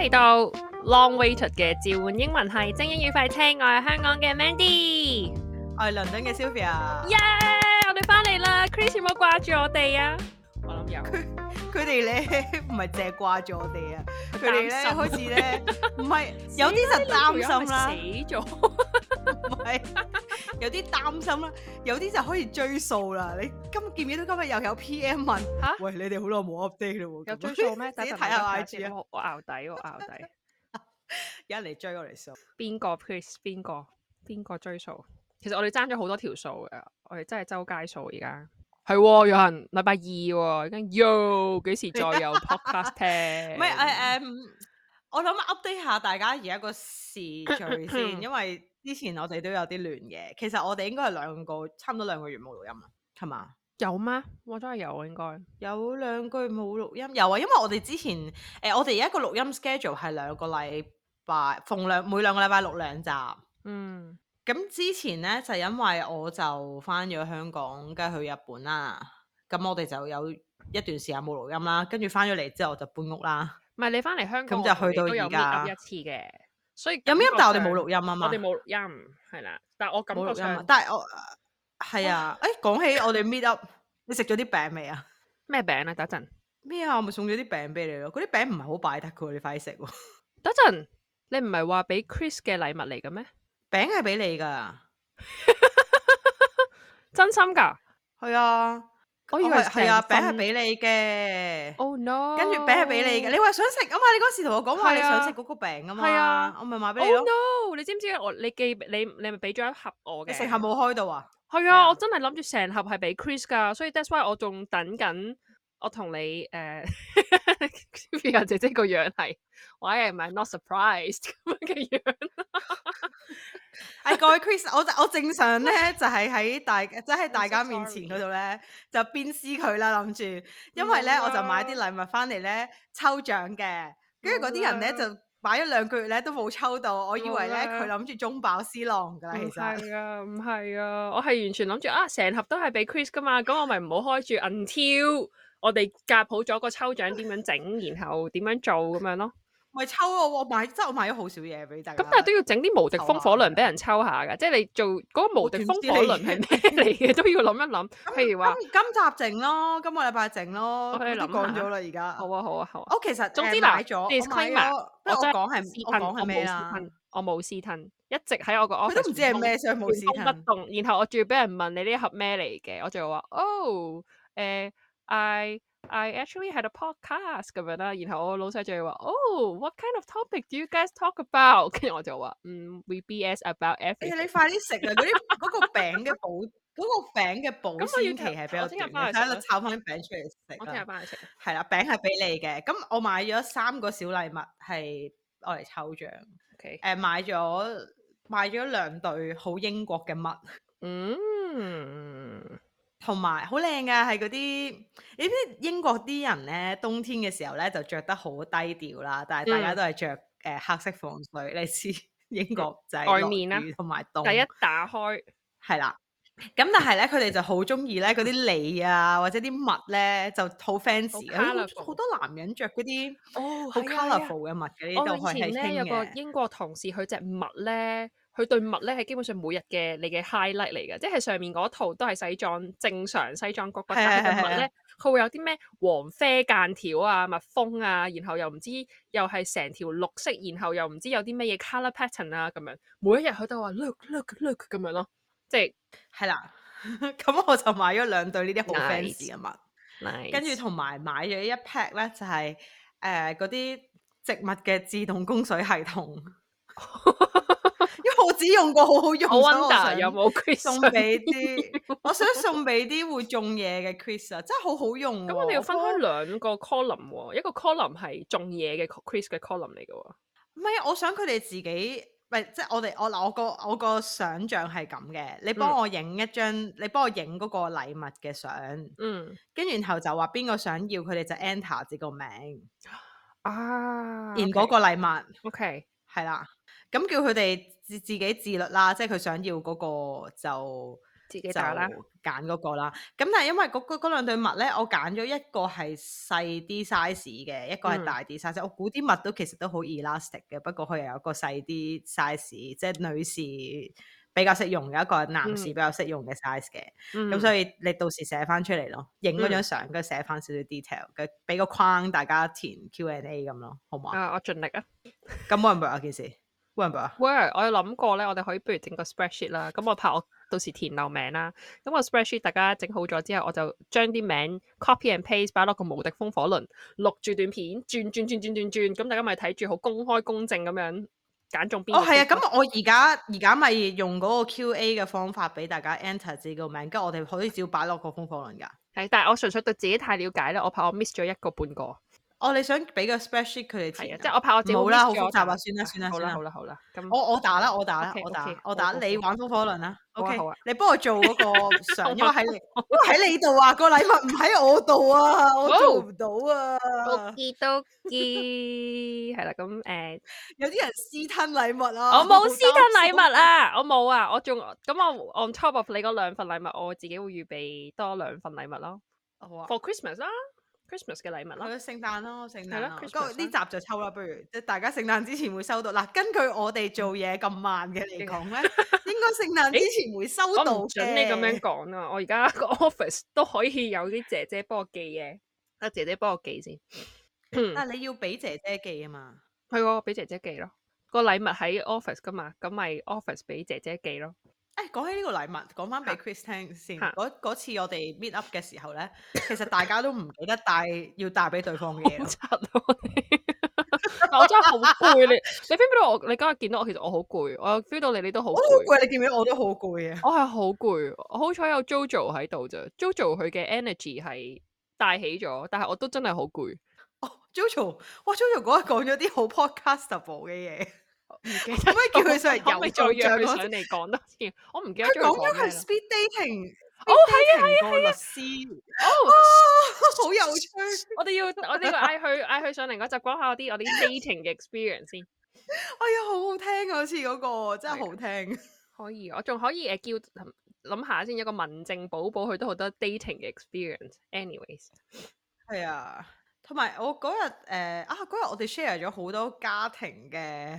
嚟到《Long Waited》嘅召喚，英文系精英語快聽。我係香港嘅 Mandy，我係倫敦嘅 Sylvia。Yeah，我哋翻嚟啦，Chris 有冇掛住我哋啊？我諗有。佢佢哋咧唔係淨係掛住我哋啊！佢哋咧開始咧，唔係有啲就擔心啦，死咗。唔係，有啲擔心啦，有啲就可以追數啦。你今日見唔見到今日又有 P. M. 問吓？喂，你哋好耐冇 update 咯，有追數咩？等陣睇下 I. G. 我我拗底，我拗底，有人嚟追我嚟數邊個？Please，邊個？邊個追數？其實我哋爭咗好多條數嘅，我哋真係周街數，而家係有人禮拜二跟 Yo，幾時再有 podcast 聽？唔係，誒誒，我諗 update 下大家而家個時序先，因為。之前我哋都有啲亂嘅，其實我哋應該係兩個差唔多兩個月冇錄音啦，係嘛？有咩？我真係有，應該有兩句冇錄音，有啊。因為我哋之前誒、呃，我哋而家個錄音 schedule 係兩個禮拜，逢兩每兩個禮拜錄兩集。嗯，咁之前咧就是、因為我就翻咗香港，跟住去日本啦。咁我哋就有一段時間冇錄音啦。跟住翻咗嚟之後就搬屋啦。唔係你翻嚟香港，咁就去到而家一次嘅。所以有冇音但係我哋冇錄音啊嘛，我哋冇錄音，係啦吧，但係我感覺上音，但係我係啊，誒、啊，講、哎、起我哋 meet up，你食咗啲餅未啊？咩餅啊？等陣，咩啊？我咪送咗啲餅俾你咯，嗰啲餅唔係好擺得噶，你快啲食喎。 等陣，你唔係話俾 Chris 嘅禮物嚟嘅咩？餅係俾你噶， 真心噶的，係啊。我以為係啊，餅係俾你嘅。Oh, no，跟住餅係俾你嘅。你話想食啊嘛，的你嗰時同我講話你想食嗰個餅啊嘛，係啊，我咪買俾你，no，你知唔知我你寄你你咪俾咗一盒我嘅？你成盒冇開到啊？係啊的，的我真係諗住成盒係俾 Chris 㗎，所以 that's why 我仲等緊。我同你誒 Sylvia、uh, 姐姐個樣係，我係唔係 not surprised 咁樣嘅樣？係各位 Chris，我我正常咧 就係喺大即係、就是、大家面前嗰度咧，就鞭屍佢啦。諗住，因為咧、嗯啊、我就買啲禮物翻嚟咧抽獎嘅，跟住嗰啲人咧、嗯啊、就買一兩個月咧都冇抽到，我以為咧佢諗住中飽私囊噶啦。其實唔係啊，唔係啊， 我係完全諗住啊，成盒都係俾 Chris 噶嘛，咁我咪唔好開住銀條。Until 我哋夾好咗個抽獎點樣整，然後點樣做咁樣咯？咪抽啊！我買，即係我買咗好少嘢俾大家。咁但係都要整啲無敵風火輪俾人抽下噶，即係你做嗰個無敵風火輪係咩嚟嘅？都要諗一諗。譬如話今集整咯，今個禮拜整咯。我講咗啦，而家。好啊，好啊，好啊。哦，其實總之嗱，買咗，即我講係唔，我講係咩啦？我冇試吞，一直喺我個 office 都唔知係咩想，冇試吞。動，然後我仲要俾人問你呢盒咩嚟嘅？我就話哦，誒。I I actually had a podcast 咁樣啦，然後我老細就話：哦，what kind of topic do you guys talk about？跟住我就話：嗯、mm,，we BS about everything。誒、欸，你快啲食啊！嗰啲嗰個餅嘅保嗰 個餅嘅保鮮期係比較長，喺度抽翻啲餅出嚟食。我聽日翻嚟食。係啦，餅係俾你嘅。咁我買咗三個小禮物係攞嚟抽獎。誒 Okay.、uh,，買咗買咗兩對好英國嘅襪。嗯。Mm. 同埋好靚噶，係嗰啲你知英國啲人咧，冬天嘅時候咧就着得好低調啦，但係大家都係着誒黑色防水，你知英國仔外面啦，同埋凍。第一打開係啦，咁但係咧佢哋就好中意咧嗰啲呢啊或者啲襪咧就好 fancy，好多男人着嗰啲哦好 colourful 嘅襪嘅呢度開始有嘅。個英國同事佢隻襪咧。佢對襪咧係基本上每日嘅你嘅 highlight 嚟嘅，即係上面嗰套都係西裝正常西裝嗰個，但係對襪咧佢會有啲咩黃啡間條啊、蜜蜂啊，然後又唔知又係成條綠色，然後又唔知有啲咩嘢 color pattern 啊咁樣。每一日佢都話 look look look 咁樣咯，即係係啦。咁我就買咗兩對呢啲好 fans 嘅襪，跟住同埋買咗一 pack 咧就係誒嗰啲植物嘅自動供水系統。 因為我只用過，好好用，好 wonder 有冇 Chris 送俾啲？我想送俾啲會種嘢嘅 Chris 啊，真係好好用。咁我哋要分開兩個 column，一個 column 係種嘢嘅 Chris 嘅 column 嚟嘅。唔係，我想佢哋自己，係即係我哋我嗱，我個我個想象係咁嘅。你幫我影一張，你幫我影嗰個禮物嘅相，嗯，跟住、嗯、然後就話邊個想要，佢哋就 enter 自己個名啊，連嗰個禮物。OK，係 Okay. 啦，咁叫佢哋。自己自律啦，即係佢想要嗰、嗰個就自己打啦，揀嗰個啦。咁但係因為嗰嗰嗰兩對襪咧，我揀咗一個係細啲 size 嘅，一個係大啲 size。嗯、我估啲襪都其實都好 elastic 嘅，不過佢又有一個細啲 size，即係女士比較適用嘅一個，係男士比較適用嘅 size 嘅。咁、嗯、所以你到時寫翻出嚟咯，影嗰張相，跟住寫翻少少 detail，跟住俾個框大家填 Q&A 咁咯，好嘛？啊，我盡力啊，咁冇人問啊件事。喂 Remember?，我有諗過咧，我哋可以不如整個 spreadsheet 啦。咁我怕我到時填漏名啦。咁我 spreadsheet 大家整好咗之後，我就將啲名 copy and paste 擺落個無敵風火輪，錄住段片，轉轉轉轉轉轉，咁大家咪睇住好公開公正咁樣揀中邊。哦，係啊，咁我而家而家咪用嗰個 QA 嘅方法俾大家 enter 自己個名，跟住我哋可以照要擺落個風火輪噶。係，但係我純粹對自己太了解啦，我怕我 miss 咗一個半個。哦，你想俾個 special 佢哋睇？即係我拍我自己。冇啦，好複雜啊！算啦，算啦，好啦，好啦，好啦。咁我我打啦，我打啦，我打，我打。你玩風火輪啦。O K，好啊。你幫我做嗰個相，因為喺你，因為喺你度啊，個禮物唔喺我度啊，我做唔到啊。Okey dokey，係啦。咁誒，有啲人私吞禮物啊。我冇私吞禮物啊，我冇啊。我仲咁我 on top of 你嗰兩份禮物，我自己會預備多兩份禮物咯。啊 For Christmas 啦。Christmas 嘅禮物啦，聖誕咯，聖誕咯，呢集就抽啦。不如即係大家聖誕之前會收到嗱，根據我哋做嘢咁慢嘅嚟講咧，應該聖誕之前會收到嘅。我唔準你咁樣講啊！我而家個 office 都可以有啲姐姐幫我寄嘢，阿姐姐幫我寄先。但係你要俾姐姐寄啊嘛？係喎，俾姐姐寄咯。個禮物喺 office 㗎嘛，咁咪 office 俾姐姐寄咯。講、哎、起呢個禮物，講翻俾 Chris 聽先。嗰、啊、次我哋 meet up 嘅時候咧，其實大家都唔記得帶要帶俾對方嘅嘢。啊、 我真係好攰，你你 feel 到我，你今日見到我，其實我好攰。我 feel 到你，你都好攰。你見唔見？我都好攰啊！我係好攰，我好彩有 JoJo 喺度啫。JoJo 佢嘅 energy 係帶起咗，但係我都真係好攰。JoJo，、哦、JoJo，哇 JoJo 嗰日講咗啲好 podcastable 嘅嘢。JoJo 唔記得，可唔可以叫佢上嚟？可唔可以再約佢上嚟講多次。我唔記得。佢講咗佢。Speed dating，哦係啊係啊係啊哦好有趣。我哋要我呢個嗌佢嗌佢上嚟，我就講下我啲我啲 dating 嘅 experience 先。哎呀，好好聽啊！好似嗰個真係好聽啊。可以，我仲可以誒叫諗下先，有個民政寶寶，佢都好多 dating 嘅 experience。Anyways，係啊，同埋我嗰日誒啊嗰日我哋 share 咗好多家庭嘅。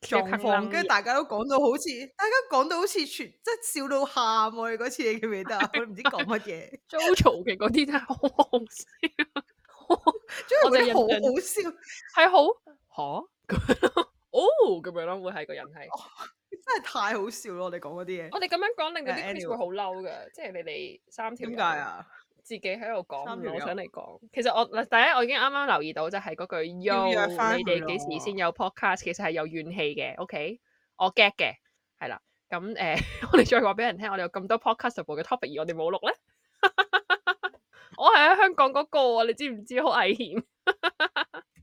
狀況，跟住大，大家都講到好似，大家講到好似全，即係笑到喊。我哋嗰次你記唔記得啊？佢唔 知講乜嘢，j 嘈嘈嘅嗰啲真係好笑，主要係好好笑，係好吓，好 哦咁樣咯，會係個人係， 真係太好笑咯！我哋講嗰啲嘢， 我哋咁樣講令到啲 face 會好嬲噶，即係你哋三條。點解啊？自己喺度講，我想嚟講。其實我嗱，第一我已經啱啱留意到，就係嗰句，你有你哋幾時先有 podcast？其實係有怨氣嘅。O.K. 我 get 嘅，係啦。咁誒、呃，我哋再話俾人聽，我哋有咁多 podcast 嘅 topic，而我哋冇錄咧。 我係喺香港嗰、嗰個，你知唔知？好危險。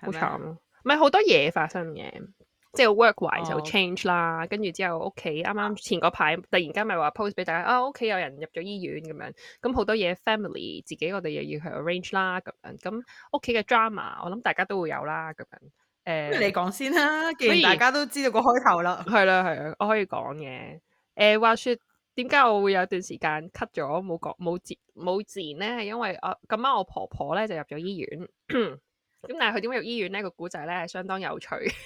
好慘，咪好 嗎多嘢發生嘅，即係 work 壞就 change 啦，跟住、oh. 之後屋企啱啱前嗰排突然間咪話 p o s e 俾大家啊，屋企有人入咗醫院咁樣，咁好多嘢 family 自己我哋又要去 arrange 啦咁樣，咁屋企嘅 drama 我諗大家都會有啦咁樣，誒、欸，你講先啦，既然大家都知道個開，以 開頭啦，係啦係啊，我可以講嘅，誒、欸，話說點解我會有一段時間 cut 咗冇講冇字冇字呢？係因為啊，今晚我婆婆咧就入咗醫院。 咁但係佢點解入醫院呢？個古仔咧係相當有趣。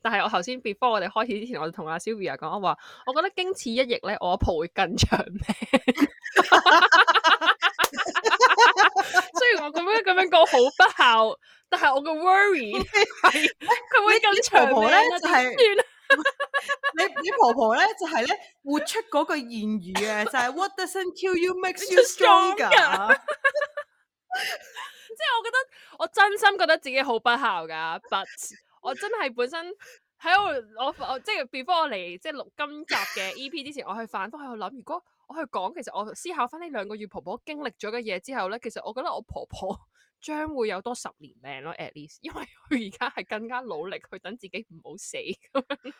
但係我頭先 before 我哋開始之前，我就同阿 Sylvia 講，我話，我覺得經此一役咧，我阿婆會更長命。 雖然我咁樣咁樣講好不孝，但係我嘅 worry 係佢 會更長命啊。你你咧就係你你婆婆咧就係咧就係、活出嗰句諺語啊， 就係 What doesn't kill you makes you stronger。 即係我覺得我真心覺得自己好不孝噶 ，but 我真係本身喺我我，我即係 before 我嚟，即係錄今集嘅 EP 之前，我係反復喺度諗，如果我去講，其實我思考翻呢兩個月婆婆經歷咗嘅嘢之後咧，其實我覺得我婆婆， 將會有多十年命咯，at least，因為佢而家係更加努力去等自己唔好死咁樣咯。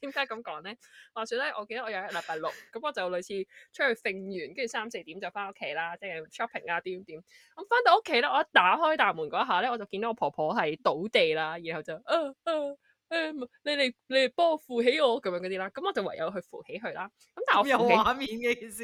點解咁講咧？話説咧，我記得我有一禮拜六，咁我就類似出去揈完，跟住三四點就翻屋企啦，即係 shopping 啊，點點點。咁翻到屋企咧，我一打開大門嗰下咧，我就見到我婆婆係倒地啦，然後就、啊，嗯、啊、嗯。誒、哎，你嚟你嚟幫我扶起我咁樣嗰啲啦，咁我就唯有去扶起佢啦。咁但係我有畫面嘅意思，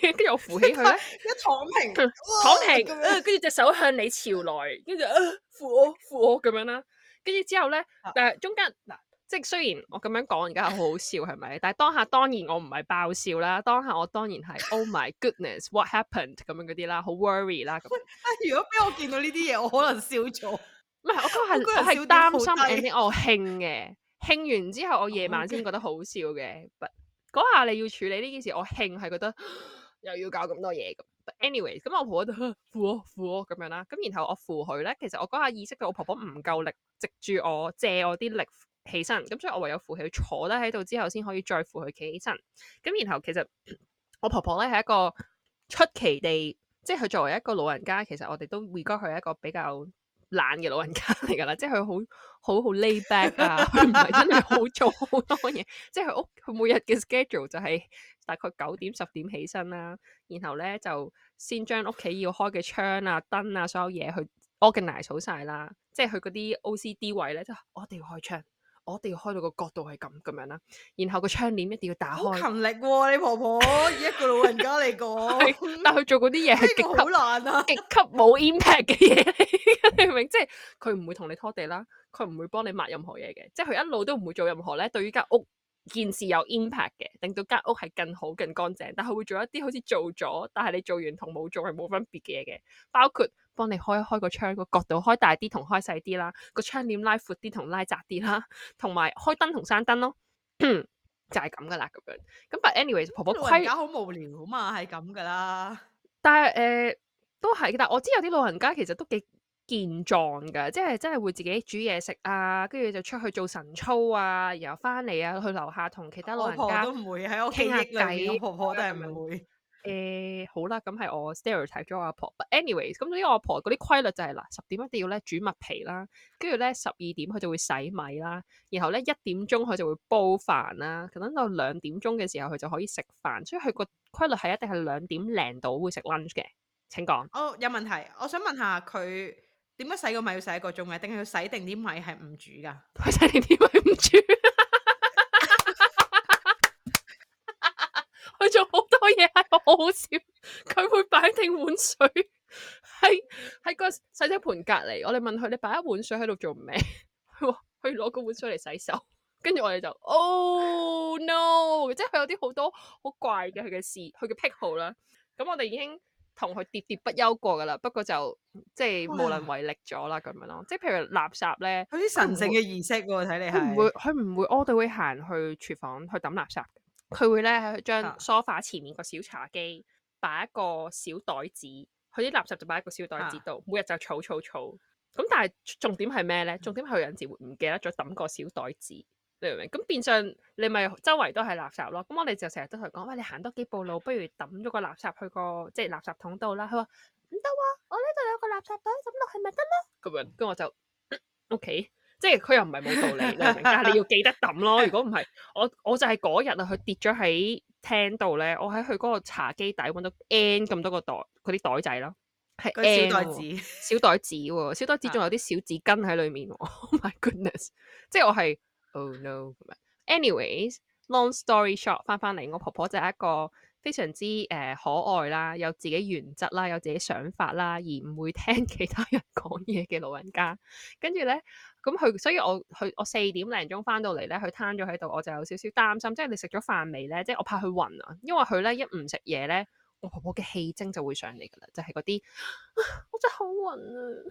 跟住 我扶起佢咧，一躺平，躺平，跟住隻手向你朝來，跟住、啊、扶我扶我咁樣、呃、啦。跟住之後咧，但係中間嗱，即係雖然我咁樣講而家係好好笑係咪？ 但係當下當然我唔係爆笑啦，當下我當然係 oh my goodness what happened 咁樣嗰啲啦，好 worry 啦咁。 如果俾我見到呢啲嘢，我可能笑咗。唔係，我嗰下我係要擔心很低 我興嘅，興完之後我夜晚先覺得好笑嘅。But，嗰下你要處理呢件事，我興係覺得又要搞咁多嘢。Anyway，咁我婆婆都扶我扶我咁樣啦。咁然後我扶佢咧，其實我嗰下意識到我婆婆唔夠力，藉住我借我啲力起身。咁所以，我唯有扶佢坐低喺度之後，先可以再扶佢企起身。咁然後其實我婆婆咧係一個出奇地，即係佢作為一個老人家，其實我哋都覺得佢係一個比較。懶嘅老人家嚟噶啦，即係佢好好好 lay back 啊，佢唔係真係好做好多嘢， 即係佢屋佢每日嘅 schedule 就係大概九點十點起身啦、啊，然後咧就先將屋企要開嘅窗啊燈啊所有嘢去 organize 好晒啦，即係佢嗰啲 OCD 位咧，即係我哋要開窗。我哋要開到個角度係咁咁樣啦，然後個窗簾一定要打開。好勤力喎。哦，你婆婆 以一個老人家嚟講， 但佢做嗰啲嘢係極好難啊，極級冇 impact 嘅嘢， 你明唔明？即係佢唔會同你拖地啦，佢唔會幫你抹任何嘢嘅，即係佢一路都唔會做任何咧對於間屋。件事有 impact 嘅，令到間屋係更好、更乾淨，但係會做一啲好似做咗，但係你做完同冇做係冇分別嘅嘢嘅，包括幫你開一開個窗個角度開大啲同開細啲啦，個窗簾拉闊啲同拉窄啲啦，同埋開燈同閂燈咯， 就係咁噶啦咁樣。咁、anyway, 但係 anyways 婆婆規老人家好無聊啊嘛，係咁噶啦。但係誒、呃、都係，但係我知有啲老人家其實都幾。健壯噶，即係真係會自己煮嘢食啊，跟住就出去做晨操啊，然後翻嚟啊，去樓下同其他老人家傾下偈。阿婆都唔會，傾下偈，喺屋企阿婆都係唔會。誒，好啦，咁係我 stereotype 咗阿婆。但係 anyways，咁所以阿婆嗰啲規律就係、是、嗱，十點一定要咧煮麥皮啦，跟住咧十二點佢就會洗米啦，然後咧一點鐘佢就會煲飯啦，等到兩點鐘嘅時候佢就可以食飯，所以佢個規律係一定係兩點零到會食 lunch 嘅。請講。哦，oh，有問題，我想問下佢。點解洗個米要洗一個鐘嘅？定係要洗定啲米係唔煮噶？佢洗定啲米唔煮，佢 做好多嘢係好好笑。佢會擺定碗水，喺 喺個洗手盆隔籬。我哋問佢：你擺一碗水喺度做咩？佢 話：佢攞個碗水嚟洗手。跟住我哋就：Oh no！即係佢有啲好多好怪嘅佢嘅事，佢嘅癖好啦。咁我哋已經。同佢喋喋不休過噶啦，不過就即係無能為力咗啦咁樣咯。即係譬如垃圾咧，佢啲神聖嘅儀式、啊、我睇你係。唔會，佢唔會 all the way 會行去廚房去抌垃圾。佢會咧喺張梳化前面個小茶幾，擺一個小袋子。佢啲垃圾就擺一個小袋子度，每日就儲儲儲。咁但係重點係咩咧？重點係有陣時會唔記得再抌個小袋子。你明唔明？咁變相你咪周圍都係垃圾咯。咁我哋就成日都同佢講，喂，你行多幾步路，不如抌咗個垃圾去個即係垃圾桶度啦。佢話唔得喎，我呢度有個垃圾袋抌落去咪得咯。咁樣，跟我就，嗯，OK，即係佢又唔係冇道理， 你明唔明？但係你要記得抌咯。如果唔係，我我就係嗰日啊，佢跌咗喺廳度咧，我喺佢嗰個茶几底搵到 N 咁多個袋，嗰啲袋仔咯，係小袋子，小袋子，小袋子仲有啲小紙巾喺裏面。 Oh my goodness！即係我係。Oh no！anyways，long story short，翻翻嚟，我婆婆就係一個非常之誒、呃、可愛啦，有自己原則啦，有自己想法啦，而唔會聽其他人講嘢嘅老人家。跟住咧，咁、嗯、佢，所以我去我四點零鐘翻到嚟咧，佢攤咗喺度，我就有少少擔心，即係你食咗飯未咧？即係我怕佢暈啊，因為佢咧一唔食嘢咧。我婆婆嘅氣徵就會上嚟噶啦，就係嗰啲我真係好暈啊，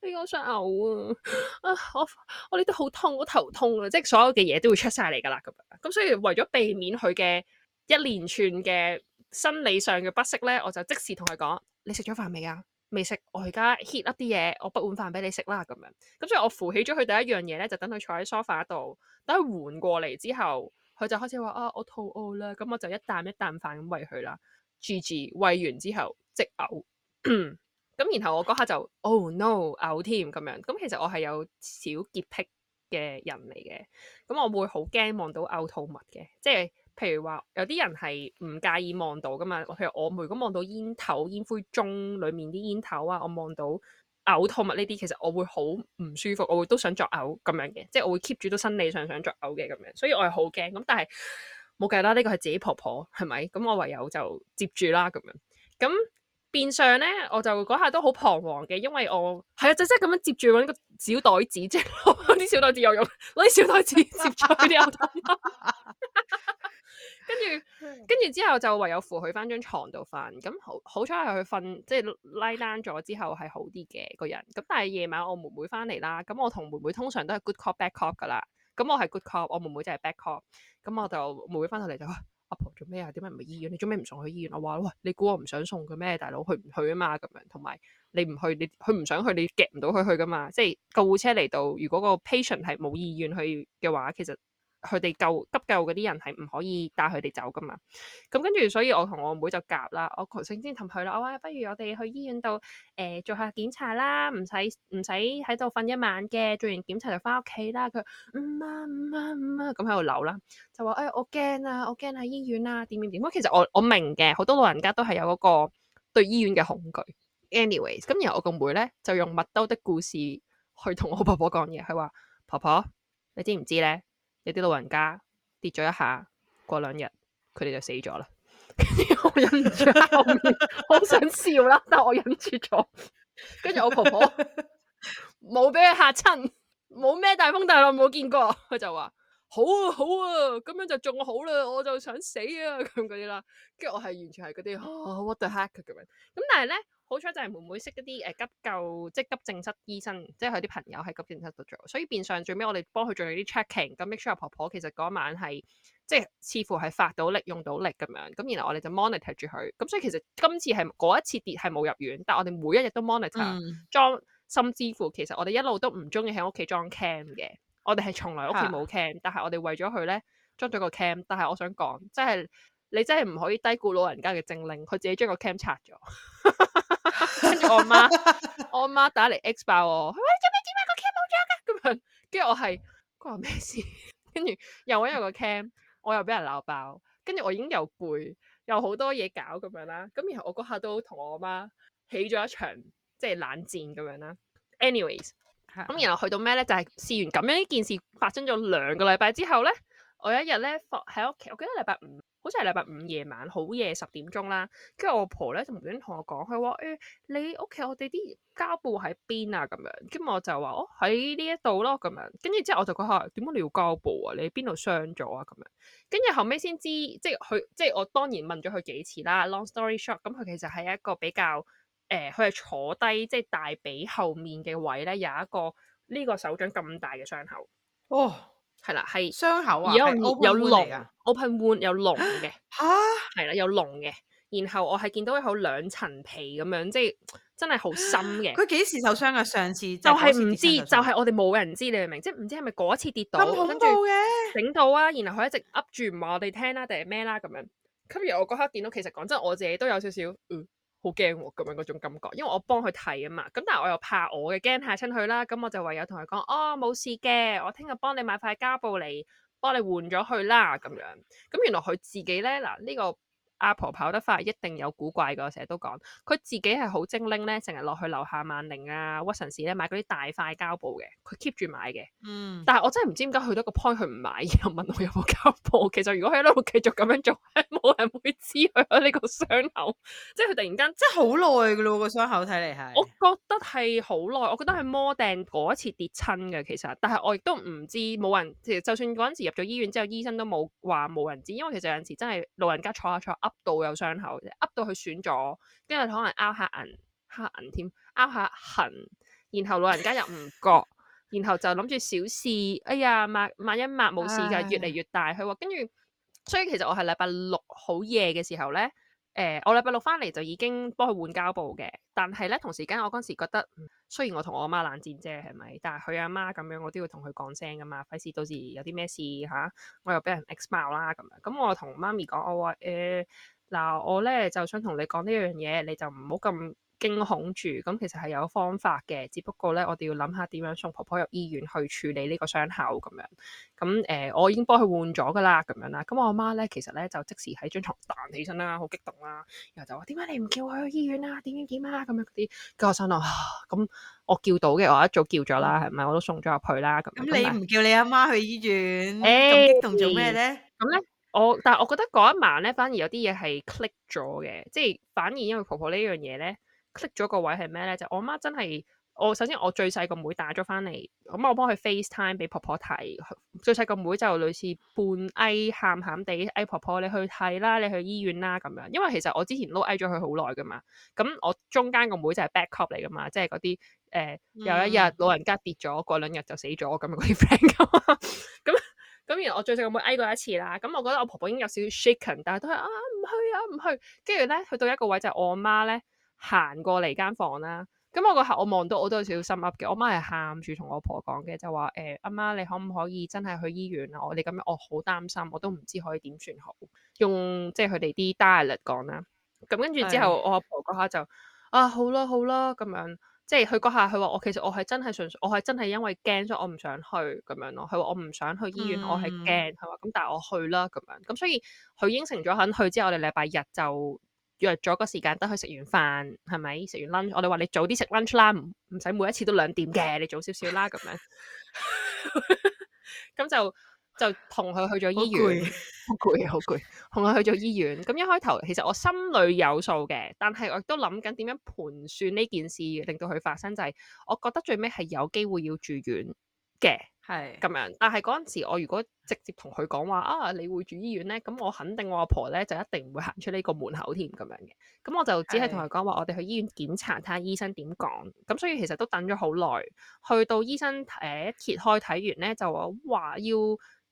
哎呀，我想嘔啊！啊，我我呢度好痛，好頭痛啊！即係所有嘅嘢都會出晒嚟噶啦，咁咁所以為咗避免佢嘅一連串嘅生理上嘅不適咧，我就即時同佢講：你食咗飯未啊？未食，我而家 heat up 啲嘢，我不碗飯俾你食啦。咁樣咁所以我扶起咗佢第一樣嘢咧，就等佢坐喺梳化度，等佢緩過嚟之後，佢就開始話：啊，我肚餓啦！咁我就一啖一啖飯咁喂佢啦。住住喂完之後即嘔，咁、 嗯、然後我嗰刻就哦、oh, no，嘔添咁樣。咁、嗯、其實我係有少潔癖嘅人嚟嘅，咁、嗯、我會好驚望到嘔吐物嘅。即係譬如話有啲人係唔介意望到噶嘛。譬如我，如果望到煙頭、煙灰盅裡面啲煙頭啊，我望到嘔吐物呢啲，其實我會好唔舒服，我會都想作嘔咁樣嘅。即係我會 keep 住到生理上想作嘔嘅咁樣，所以我係好驚。咁、嗯、但係。冇計啦，呢個係自己婆婆係咪？咁我唯有就接住啦咁樣。咁變相咧，我就嗰下都好彷徨嘅，因為我係就真咁樣接住揾個小袋子，即係攞啲小袋子有用，攞啲小袋子接住啲嘢。跟住，跟住之後就唯有扶佢翻張床度瞓。咁好，好彩係佢瞓，即係拉單咗之後係好啲嘅個人。咁但係夜晚我妹妹翻嚟啦，咁我同妹妹通常都係 good cop bad cop 噶啦。咁、嗯、我係 good cop，我妹妹就係 bad cop，咁、嗯、我就妹妹翻到嚟就、哎、阿婆做咩啊？點解唔去醫院？你做咩唔送去醫院？我話喂、哎，你估我唔想送佢咩？大佬去唔去啊嘛？咁樣，同埋你唔去，你佢唔想去，你夾唔到佢去噶嘛？即係救護車嚟到，如果個 patient 係冇意願去嘅話，其實。佢哋救急救嗰啲人係唔可以帶佢哋走㗎嘛？咁跟住，所以我同我妹，妹就夾啦。我求先先氹佢啦。我話不如我哋去醫院度誒、呃、做下檢查啦，唔使唔使喺度瞓一晚嘅。做完檢查就返屋企啦。佢唔、嗯、啊唔、嗯、啊唔、嗯、啊咁喺度扭啦，就話誒、哎、我驚啊，我驚喺醫院啊點點點。我其實我我明嘅，好多老人家都係有嗰個對醫院嘅恐懼。Anyways，咁然後我個妹咧就用麥兜的故事去同我婆婆講嘢，佢話婆婆你知唔知咧？有啲老人家跌咗一下，過兩日佢哋就死咗啦。 跟住我忍住後面，我好 想笑啦，但係我忍住咗。跟 住我婆婆冇俾佢嚇親，冇咩大風大浪冇見過，佢就話好啊好啊，咁、啊、樣就仲好啦，我就想死啊咁嗰啲啦。跟住我係完全係嗰啲 what the heck 咁樣，咁但係咧。好彩就係妹妹識一啲誒急救即急症室醫生，即係佢啲朋友喺急症室度做，所以變相最尾我哋幫佢做咗啲 checking。咁 make sure 亦都阿婆婆其實嗰晚係即係似乎係發到力用到力咁樣，咁然後我哋就 monitor 住佢。咁所以其實今次係嗰一次跌係冇入院，但我哋每一日都 monitor 裝。嗯、甚至乎其實我哋一路都唔中意喺屋企裝 cam 嘅。我哋係從來屋企冇 cam，但係我哋為咗佢咧裝咗個 cam。但係我想講，即係你真係唔可以低估老人家嘅精靈，佢自己將個 cam 拆咗。 跟住我阿媽， 我阿媽打嚟 X 爆我，佢話 你做咩點解個 cam 冇咗㗎？咁樣，跟住我係關我咩事？跟 住又因為個 cam 我又俾人鬧爆，跟住我已經又攰又好多嘢搞咁樣啦。咁然後我嗰下都同我阿媽起咗一場即係冷戰咁樣啦。Anyways，咁 然後去到咩咧？就係、是、試完咁樣呢件事發生咗兩個禮拜之後咧，我有一日咧放喺屋企，我記得禮拜五。好似係禮拜五夜晚好夜十點鐘啦，跟住我婆咧就無端同我講，佢話誒，你屋企我哋啲膠布喺邊啊？咁樣，跟住我就話哦，喺呢一度咯咁樣，跟住之後我就佢話點解你要膠布啊？你邊度傷咗啊？咁樣，跟住後尾先知，即係佢即係我當然問咗佢幾次啦。Long story short，咁、嗯、佢其實係一個比較誒，佢、呃、係坐低即係大髀後面嘅位咧，有一個呢、呢個手掌咁大嘅傷口。哦。係啦，係傷是口啊，而家有有窿，open wound 有窿嘅，吓係啦，有窿嘅，然後我係見到一口兩層皮咁樣，即係真係好深嘅。佢幾時受傷啊？上次就係唔知，就係、是、我哋冇人知你明，唔明？即係唔知係咪嗰一次跌到，咁恐怖嘅，整到啊，然後佢一直 up 住唔話我哋聽啦、啊，定係咩啦咁樣。跟住我嗰刻見到，其實講真，我自己都有少少嗯。好驚喎，咁樣嗰種感覺，因為我幫佢睇啊嘛，咁但係我又怕我嘅驚吓親佢啦，咁我就唯有同佢講，哦，冇事嘅，我聽日幫你買塊膠布嚟幫你換咗佢啦咁樣，咁、嗯、原來佢自己咧，嗱呢、呢個。阿婆跑得快一定有古怪噶，成日都講。佢自己係好精靈咧，成日落去樓下萬寧啊、屈臣氏咧，買嗰啲大塊膠布嘅，佢 keep 住買嘅。嗯。但係我真係唔知點解去到一個 point 佢唔買，又問我有冇膠布。其實如果佢一路繼續咁樣做，冇人會知佢有呢個傷口。即係佢突然間，即係好耐㗎咯個傷口睇嚟係。我覺得係好耐，我覺得係摩掟嗰一次跌親嘅。其實，但係我亦都唔知冇人，其實就算嗰陣時入咗醫院之後，醫生都冇話冇人知，因為其實有陣時真係老人家坐下坐下坐下到有傷口，凹到佢損咗，跟住，可能凹下銀、黑銀添，凹下痕，然後老人家又唔覺， 然後就諗住小事，哎呀，抹抹一抹冇事噶，越嚟越大，佢話跟住，所以其實我係禮拜六好夜嘅時候咧。誒、呃，我禮拜六翻嚟就已經幫佢換膠布嘅，但係咧同時間我嗰時覺得，嗯、雖然我同我阿媽冷戰啫，係咪？但係佢阿媽咁樣，我都要同佢講聲噶嘛，費事到時有啲咩事吓，我又俾人 x 罵啦咁樣。咁我同媽咪講，我話誒，嗱，我咧、呃、就想同你講呢樣嘢，你就唔好咁。驚恐住咁，其實係有方法嘅，只不過咧，我哋要諗下點樣送婆婆入醫院去處理呢個傷口咁樣。咁誒、呃，我已經幫佢換咗噶啦，咁樣啦。咁我阿媽咧，其實咧就即時喺張床彈起身啦，好激動啦，然後就話：點解你唔叫我去醫院啊？點樣點啊？咁樣嗰啲。個學生話：咁我叫到嘅，我一早叫咗啦，係咪？我都送咗入去啦。咁你唔叫你阿媽去醫院，咁、欸、激動做咩咧？咁咧，我但係我覺得嗰一晚咧，反而有啲嘢係 click 咗嘅，即係 反而因為婆婆呢樣嘢咧。click 咗個位係咩咧？就我阿媽真係我首先我最細個妹打咗翻嚟，咁我幫佢 FaceTime 俾婆婆睇。最細個妹就類似半嗌喊喊地，嗌婆婆你去睇啦，你去醫院啦咁樣。因為其實我之前都嗌咗佢好耐噶嘛，咁我中間個妹就係 back up 嚟噶嘛，即係嗰啲誒有一日老人家跌咗，過兩日就死咗咁嗰啲 friend 咁。咁咁，而 我最細個妹嗌過一次啦。咁我覺得我婆婆已經有少少 shaken，但係都係啊唔去啊唔去。跟住咧去到一個位就係我阿媽咧。行過嚟間房啦，咁我嗰下我望到我都有少少心噏嘅。我媽係喊住同我婆講嘅，就話誒，阿、欸、媽你可唔可以真係去醫院啊？我哋咁樣，我好擔心，我都唔知可以點算好。用即係佢哋啲 dialogue 講啦。咁跟住之後，我阿婆嗰下就啊好啦好啦咁樣，即係佢嗰下佢話我其實我係真係純粹，我係真係因為驚所以我唔想去咁樣咯。佢話我唔想去醫院，我係驚。佢話咁，但係我去啦咁樣。咁所以佢應承咗肯去之後，我哋禮拜日就約咗個時間，等佢食完飯，係咪食完 lunch？我哋話你早啲食 lunch 啦，唔唔使每一次都兩點嘅， 你早少少啦，咁樣。咁 就就同佢去咗醫院，好攰累，好攰， 同佢 去咗醫院。咁一開頭，其實我心裏有數嘅，但係我亦都諗緊點樣盤算呢件事，令到佢發生，就係、是、我覺得最尾係有機會要住院嘅。係咁樣，但係嗰陣時我如果直接同佢講話啊，你會住醫院咧，咁我肯定我阿婆咧就一定唔會行出呢個門口添咁樣嘅，咁我就只係同佢講話，的我哋去醫院檢查睇下醫生點講，咁所以其實都等咗好耐，去到醫生誒、eh, 一揭開睇完咧就話哇，要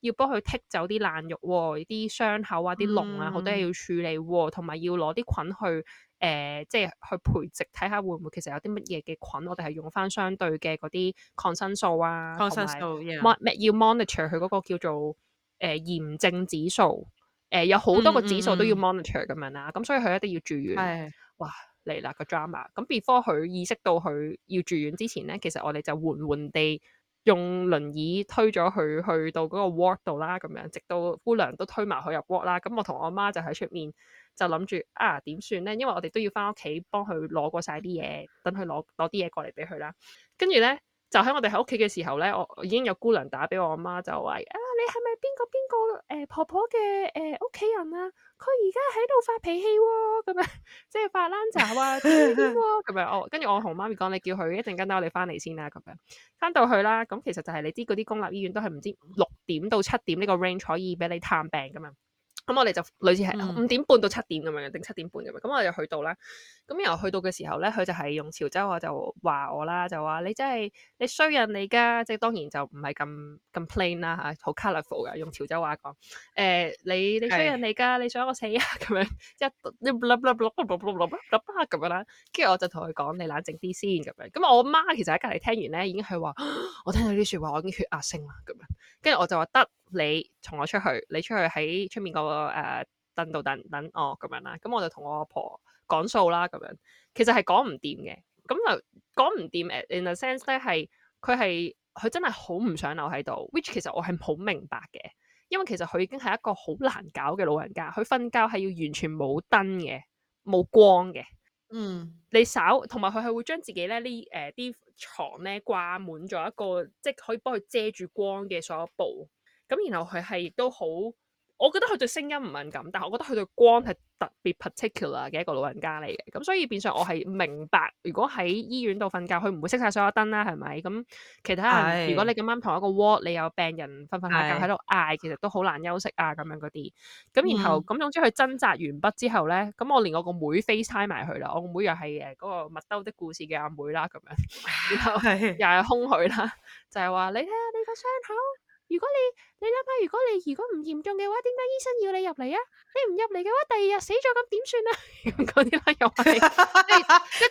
要幫佢剔走啲爛肉，啊，啲傷口啊，啲膿啊，好多嘢要處理，啊，同埋要攞啲菌去。誒、呃，即係去培植，睇下會唔會其實有啲乜嘢嘅菌，我哋係用翻相對嘅嗰啲抗生素啊，同埋要 monitor 佢嗰個叫做誒炎症指數，誒、呃、有好多個指數都要 monitor 咁樣啦。咁、mm, mm, mm. 所以佢一定要住院。哇的，嚟啦、個 drama！咁 before 佢意識到佢要住院之前咧，其實我哋就緩緩地用輪椅推咗佢去到嗰個 ward 度啦，咁樣直到姑娘都推埋佢入 ward 啦。咁我同我媽就喺出面。就諗住啊點算咧？因為我哋都要翻屋企幫佢攞過晒啲嘢，等佢攞攞啲嘢過嚟俾佢啦。跟住咧就喺我哋喺屋企嘅時候咧，我已經有姑娘打俾我阿媽，媽，就話 啊你係咪邊個邊個誒、呃、婆婆嘅誒屋企人啊？佢而家喺度發脾氣喎、哦，咁樣即係發爛渣啊，咁 樣、哦、我跟住我同媽咪講，你叫佢一陣間跟得我哋翻嚟先啦，咁樣翻到去啦。咁其實就係你知嗰啲公立醫院都係唔知六點到七點呢個 range 可以俾你探病咁樣。咁、嗯、我哋就類似係五點半到七點咁樣定七點半咁樣，咁我就去到啦。咁然後去到嘅時候咧，佢就係用潮州話就話我啦，就話你真係你衰人嚟㗎，即、就、係、是、當然就唔係咁咁 plain 啦、啊、吓，好 colourful 嘅。用潮州話講，誒、欸、你你衰人嚟㗎，你想我死啊咁樣一 b l a b l a b l 咁樣啦。跟 住我就同佢講，你冷靜啲先咁樣。咁我阿媽其實喺隔離聽完咧，已經佢話、啊、我聽到啲説話，我已經血壓升啦咁樣。跟住我就話得你同我出去，你出去喺出面嗰個。個誒凳度等等，等，等哦咁樣、嗯、啦，咁我就同我阿婆講數啦咁樣，其實係講唔掂嘅，咁又講唔掂。in a sense 咧係佢係佢真係好唔想留喺度，which 其實我係好明白嘅，因為其實佢已經係一個好難搞嘅老人家，佢瞓覺係要完全冇燈嘅，冇光嘅、嗯呃，嗯，你手同埋佢係會將自己咧呢誒啲床咧掛滿咗一個即係可以幫佢遮住光嘅所有布，咁然後佢係亦都好。我覺得佢對聲音唔敏感，但係我覺得佢對光係特別 particular 嘅一個老人家嚟嘅，咁所以變相我係明白，如果喺醫院度瞓覺，佢唔會熄晒所有燈啦，係咪？咁其他人，唉如果你咁啱同一個 ward 你有病人瞓瞓下覺喺度嗌，其實都好難休息啊，咁樣嗰啲。咁然後咁、嗯、總之佢掙扎完畢之後咧，咁我連我個妹 face time 埋佢啦，我妹又係誒嗰個麥兜的故事嘅阿妹啦，咁樣，然後又係哄佢啦，就係、是、話你睇下你個傷口。如果你你諗下，如果你如果唔嚴重嘅話，點解醫生要你入嚟啊？你唔入嚟嘅話，第二日死咗咁點算啊？嗰啲 又係，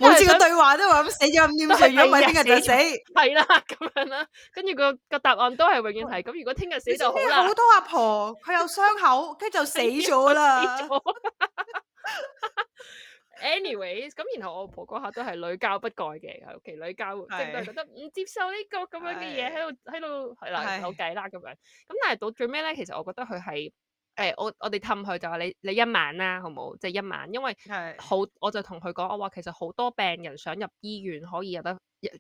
每次個對話都話咁 死咗咁嚴重，如果唔係聽日就死。係 啦，咁樣啦。跟住個個答案都係永遠係咁。 如果聽日死就好啦。好多阿婆佢有傷口，跟住 就死咗啦。 anyways，咁 然後我婆嗰下都係屢教不改嘅，係、okay，其女教即係 覺得唔接受這個這、er、呢個咁樣嘅嘢喺度喺度係啦，有計啦咁樣，咁但係到最尾咧，其實我覺得佢係。誒，我我哋氹佢就話你你一晚啦，好冇？即係一晚，因為好，我就同佢講，我話其實好多病人想入醫院可以入得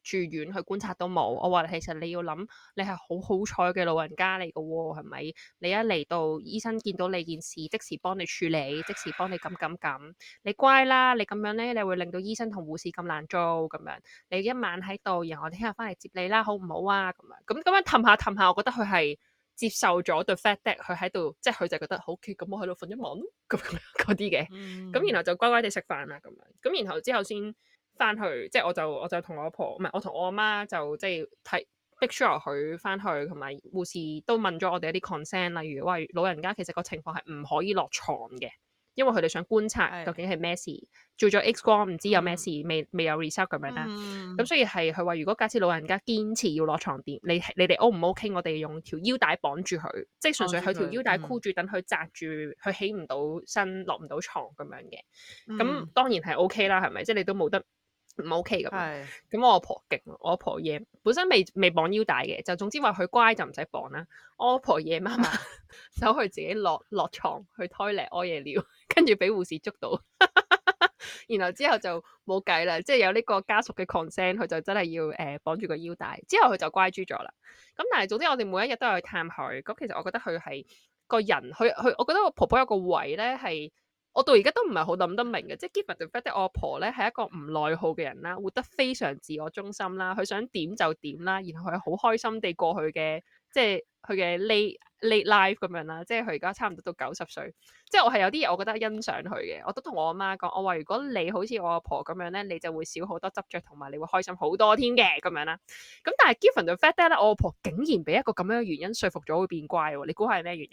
住院去觀察都冇。我話其實你要諗，你係好好彩嘅老人家嚟噶喎，係咪？你一嚟到醫生見到你件事，即時幫你處理，即時幫你咁咁咁。你乖啦，你咁樣咧，你會令到醫生同護士咁難做咁樣。你一晚喺度，然後我哋聽日翻嚟接你啦，好唔好啊？咁樣咁咁樣氹下氹下，我覺得佢係接受咗對 fat dad，佢喺度，即係佢就覺得好、mm hmm. ok，咁我喺度瞓一晚咁樣嗰啲嘅，咁 的、mm hmm. 然後就乖乖哋食飯啦咁樣，咁然後之後先翻去，即係我就我就同我阿婆唔係我同我阿媽就即係睇逼 sure 佢翻去，同埋護士都問咗我哋一啲 concern 例如喂，老人家其實個情況係唔可以落床嘅。因為佢哋想觀察究竟係咩事，的做咗 X 光唔知有咩事，嗯、未未有 result 咁樣啦。咁所以係佢話如果假設老人家堅持要落床跌，你你哋 O 唔 O K？我哋用條腰帶綁住佢，即係純粹佢條腰帶箍住，等佢扎住，佢起唔到身，落唔到床咁樣嘅。咁、嗯、當然係 O K 啦，係咪？即係你都冇得。唔 OK 咁，咁的我阿婆勁，我阿婆夜本身未未綁腰帶嘅，就總之話佢乖就唔使綁啦。我阿婆夜媽媽的走去自己落落牀去 toilet 屙夜尿，跟住俾護士捉到， 然後之後就冇計啦。即係有呢個家屬嘅 consent，佢就真係要誒、呃、綁住個腰帶。之後佢就乖住咗啦。咁但係總之我哋每一日都有去探佢。咁其實我覺得佢係個人，佢佢我覺得我婆婆有個位咧係。我到而家都唔係好諗得明嘅，即係 given the fact that 咧，我婆咧係一個唔內耗嘅人啦，活得非常自我中心啦，佢想點就點啦，然後佢好開心地過去嘅，即係佢嘅 late late life 咁樣啦，即係佢而家差唔多到九十歲，即係我係有啲嘢我覺得欣賞佢嘅，我都同我阿媽講，我話如果你好似我阿婆咁樣咧，你就會少好多執着，同埋你會開心好多添嘅咁樣啦。咁但係 given the fact that 咧，我阿婆竟然俾一個咁樣嘅原因說服咗會變乖，你估下係咩原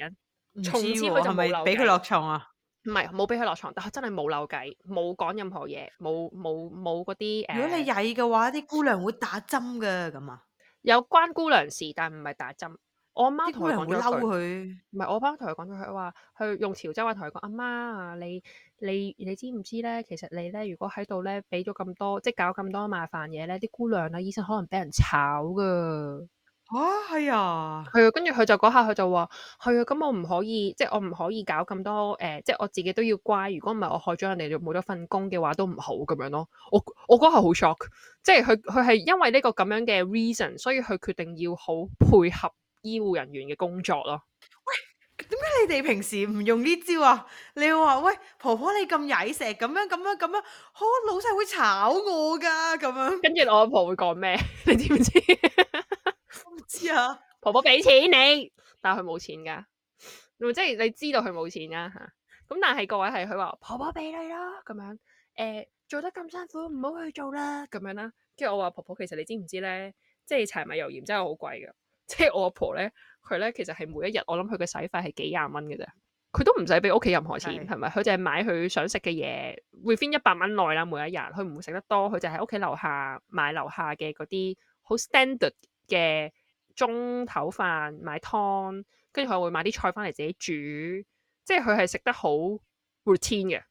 因？重置佢俾佢落床啊！是唔係冇俾佢落床，但係真係冇漏計，冇講任何嘢，冇冇冇嗰啲。Uh, 如果你曳嘅話，啲姑娘會打針噶。咁啊，有關姑娘事，但唔係打針。我阿媽同佢講咗佢，唔係我阿媽同佢講咗佢話，佢用潮州話同佢講阿媽啊，你你你知唔知咧？其實你咧如果喺度咧俾咗咁多，即搞咁多麻煩嘢咧，啲姑娘啊醫生可能俾人炒噶。啊係啊，係啊，跟住佢就嗰下佢就話，係啊，咁我唔可以，即係我唔可以搞咁多誒，即係我自己都要乖，如果唔係我害咗人哋就冇咗份工嘅話，都唔好咁樣咯。我我嗰下好 shock，即係佢佢係因為呢個咁樣嘅 reason，所以佢決定要好配合醫護人員嘅工作咯。喂，點解你哋平時唔用呢招啊？你會話喂婆婆你咁曳石咁樣咁樣咁樣，好，老細會炒我噶咁樣。跟住我阿婆會講咩？ 你知唔知？ 知啊、 嗯，婆婆俾錢你，但係佢冇錢噶，即係你知道佢冇錢啊。吓。咁但係各位係佢話婆婆俾你啦，咁樣誒做得咁辛苦，唔好去做啦，咁樣啦。跟住我話婆婆，其實你知唔知咧？即係柴米油鹽真係好貴噶。即係我阿婆咧，佢咧其實係每一日，我諗佢嘅使費係幾廿蚊嘅啫。佢都唔使俾屋企任何錢，係咪是的？佢就係買佢想食嘅嘢 within 一百蚊內啦。每一日，佢唔會食得多，佢就喺屋企樓下買樓下嘅嗰啲好 standard 嘅。中頭飯買湯，跟住佢會買啲菜翻嚟自己煮，即係佢係食得好 routine 嘅。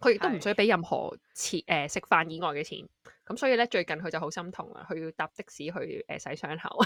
佢亦都唔使要俾任何錢誒、呃、食飯以外嘅錢。咁所以咧，最近佢就好心痛啊，佢要搭的士去誒、呃、洗傷口。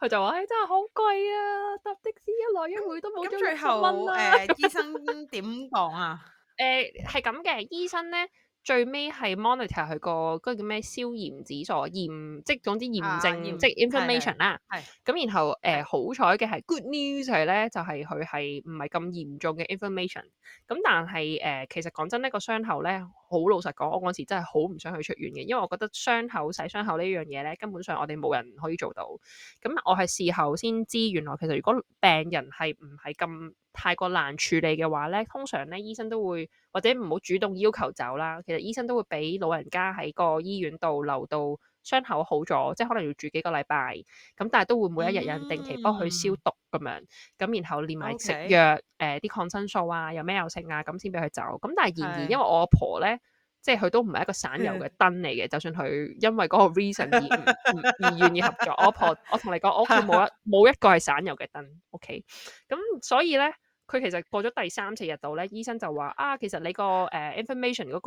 佢 就話：誒、欸、真係好貴啊！搭的士一來一回都冇。咁最後誒醫生點講啊？誒係咁嘅，醫生咧。最尾係 monitor 佢個嗰個叫咩消炎指數炎，即係總之炎症即 inflammation 啦。咁然後誒好彩嘅係 good news 係咧，就係佢係唔係咁嚴重嘅 inflammation。咁但係誒、呃、其實講真，呢、呢個傷口咧。好老實講，我嗰時真係好唔想去出院嘅，因為我覺得傷口洗傷口呢樣嘢咧，根本上我哋冇人可以做到。咁我係事後先知，原來其實如果病人係唔係咁太過難處理嘅話咧，通常咧醫生都會或者唔好主動要求走啦。其實醫生都會俾老人家喺個醫院度留到。傷口好咗，即係可能要住幾個禮拜，咁但係都會每一日有人定期幫佢消毒咁樣，咁、嗯、然後連埋食藥，誒啲 Okay.、呃、抗生素啊，有咩又剩啊，咁先俾佢走。咁但係然而，的因為我阿婆咧，即係佢都唔係一個省油嘅燈嚟嘅， 就算佢因為嗰個 reason 而 而願意合作，我阿婆，我同你講，我佢冇一冇 一個係省油嘅燈，OK，咁所以咧。佢其實過咗第三四日度咧，醫生就話啊，其實你個誒 inflammation 嗰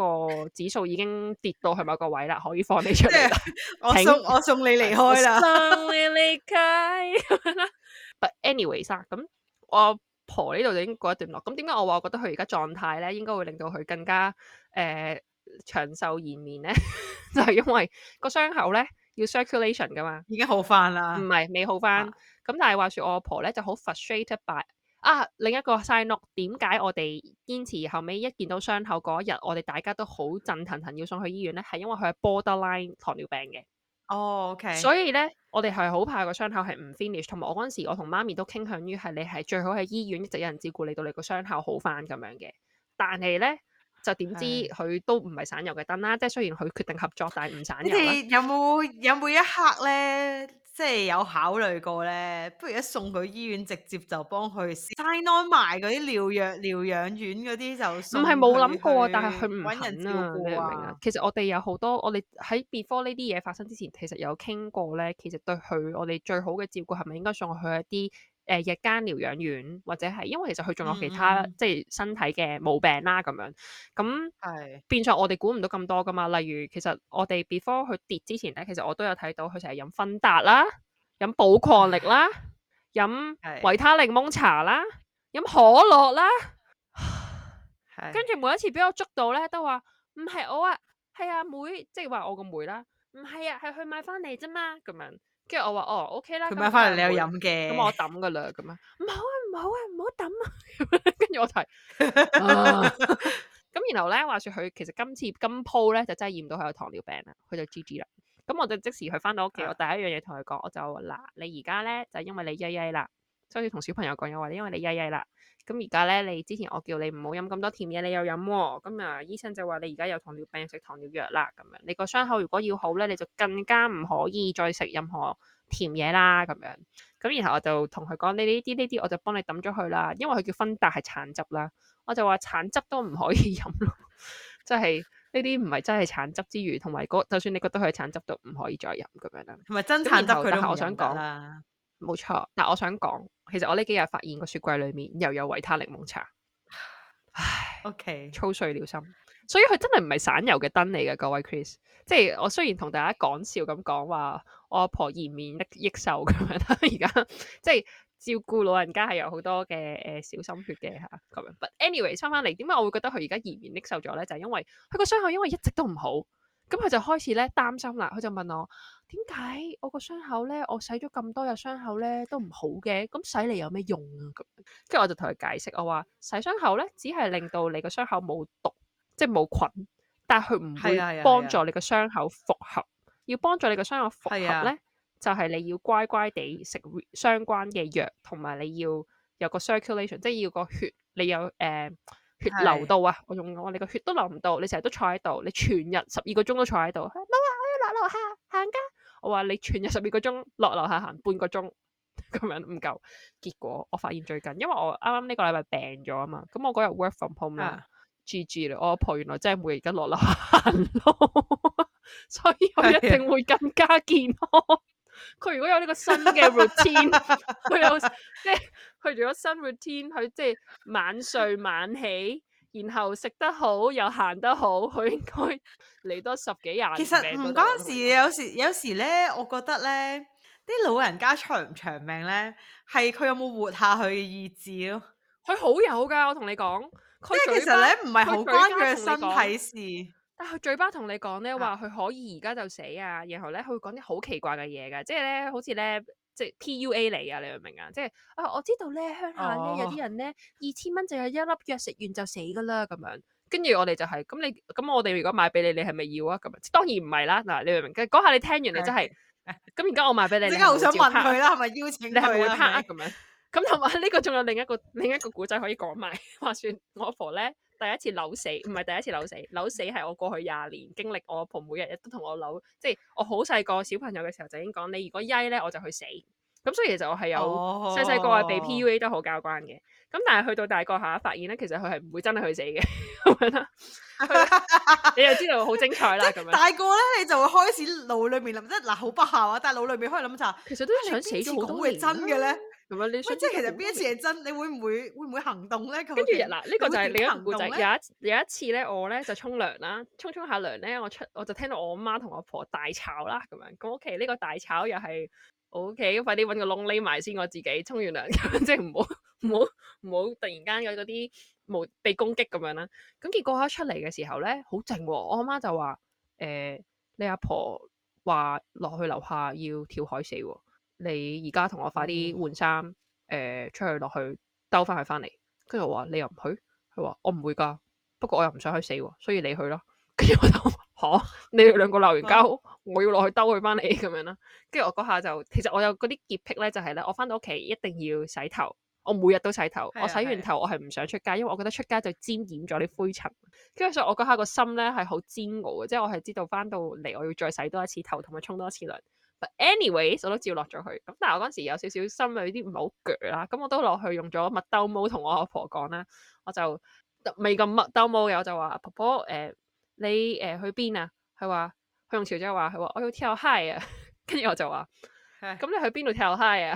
個指數已經跌到去某個位啦，可以放你出嚟啦。 我送我送你離開啦。 But anyways 啊，咁我阿婆呢度已經過一段落。咁點解我話我覺得佢而家狀態咧，應該會令到佢更加誒、呃、長壽延年咧？ 就係因為個傷口咧要 circulation 噶嘛，已經好翻啦。唔係未好翻。咁、啊、但係話説我阿婆咧就好 frustrated by。啊，另一個 side note，點解我哋堅持後尾一見到傷口嗰一日，我哋大家都好震騰騰要送去醫院咧？係因為佢係 borderline 糖尿病嘅。哦，OK。所以咧，我哋係好怕個傷口係唔 finish，同埋我嗰陣時，我同媽咪都傾向於係你係最好喺醫院一直有人照顧你到你個傷口好返咁樣嘅。但係咧。就點知佢都唔係省油嘅燈啦，即係雖然佢決定合作，但係唔省油。你哋有冇有冇一刻咧，即係有考慮過咧？不如一送去醫院，直接就幫佢塞攞埋嗰啲療藥、療養院嗰啲就、啊。唔係冇諗過，但係佢唔肯、啊。揾人照顧啊？其實我哋有好多，我哋喺 before 呢啲嘢發生之前，其實有傾過咧。其實對佢，我哋最好嘅照顧係咪應該送去一啲？誒日間療養院或者係，因為其實佢仲有其他嗯嗯即係身體嘅毛病啦，咁樣，咁的變咗我哋估唔到咁多㗎嘛。例如其實我哋 before 佢跌之前咧，其實我都有睇到佢成日飲芬達啦，飲寶礦力啦，飲的維他檸檬茶啦，飲可樂啦。跟住的每一次俾我捉到咧都話唔係我啊，係阿、啊、妹，即係話我個妹啦。唔係啊，係佢買翻嚟啫嘛咁樣。跟住我話哦，OK 啦，咁樣翻嚟你又飲嘅，咁我抌噶啦，咁樣唔好啊，唔好啊，唔好抌啊，跟住我提，咁然後咧話説佢其實今次今鋪咧就真係驗到佢有糖尿病啦，佢就 GG 啦，咁我就即時佢翻到屋企，我第一樣嘢同佢講， 我就嗱你而家咧就係、因為你曳曳啦。所以同小朋友講嘢話，你因為你曳曳啦。咁而家咧，你之前我叫你唔好飲咁多甜嘢，你又飲。咁啊，醫生就話你而家有糖尿病，食糖尿藥啦。咁樣你個傷口如果要好咧，你就更加唔可以再食任何甜嘢啦。咁樣咁，咁樣然後我就同佢講，你呢啲呢啲，我就幫你抌咗佢啦。因為佢叫芬達係橙汁啦，我就話橙汁都唔可以飲咯。即係呢啲唔係真係橙汁之餘，同埋就算你覺得佢係橙汁都唔可以再飲咁樣啦。同埋真橙汁佢都唔得啦。冇錯，但我想講，其實我呢幾日發現個雪櫃裏面又有維他檸檬茶。唉，OK，操碎了心，所以佢真係唔係省油嘅燈嚟嘅，各位 Chris，即係我雖然同大家講笑咁講話，我阿婆延年益益壽咁樣，而家即係照顧老人家係有好多嘅誒、呃、小心血嘅吓咁樣，but anyway 翻翻嚟，點解我會覺得佢而家延年益壽咗咧？就係、是、因為佢個傷口因為一直都唔好。咁佢就開始咧擔心啦，佢就問我點解我個傷口咧，我洗咗咁多日傷口咧都唔好嘅，咁洗嚟有咩用啊？咁，跟住我就同佢解釋，我話洗傷口咧，只係令到你個傷口冇毒，即係冇菌，但係佢唔會幫助你個傷口復合。啊啊啊、要幫助你個傷口復合咧，就係、是、你要乖乖地食相關嘅藥，同埋你要有個 circulation，即係要個血，你有誒。Uh, 血流到啊！我用我你個血都流唔到，你成日都坐喺度，你全日十二個鐘都坐喺度。我話我要落樓下，樓下行噶，我話你全日十二個鐘落樓下行半個鐘咁樣唔夠。結果我發現最近，因為我啱啱呢個禮拜病咗啊嘛，咁我嗰日 work from home 啦，G G 啦，我阿婆原來真係每日而家落樓下行咯， 所以我一定會更加健康。 佢如果有呢個新嘅 routine，佢有 即係佢做咗新 routine，佢即、就、係、是、晚睡晚起，然後食得好又行得好，佢應該嚟多十幾廿年。其實唔關事樣，有時有時咧，我覺得咧，啲老人家長唔長命咧，係佢有冇活下去嘅意志咯。佢好有噶，我同你講，佢其實咧，唔係好關佢嘅身體事。啊！佢嘴巴同你講咧，話佢可以而家就死啊，啊然後咧佢會講啲好奇怪嘅嘢噶，即係咧好似咧即係 PUA 嚟啊！你明唔明啊？即係啊、哦！我知道咧鄉下咧有啲人咧、哦、二千蚊就有一粒藥食完就死噶、就是嗯嗯嗯嗯，啦，咁樣。跟住我哋就係咁你咁我哋如果買俾你，你係咪要啊？咁樣當然唔係啦，嗱你明唔明？嗰下你聽完你真係咁而家我賣俾你，而家好想問佢啦，係咪邀請你係唔會拍咁樣？咁同埋呢個仲有另一個另一個古仔可以講埋，話算我婆咧。第一次扭死，唔係第一次扭死，扭死係我過去廿年經歷。我阿婆每日日都同我扭，即係我好細個小朋友嘅時候就已經講：你如果曳咧，我就去死。咁所以其實我係有細細個係被 P.U.A. 都好教慣嘅。咁但係去到大個下，發現咧其實佢係唔會真係去死嘅。你又知道好精彩啦咁樣。大個咧你就會開始腦裏面諗，即係嗱好不孝啊！但係腦裏面開始諗就其實都想死咗好多回真嘅咧。咁啊， 你即係其實邊一次係真，你會唔會會唔會行動咧？跟住嗱，呢、這個就係你行個仔。有一有一次咧，我咧就沖涼啦，沖沖下涼咧，我出我就聽到我阿媽同阿婆大吵啦，咁樣咁屋企呢個大吵又係，O K，快啲搵個窿匿埋先，我自己沖完涼即係唔好唔好唔好突然間有嗰啲無被攻擊咁樣啦。咁結果一出嚟嘅時候咧，好靜。我阿媽就話：誒、欸，你阿婆話落去樓下要跳海死。你而家同我快啲換衫，誒、呃、出去落去兜翻去翻嚟，跟住我話你又唔去，佢話我唔會噶，不過我又唔想去死喎，所以你去咯。跟住我就嚇、啊，你哋兩個鬧完交， 我要落去兜佢翻嚟咁樣啦。跟住我嗰下就，其實我有嗰啲潔癖咧，就係、是、咧，我翻到屋企一定要洗頭，我每日都洗頭，的我洗完頭我係唔想出街，因為我覺得出街就沾染咗啲灰塵。跟住所以我，我嗰下個心咧係好煎熬嘅，即係我係知道翻到嚟我要再洗多一次頭，同埋沖多一次涼。But anyway 我都照落咗去。咁但係我嗰時有少少心裏啲唔係好攰啦，咁我都落去用咗麥兜毛同我阿婆講啦。我就未咁麥兜毛嘅，我就話婆婆誒，uh, 你誒、uh, 去邊啊？佢話佢用潮州話，佢話我要跳 high 啊！跟 住我就話咁你去邊度跳 high 啊？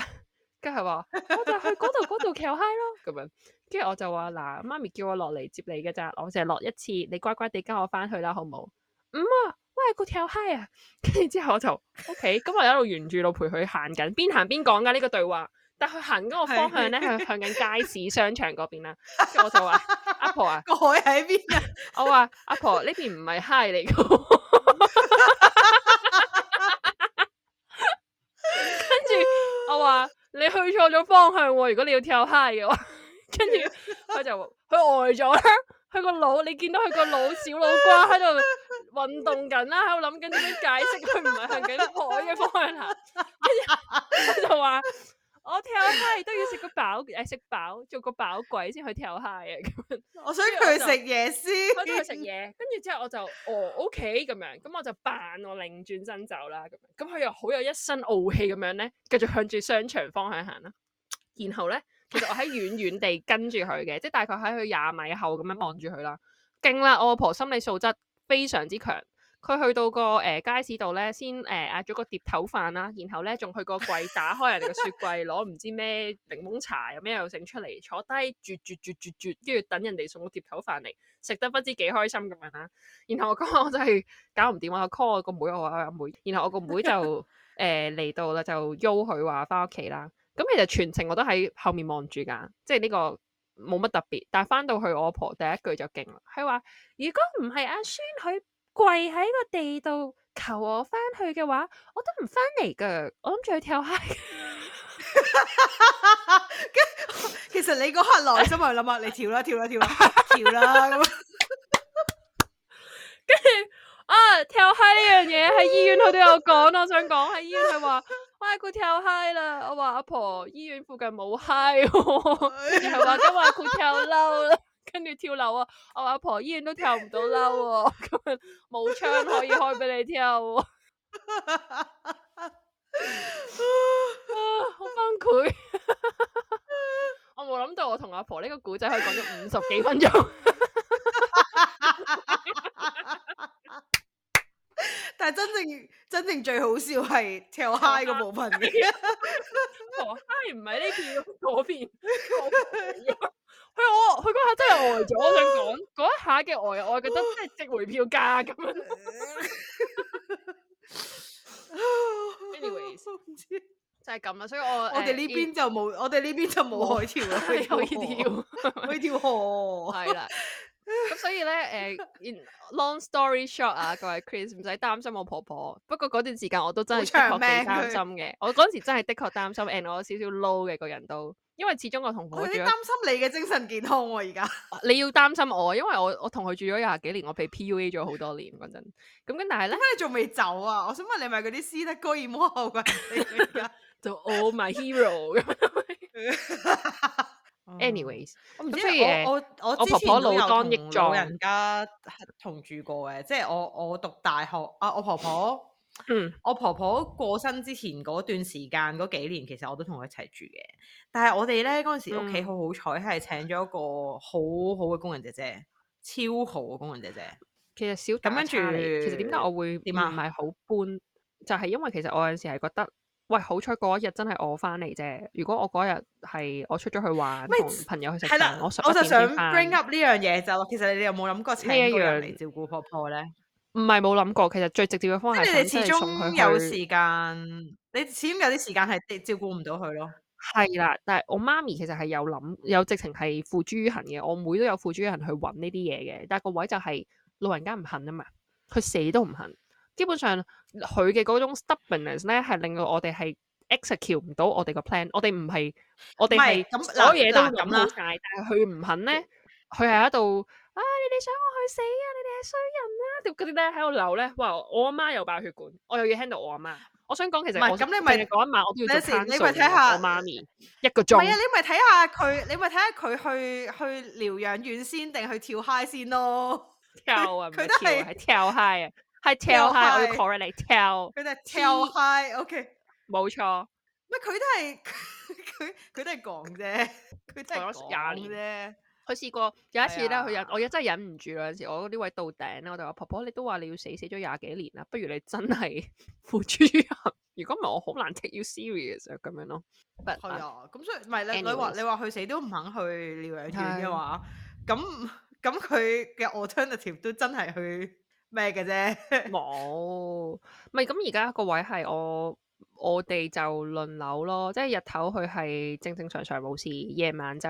跟住佢話我就去嗰度嗰度跳 high 咯。咁樣跟住我就話嗱，媽咪叫我落嚟接你嘅咋，我淨係落一次，你乖乖地跟我翻去啦，好唔好？嗯啊。啊那個跳 high 啊！跟住之後我就 O K，咁我一路沿住路陪佢行緊，邊行邊講噶呢個對話。但佢行嗰個方向咧，係 向緊街市商場嗰邊啦。跟住我就話阿、 啊、婆啊婆，個海喺邊啊？ 我話阿婆呢邊唔係嗨嚟噶。跟住我話你去錯咗方向喎，如果你要跳嗨嘅話。跟住佢就佢呆咗啦。佢個腦，你見到佢個腦小腦瓜喺度運動緊啦，喺度諗緊點樣解釋佢唔係向幾多海嘅方向行，跟住我就話我跳 high 都要食個飽誒，食、哎、飽做個飽鬼先去跳 high 啊！咁，我想佢食夜宵，叫佢食嘢，跟住之後我就哦，OK 咁樣，咁我就扮我擰轉身走啦，咁樣，咁佢又好有一身傲氣咁樣咧，繼續向住商場方向行啦，然後咧。其實我喺遠遠地跟住佢嘅，即係大概喺佢廿米後咁樣望住佢啦，勁啦！我阿婆心理素質非常之強。佢去到個誒、呃、街市度咧，先誒嗌咗個碟頭飯啦，然後咧仲去個櫃打開人哋個雪櫃攞唔 知咩檸檬茶咁咩又整出嚟，坐低啜啜啜啜啜，跟住，住，住，住，住，住等人哋送個碟頭飯嚟食得不知幾開心咁樣啦。然後我講我就係搞唔掂啊 call 我個妹我話阿妹，妹，然後我個妹就誒嚟、 呃、到啦，就邀佢話返屋企啦。咁其實全程我都喺後面望住噶，即係呢個冇乜特別。但係翻到去我阿婆第一句就勁啦，佢話如果唔係阿孫佢跪喺個地度求我翻去嘅話，我都唔翻嚟噶，我諗住去跳下。其實你嗰刻內心係諗乜？ 你跳啦，跳啦，跳啦，跳啦，咁。跟住。啊，跳 high 呢樣嘢喺醫院佢都有講， 我想講喺醫院佢話：哇，佢跳 high 啦！我話阿婆，醫院附近冇 high，跟住係話咁話佢跳樓啦，跟住跳樓啊！我話阿婆，醫院都跳唔到樓，咁樣冇窗可以開俾你跳， 啊，好很崩潰！ 我冇諗到我同阿婆呢個古仔可以講咗五十幾分鐘。 但係真正真正最好笑係跳 high 個部分嘅跳 high 唔係呢邊嗰邊，佢我佢嗰下真係呆咗，我想講嗰一下嘅呆，我係覺得即係值回票價咁樣。anyways，就係咁啦，所以我我哋呢邊就冇，我哋呢邊就冇海跳。可有呢可以跳河，係啦。咁 所以咧，誒、uh，long story short 啊，各位 Chris，唔使擔心我婆婆。不過嗰段時間我都真係的， 的確幾擔心嘅。 我嗰時真係的確擔心 ，and 我有少少 low 嘅個人都，因為始終個同我住。我有啲擔心你嘅精神健康喎、啊，而家 你要擔心我，因為我我同佢住咗廿幾年，我被 PUA 咗好多年嗰陣。咁跟住，但係咧，你仲未走啊？我想問你係咪嗰啲斯德哥爾摩候，你而家做 all my hero。 anyways，、嗯、我唔知以我我我之前都有同老人家同住過嘅，即係我我讀大學啊，我婆婆， 嗯，我婆婆過身之前嗰段時間嗰幾年，其實我都同佢一齊住嘅。但係我哋咧，嗰陣時屋企好好彩，係、嗯、請咗一個好好嘅工人姐姐，超好嘅工人姐姐。其實小咁跟住裝，其實點解我會點唔係好搬？就係、是、因為其實我有陣時係覺得。喂，好彩嗰一日真係我翻嚟啫。如果我嗰日係我出咗去玩，同朋友去食飯，是我就想 bring up 呢樣嘢就，其實你哋有冇諗過請過人嚟照顧婆婆咧？唔係冇諗過，其實最直接嘅方式係你始終有時間，你始終有啲時間係照顧唔到佢咯。係啦，但係我媽咪其實係有諗，有直情係付諸於行嘅。我妹都有付諸於行去揾呢啲嘢嘅，但係個位就係、是、老人家唔肯啊嘛，佢死都唔肯。基本上佢嘅嗰種 stubbornness 咧，係令到我哋係 execute 唔到我哋個 plan 我。我哋唔係，我哋係所有嘢都咁好、啊、但係佢唔肯咧。佢喺度啊！你哋想我去死啊！你哋係衰人啦、啊！啲嗰啲咧喺度鬧咧。哇！我阿媽又爆血管，我又要 handle 我阿媽。我想講其實咁，你咪嗰一晚我都要做你咪睇下我媽咪一個鐘。唔係啊！你咪睇下佢，你咪睇下佢去去療養院先，定去跳嗨先咯？跳啊！佢 都係跳嗨。啊！係 tell hi，我要 call 你嚟 tell。佢哋 tell hi，OK，冇錯。唔佢都係佢佢都係講啫，佢真係講廿年啫。佢試過有一次咧，佢忍我真係忍唔住嗰陣時，我呢位到頂啦，我就話婆婆，你都話你要死死咗廿幾年啦，不如你真係付諸於行。如果唔係我好難 take you serious 咁樣咯。係啊，咁所以唔係靚女話你話佢死都唔肯去療養院嘅話，咁咁佢嘅 alternative 都真係去。咩嘅啫？冇，咪， 係咁而家個位係我我哋就輪流咯，即係日頭佢係正正常常冇事，夜晚就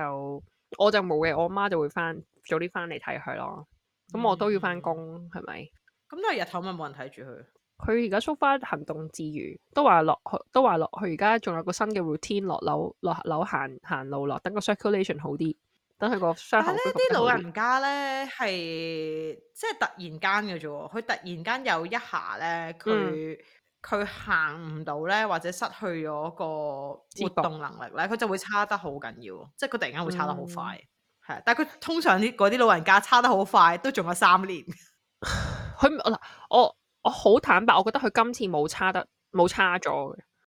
我就冇嘅，我阿媽就會翻早啲翻嚟睇佢咯。咁我要都要翻工，係咪？咁都係日頭咪冇人睇住佢。佢而家縮翻行動自如，都話落都話落去而家仲有個新嘅 routine 落樓落樓行行路落，等個 circulation 好啲。但係咧，啲老人家咧係即係突然間嘅啫，佢突然間有一下咧，佢佢行唔到咧，或者失去咗個活動能力咧，佢就會差得好緊要，即係佢突然間會差得好快，係、嗯。但係佢通常啲啲老人家差得好快，都仲有三年。佢嗱， 我我好坦白，我覺得佢今次冇差得冇差咗。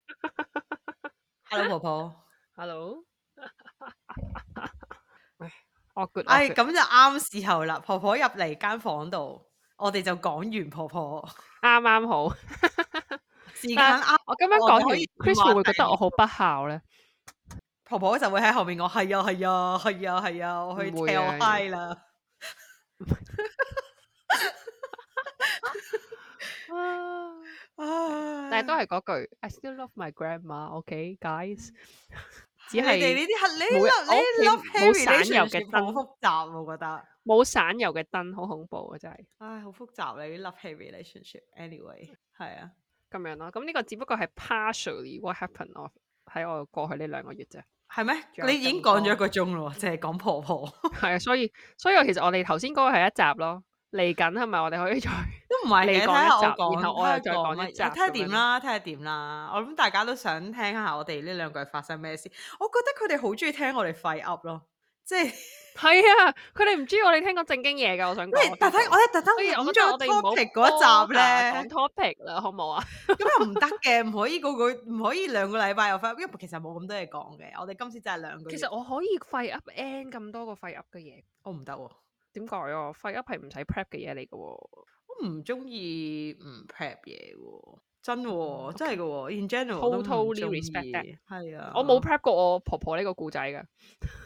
Hello，婆婆。Hello。 唉，咁就啱時候啦！婆婆入嚟間房度，我哋就講完婆婆，啱啱好時間啱。我咁樣講可以，Chris 會唔會覺得我好不孝咧？婆婆就會喺後面我，係啊係啊係啊係啊，我去 tell hi 啦。但係都係嗰句，I still love my grandma。Okay，guys。只係哋呢啲黑，你 love 你 love 油嘅 r 好複雜，我覺得冇省油嘅燈，好恐怖啊！真係，唉，好複雜你呢 love hate relationship anyway，係啊，咁樣咯。咁呢個只不過係 partially what happened of。喺我過去呢兩個月啫，係咩？你已經講咗一個鐘咯，即係講婆婆，係啊、嗯。 所以所以，所以我其實我哋頭先嗰個係一集咯。嚟緊係咪？我哋可以再都唔係嘅，睇下我講，然後我再講一集，睇下點啦，睇下點啦。我諗大家都想聽下我哋呢兩個發生咩事。我覺得佢哋好中意聽我哋廢噏咯，即係係啊！佢哋唔中意我哋聽講正經嘢㗎。我想講，但睇我一特登揾咗 topic 嗰一集咧，講 topic 啦，好唔好啊？咁又唔得嘅，唔可以個個，唔可以兩個禮拜又廢噏，因為其實冇咁多嘢講嘅。我哋今次就係兩個月。其實我可以廢噏 end 咁多個廢噏嘅嘢，我唔得喎。點解啊？肺吸係唔使 prep 嘅嘢嚟嘅，我唔中意唔 prep 嘢喎，真、啊、Okay. 真係嘅喎。In general，total respect 嘅，係啊。我冇 prep 過我婆婆呢個故仔嘅。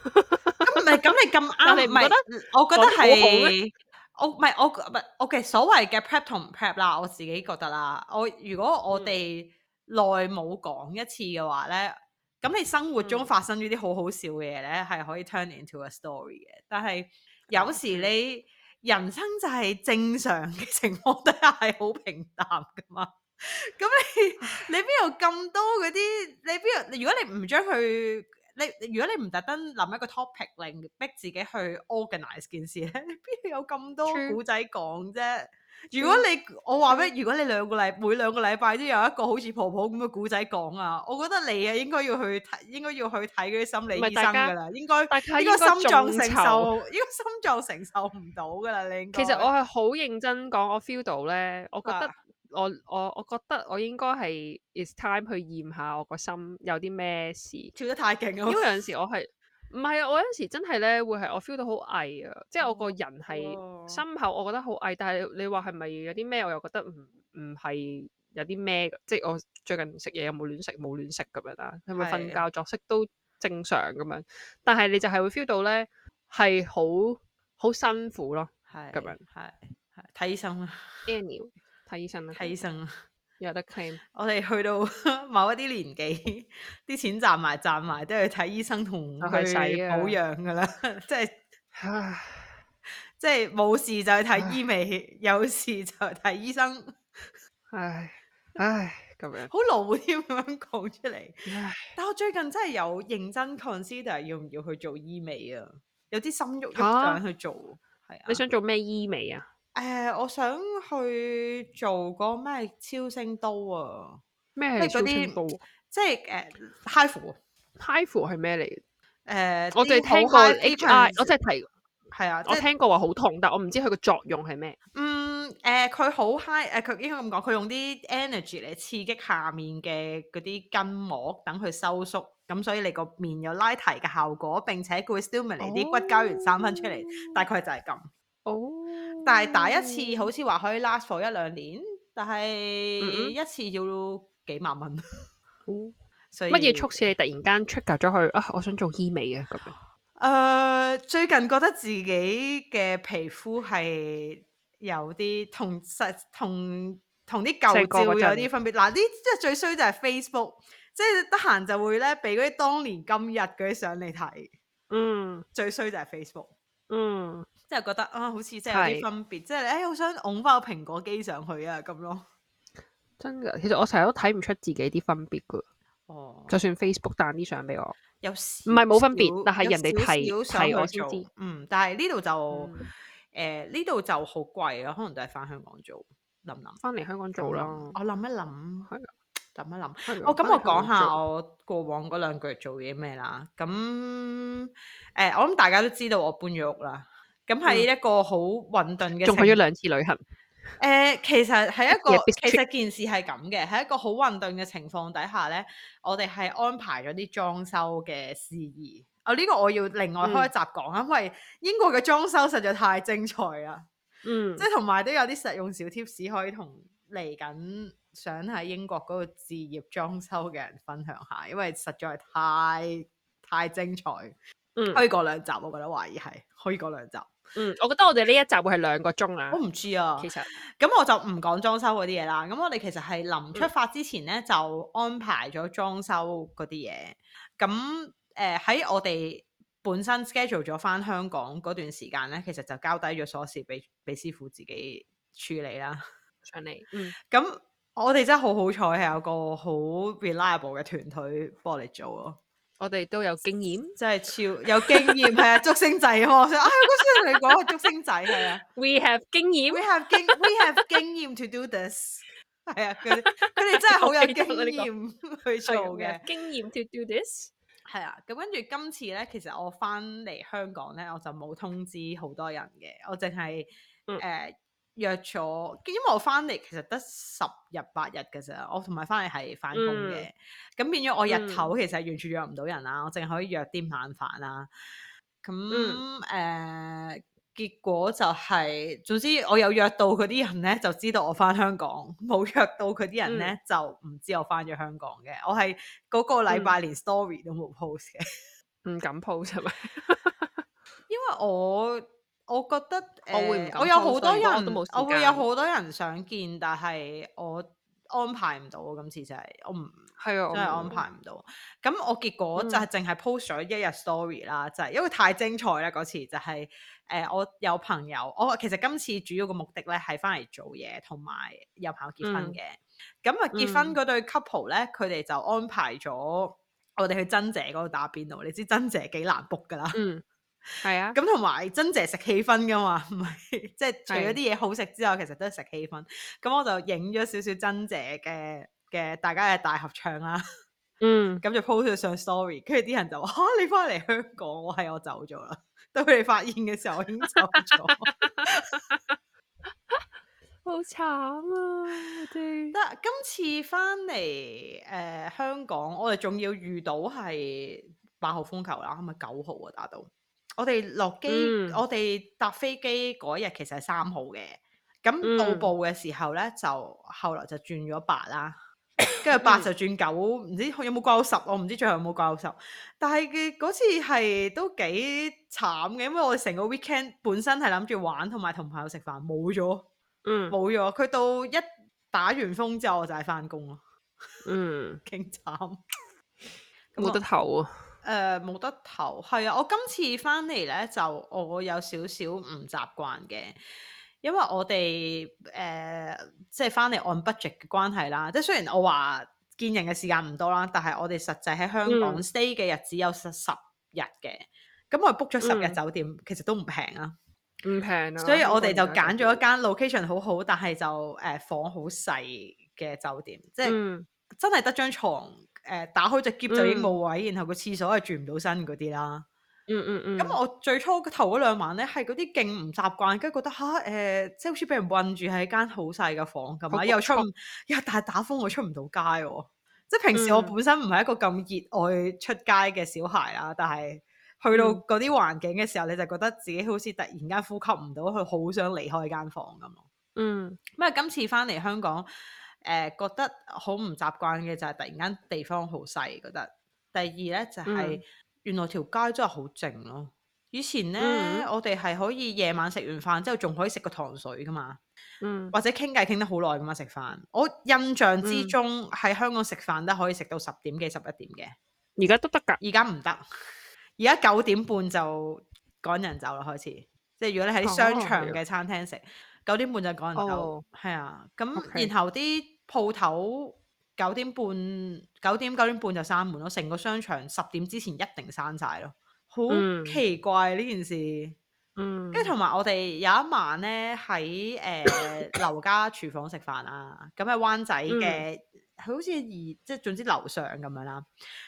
咁咪咁你咁啱？你唔係，覺不我覺得我我覺得係我唔係我唔係。ok，所謂嘅 prep 同唔 prep 啦，我自己覺得啦。我如果我哋耐冇講一次嘅話咧，咁、嗯、你生活中發生呢啲好好笑嘅嘢咧，係可以 turn into a story 嘅，但係。有時你人生就係正常嘅情況底下係好平淡噶嘛，咁 你你邊有咁多嗰啲？你邊有,有？如果你唔將佢，你如果你唔特登諗一個 topic，令逼自己去 organize 件事咧，你邊有咁多古仔講啫？如果你、嗯、我話畀你，如果你兩個禮每兩個禮拜都有一個好似婆婆咁嘅古仔講啊，我覺得你啊應該要去睇，應該要去睇嗰啲心理醫生噶啦。應該該，呢個心臟承受，呢個心臟承受唔到噶啦。你應該，其實我係好認真講，我 feel 到咧、啊，我覺得我我我覺得我應該係 It's time 去驗下我個心有啲咩事跳得太勁啊，因為有陣時我係。唔係啊，我有陣時真係咧會係我 feel 到好翳啊，即係我個人係、哦、心口，我覺得好翳。但係你話係咪有啲咩，我又覺得唔唔係有啲咩，即係我最近食嘢有冇亂食，冇亂食咁樣啦。係咪瞓覺作息都正常咁樣？但係你就係會 feel 到咧係好好辛苦咯，係咁是樣，係睇醫生啊，annual 睇醫生啊。睇、anyway，醫生啦、啊。有得 claim 我哋去到某一啲年紀，啲 錢賺埋賺埋，都係睇醫生同去保養㗎啦， 即係，唉，即係冇事就去睇醫美，唉有事就去睇醫生。唉唉咁 樣。好老添咁樣講出嚟。但我最近真係有認真 consider 要唔要去做醫美啊？有啲心喐喐想去做。係啊。啊你想做咩醫美啊？誒、呃，我想去做嗰咩超聲刀啊？咩係即係誒、呃、，HIFU 係咩嚟？誒、呃 呃，我哋聽過，我即係提，係啊，我聽過話好痛，嗯、但我唔知佢個作用係咩。嗯、呃，誒，佢好 high，誒，佢應該咁講，佢用啲 energy 嚟刺激下面嘅嗰啲筋膜，等佢收縮，咁所以你個面有拉提嘅效果，並且佢會 stimulate 啲骨膠、呃、原三分出嚟，大概就係咁、哦。 哦。但係打一次，嗯、好似話可以 last for 一兩年，但係一次要幾萬蚊。嗯、 所以乜嘢促使你突然間 trigger 咗去啊？我想做醫美啊咁樣。誒、呃，最近覺得自己嘅皮膚係有啲同實同同啲舊照會有啲分別。嗱，啲即係最衰就係 Facebook，即係得閒就會咧俾嗰啲當年今日嗰啲相你睇。嗯，最衰就係 Facebook。嗯。即係覺得啊，好似即係有啲分別，即係誒，好想擁翻個蘋果機上去啊，咁咯。真噶，其實我成日都睇唔出自己啲分別噶。哦，就算 Facebook 彈啲相俾我，又唔係冇分別，但係人哋睇睇我知。嗯，但係呢度就誒，呢度就好貴咯，可能就係翻香港做諗諗，翻嚟香港做啦。我諗一諗，諗一諗。我咁我講下我過往嗰兩個月做嘢咩啦。咁誒，我諗大家都知道我搬咗屋啦。咁係、嗯、一個好混沌嘅，仲去咗兩次旅行。誒、呃，其實係一個其實件事係咁嘅，喺一個好混沌嘅情況底下咧，我哋係安排咗啲裝修嘅事宜。啊、哦、呢、這個我要另外開一集講、嗯、因為英國嘅裝修實在太精彩啦。嗯，即係同埋都有啲實用小 t 士可以同嚟緊想喺英國嗰個置業裝修嘅人分享下，因為實在太太精彩。嗯，可以過兩集，我覺得懷疑係可以過兩集。嗯，我覺得我哋呢一集會係兩個鐘啊！我唔知啊，其實咁我就唔講裝修嗰啲嘢啦。咁我哋其實係臨出發之前咧，嗯、就安排咗裝修嗰啲嘢。咁誒喺我哋本身 schedule 咗翻香港嗰段時間咧，其實就交低咗鎖匙俾俾師傅自己處理啦。上嚟，嗯，咁我哋真係好好彩，係有個好 reliable 嘅團隊幫我哋做咯。我哋都有經驗，真係超有經驗係啊！竹 升仔我想，啊、哎，我想同你講個竹升仔係啊。We have 經驗，we have we have 經驗 to do this 係啊。佢哋佢哋真係好有經驗 去做嘅的經驗 to do this 係啊。 咁跟住今次咧，其實我翻嚟香港咧，我就冇通知好多人嘅，我淨係誒。嗯 uh, 約咗，因為我翻嚟其實得十日八日嘅咋。我同埋翻嚟係翻工嘅，咁、嗯、變咗我日頭其實完全約唔到人啦、啊，嗯、我淨係可以約啲晚飯啦、啊。咁誒、嗯呃，結果就係、是，總之我有約到嗰啲人咧，就知道我翻香港；冇約到嗰啲人咧，嗯、就唔知我翻咗香港嘅。我係嗰個禮拜連 story、嗯、都冇 post 嘅，唔敢 post 係咪？ 因為我。我覺得誒，呃、我，會我有好多人，我，時間我會有好多人想見，但係我安排唔到。今次就係、是、我唔係啊，的真係安排唔到。咁我，不我結果就係淨係 post 咗一日 story 啦，嗯、就係、是、因為太精彩啦嗰次就係、是、誒、呃，我有朋友，我其實今次主要嘅目的咧係翻嚟做嘢，同埋有朋友結婚嘅。咁啊、嗯、結婚嗰對 couple 咧，佢哋、嗯、就安排咗我哋去曾姐嗰度打邊爐。你知曾姐幾難 book 噶啦。嗯係啊，咁同埋珍姐食氣氛噶嘛，唔係即係除咗啲嘢好食之外，其實都係食氣氛。咁、嗯、我就影咗少少珍姐嘅嘅大家嘅大合唱啦。嗯，咁就 post 咗上 story，跟住啲人就話、啊，你翻嚟香港，哎、我係我走咗啦。到佢哋發現嘅時候，我已經走咗， 好慘啊！我哋得今次翻嚟誒，香港我哋仲要遇到係八號風球啦，係咪九號啊？打到。我哋落機，嗯、我哋搭飛機嗰日其實係三號嘅，咁到步嘅時候呢，嗯、就後來就轉咗八啦，跟住八就轉九、嗯，唔知有冇掛到十，我唔知最後有冇掛到十。但係佢嗰次係都幾慘嘅，因為我哋成個 weekend 本身係諗住玩同埋同朋友食飯，冇咗，冇咗、嗯。佢到一打完風之後，我就係翻工咯。嗯，勁慘，冇、嗯、 麼得唞啊！誒冇、呃、得投係啊！我今次翻嚟咧就我有少少唔習慣嘅，因為我哋誒即係翻嚟按 budget 嘅關係啦。即係雖然我話見人嘅時間唔多啦，但係我哋實際喺香港 stay 嘅日子有十十日嘅，咁、嗯、我 book 咗十日酒店，嗯、其實都唔平啊，唔平啊！所以我哋就揀咗一間 location 好好，但係就誒、呃、房好細嘅酒店，即、就、係、是嗯、真係得張床。誒打開隻篋就已經冇位，嗯、然後個廁所係轉唔到身嗰啲啦。嗯嗯嗯。咁我最初頭嗰兩晚咧係嗰啲勁唔習慣，跟住覺得嚇誒、啊呃，即係好似俾人困住喺間好細嘅房咁啊，又出唔，又但係打風我出唔到街喎。即係平時我本身唔係一個咁熱愛出街嘅小孩啊，但係去到嗰啲環境嘅時候，嗯、你就覺得自己好似突然間呼吸唔到，佢好想離開間房咁咯。嗯。咁啊、嗯，今次翻嚟香港。誒覺得好唔習慣嘅就係、是、突然間地方好細，覺得第二呢，就係、是、原來條街真係好靜咯。以前呢，嗯、我哋係可以夜晚食完飯之後仲可以食個糖水㗎嘛，嗯、或者傾偈傾得好耐㗎嘛食飯。我印象之中喺、嗯、香港食飯都可以食到十點幾十一點嘅，而家都得㗎？而家唔得，而家九點半就趕人走啦開始。即係如果你喺商場嘅餐廳食，九、哦、點半就趕人走。係啊、哦，咁然後啲。鋪頭九點半，九點九點半就閂門咯。成個商場十點之前一定閂晒咯，好奇怪呢、嗯、件事。嗯，跟住同埋我哋有一晚咧喺誒劉家廚房食飯啊，咁、嗯、喺灣仔嘅，佢、嗯、好似而，即、就、係、是、總之樓上咁樣啦。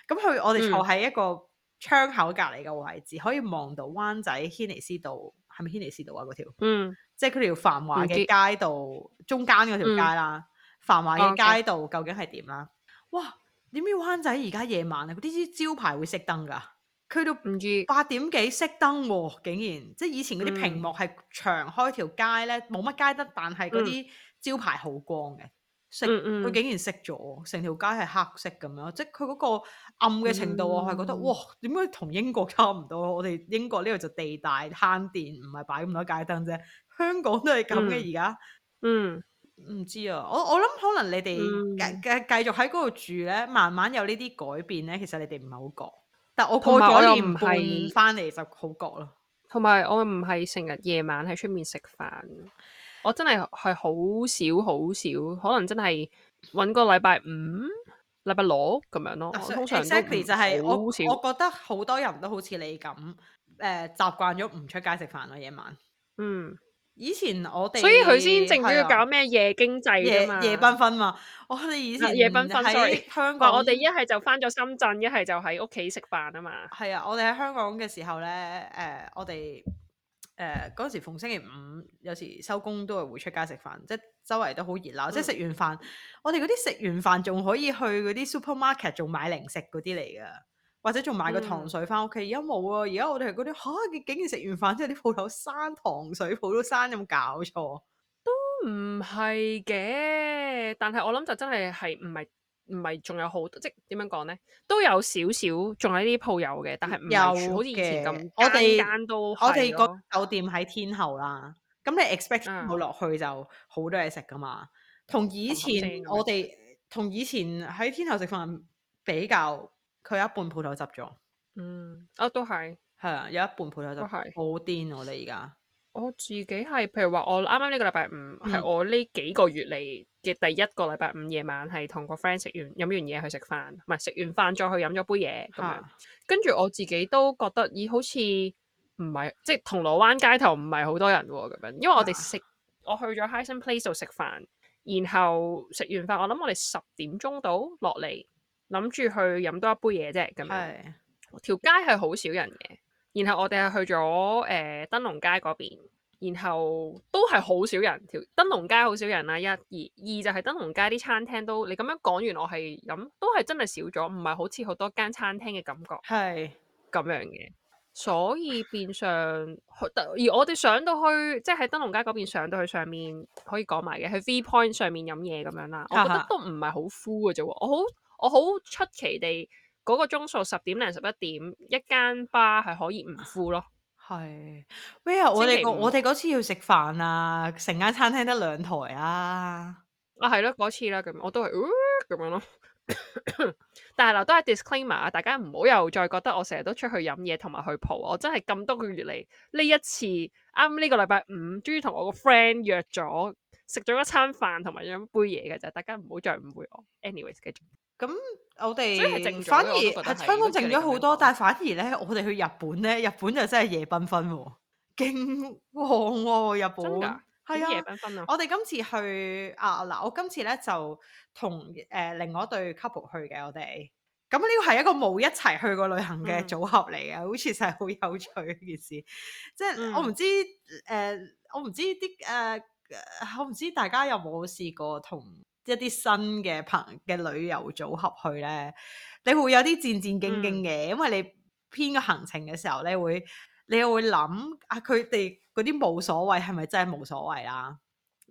咁、嗯、佢我哋坐喺一個窗口隔離嘅位置，嗯、可以望到灣仔軒尼詩道，係咪軒尼詩道啊？嗰條，嗯，即係佢條繁華嘅街度中間嗰條街啦。嗯繁華嘅街道 Okay. 究竟係點啦？哇！點知灣仔而家夜晚啊？啲招牌會熄燈噶？佢都唔知八點幾熄燈喎！竟然，即係以前嗰啲屏幕係長、嗯，開條街咧，冇乜街燈，但係嗰啲招牌好光嘅，成佢竟然熄咗，成條街係黑色咁樣，即係佢嗰個暗嘅程度，我係覺得哇！點解同英國差唔多？我哋英國呢度就地大慳電，唔係擺咁多街燈啫，香港都係咁嘅而家，嗯。嗯唔知啊，我我諗可能你哋繼繼續喺嗰度住咧，嗯、慢慢有呢啲改變咧，其實你哋唔係好覺，但我過咗年半翻嚟就好覺咯。同埋我唔係成日夜晚喺出面食飯，我真係係好少好少，可能真係搵個禮拜五、禮拜六咁樣咯。啊、通常就係、是、少我我覺得好多人都好似你咁，誒、呃、習慣咗唔出街食飯咯、啊、夜晚。嗯。以前我哋，所以佢先政府要搞咩夜經濟啊嘛，夜繽紛嘛。我哋以前夜，夜繽紛，所以香港我哋一係就返咗深圳，一係就喺屋企食飯啊嘛。係啊，我哋喺香港嘅時候咧，誒、呃，我哋誒嗰陣時逢星期五有時收工都係會出街食飯，即係周圍都好熱鬧。嗯、即係食完飯，我哋嗰啲食完飯仲可以去嗰啲 supermarket 仲買零食嗰啲嚟㗎。或者仲買個糖水翻屋企，而家冇啊！而家我哋係嗰啲嚇，佢竟然食完飯之後，啲鋪頭生糖水鋪都生，有冇搞錯？都唔係嘅，但係我諗就真係係唔係唔係仲有好多即點樣講咧？都有少少仲有啲鋪有嘅，但係又好似以前咁，我哋間都我哋個酒店喺天后啦。咁、uh, 你 expect 到落去就好多嘢食噶嘛？同以前我哋同以前喺天后食飯比較。佢有一半鋪頭執咗，嗯，我、啊、都係係，有一半鋪頭執，好癲我哋而家。啊、我自己係，譬如話我啱啱呢個禮拜五係、嗯、我呢幾個月嚟嘅第一個禮拜五夜晚，係同個 friend 食完飲完嘢去食飯，唔係食完飯再去飲咗杯嘢咁樣。啊、跟住我自己都覺得，咦、哎，好似唔係，即係銅鑼灣街頭唔係好多人咁、啊、樣，因為我哋食、啊、我去咗 Hysan Place 度食飯，然後食完飯我諗我哋十點鐘到落嚟。諗住去飲多一杯嘢啫，咁樣條街係好少人嘅。然後我哋係去咗誒燈籠街嗰邊，然後都係好少人，條燈籠街好少人啦。一、二二就係燈籠街啲餐廳都你咁樣講完，我係飲都係真係少咗，唔係好似好多間餐廳嘅感覺係咁的樣嘅。所以變相。而我哋上到去即係喺燈籠街嗰邊上到去上面可以講埋嘅，去 V Point 上面飲嘢咁樣啦。的我覺得都唔係好 full 嘅啫，我好。我好出奇地嗰、嗰個鐘數十點零十一點一間吧係可以唔敷咯，係咩啊？ 我哋我哋嗰次要食飯啊，成間餐廳得兩枱啊，啊係咯嗰次啦，咁我都係咁、呃、樣咯。 但係嗱，都係 disclaimer 啊，大家唔好又再覺得我成日都出去飲嘢同埋去蒲，我真係咁多個月嚟呢一次啱呢個禮拜五，終於同我個 friend 約咗食咗一餐飯同埋飲杯嘢嘅啫，大家唔好再誤會我。anyways，繼續。咁我哋即係反而香港靜咗好多，但係反而咧，我哋去日本咧，日本就真係夜繽紛喎，勁旺喎，日本真係啊，夜繽紛啊！我哋今次、呃、去啊，嗱，我今次咧就同誒另外一對 couple 去嘅，我哋咁呢個係一個冇一齊去過旅行嘅組合嚟嘅，好似就係好有趣嘅件事，即、就、係、是嗯、我唔知誒、呃，我唔知啲誒、呃，我唔知、呃呃、我唔知大家有冇試過同。一啲新嘅朋嘅旅遊組合去咧，你會有啲戰戰兢兢嘅，嗯、因為你編個行程嘅時候咧，會你會諗啊，佢哋嗰啲冇所謂係咪真係冇所謂啦、啊？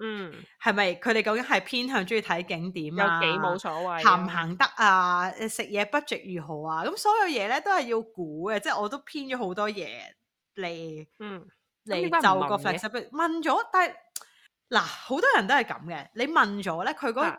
嗯，係咪佢哋究竟係偏向中意睇景點啊？幾冇所謂、啊、行唔行得啊？食嘢 budget 如何啊？咁所有嘢咧都係要估嘅，即、就、係、是、我都編咗好多嘢嚟，嗯嚟就個 flexible 問咗，但係。嗱，好多人都係咁嘅。你問咗咧，佢佢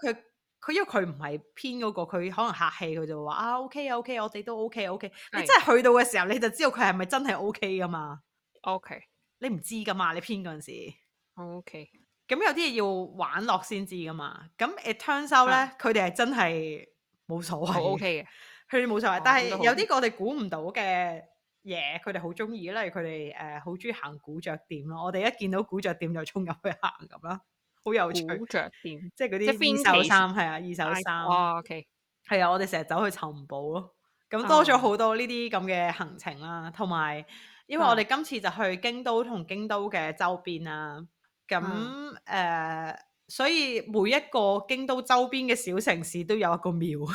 佢，因為佢唔係編嗰個，佢可能客氣，佢就話啊，OK、OK，我哋都 OK、OK。係。你真係去到嘅時候，你就知道佢係咪真係 OK 噶嘛？OK，你唔知噶嘛？你編嗰陣時，OK。咁有啲嘢要玩落先知噶嘛？咁 it turns out 咧，佢哋係真係冇所謂。Oh, OK 嘅，佢哋冇所謂。Oh, okay. 但係有啲我哋估唔到嘅。嘢佢哋好中意，例如佢哋誒好中意行古着店咯。我哋一見到古着店就衝入去行咁啦，好有古着店即係嗰啲二手衫，係啊，二手衫。o k 係啊，我哋成日走去尋寶咯。咁多咗好多呢啲咁嘅行程啦，同埋、oh. 因為我哋今次就去京都同京都嘅周邊啦。咁誒、oh. 呃，所以每一個京都周邊嘅小城市都有一個廟。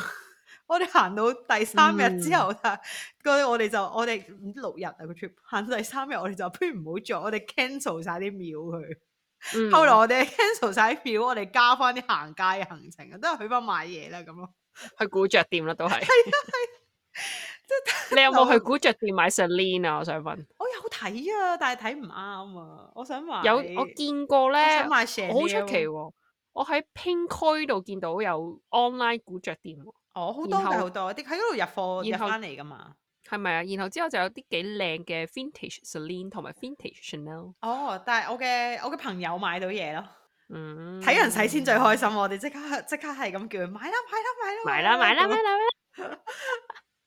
我哋行到第三日之後，嗰、嗯、我哋就我哋五六日啊，個 trip，行到第三日我哋就不如唔好做，我哋 cancel 晒啲廟去。嗯、後來我哋 cancel 晒啲廟，我哋加翻啲行街嘅行程，都係去翻買嘢啦咁咯，去古着店啦都係。係係，即係你有冇去古着店買 Celine 啊？我想問，我有睇啊，但係睇唔啱啊。我想話有我見過咧，好出奇喎。嗯、我喺 Pink 區度見到有 online 古着店喎。哦，好多好后多，啲喺嗰度入貨後入翻嚟噶嘛，係咪啊？然後之後就有啲幾靚嘅 Vintage Celine 同埋 Vintage Chanel。哦，但係我嘅我嘅朋友買到嘢咯，睇、嗯、人使錢最開心，我哋即刻即刻係咁叫佢買啦買啦買啦買啦買啦買啦買啦，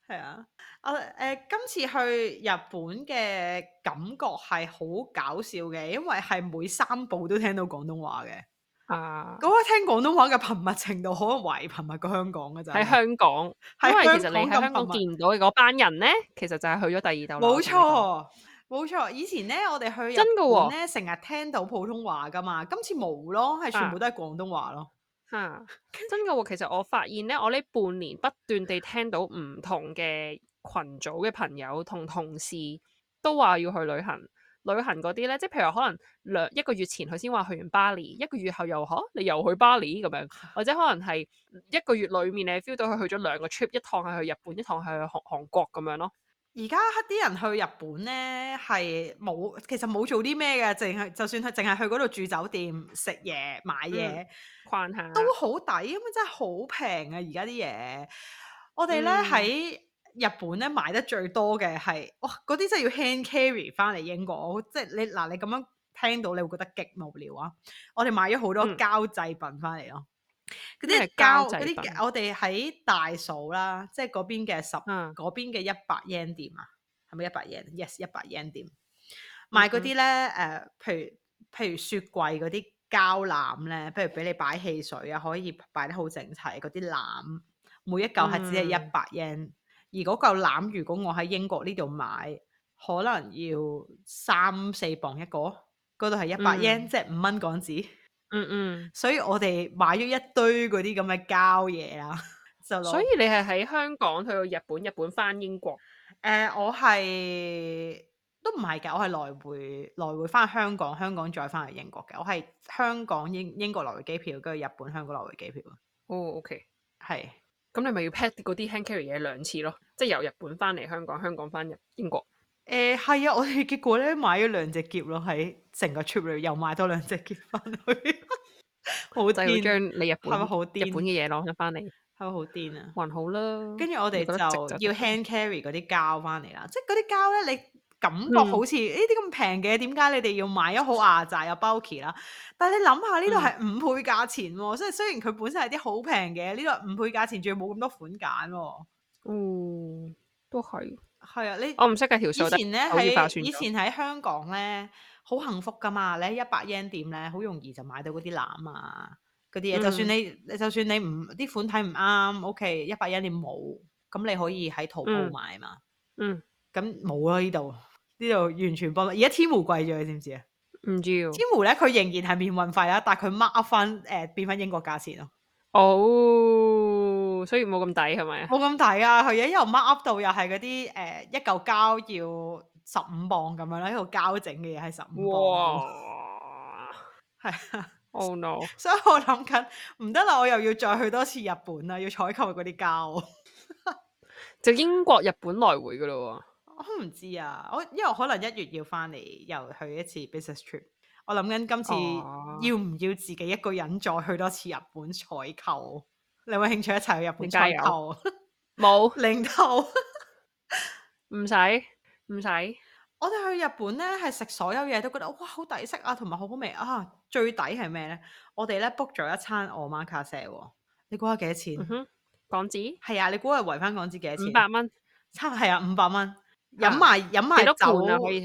係啊！我、呃、誒、呃、今次去日本嘅感覺係好搞笑嘅，因為係每三步都聽到廣東話嘅。啊！咁啊，聽廣東話嘅頻密程度，可能懷疑頻密過香港嘅啫。喺香港，因為其實你喺香港見到嘅嗰班人咧，其實就係去咗第二度。冇錯，冇錯。以前咧，我哋去日本咧、真嘅喎，成日聽到普通話噶嘛，今次冇咯，係全部都係廣東話咯。嚇、啊啊！真嘅喎、哦，其實我發現咧，我呢半年不斷地聽到唔同嘅群組嘅朋友同同事都話要去旅行。旅行嗰啲咧，即係譬如可能兩一個月前佢先話去完巴黎，一個月後又嚇、啊、你又去巴黎咁樣，或者可能係一個月裡面你 feel 到佢去咗兩個 trip，一趟係去日本，一趟係去韓韓國咁樣咯。而家啲人去日本咧係冇，其實冇做啲咩嘅，淨係就算係淨係去嗰度住酒店、食嘢、買嘢，嗯、下都好抵，因為真係好平啊！而家啲嘢，我哋咧喺。嗯日本咧買得最多嘅係哇，嗰、哦、啲真係要 hand carry 翻嚟英國，即係你嗱你咁樣聽到你會覺得極無聊啊！我哋買咗好多膠製品翻嚟咯，嗰啲、嗯、膠嗰啲膠我哋喺大嫂啦，即係嗰邊嘅十嗰邊嘅一百 yen 店啊，係咪一百 yen？Yes，一百 yen 店買嗰啲咧，誒、嗯哼呃，譬如譬如雪櫃嗰啲膠籃咧，譬如俾你擺汽水啊，可以擺得好整齊嗰啲籃，每一嚿係只係一百 yen。嗯。而嗰嚿攬，如果我喺英國呢度買，可能要三四鎊一個，嗰度係一百 yen 即係五蚊港紙、嗯。嗯嗯。所以我哋買咗一堆嗰啲咁嘅膠嘢啊，就所以你係喺香港去到日本，日本翻英國。誒、呃，我係都唔係嘅，我係來回來回翻香港，香港再翻去英國嘅。我係香港英英國來回機票，跟住日本香港來回機票。哦，OK，係。咁你咪要 pack 啲 hand carry 嘢兩次咯，即係由日本翻嚟香港，香港翻入英國。誒係啊，我哋結果咧買咗兩隻喼咯，喺成個 trip 裏又買多兩隻喼翻去，好 癲癟！將你日本係咪好癲？是是日本嘅嘢攞咗翻嚟，係咪好癲啊？還好啦，跟住我哋就要 hand carry 嗰啲膠翻嚟啦，即係嗰啲膠咧你。感覺好似呢啲咁平嘅，點解、嗯、你哋要買咗好牙曬又 bulky 啦？但係你諗下，呢度係五倍價錢喎，所以雖然佢本身係啲好平嘅，呢個五倍價錢仲要冇咁多款揀。哦、嗯，都係。係 啊，你我唔識計條數以呢。以前咧喺以前喺香港咧，好幸福噶嘛！你喺一百 yen 店咧，好容易就買到嗰啲籃啊，嗰啲嘢。就算你、嗯、就算你唔啲、那個、款睇唔啱，OK，一百 yen 店冇，咁你可以喺淘寶買嘛。嗯，咁冇啊，呢度。呢度完全崩，而家天湖貴咗，你知唔知啊？唔知。天湖咧，佢仍然係免運費啦，但係佢 mark up 翻誒、呃、變翻英國價錢咯。哦，所以冇咁抵係咪啊？冇咁抵啊！佢而家又 mark up 到又係嗰啲誒一嚿膠要十五磅咁樣啦，呢度膠整嘅嘢係十五磅。哇！係啊。Oh no！所以我諗緊唔得啦，我又要再去多次日本啦，要採購嗰啲膠。 就英國日本來回噶咯喎。我唔知啊，我因為我可能一月要翻嚟，又去一次 business trip。我諗緊今次、哦、要唔要自己一個人再去多次日本採購？你有冇興趣一齊去日本採購？冇零頭，唔使唔使。我哋去日本咧，係食所有嘢都覺得哇好抵食啊，同埋好好味啊。最抵係咩咧？我哋咧 book 咗一餐 omakase a，你估下幾多錢？嗯、港紙係啊，你估係維翻港紙幾多錢？五百蚊差係啊，五百蚊。飲埋飲埋酒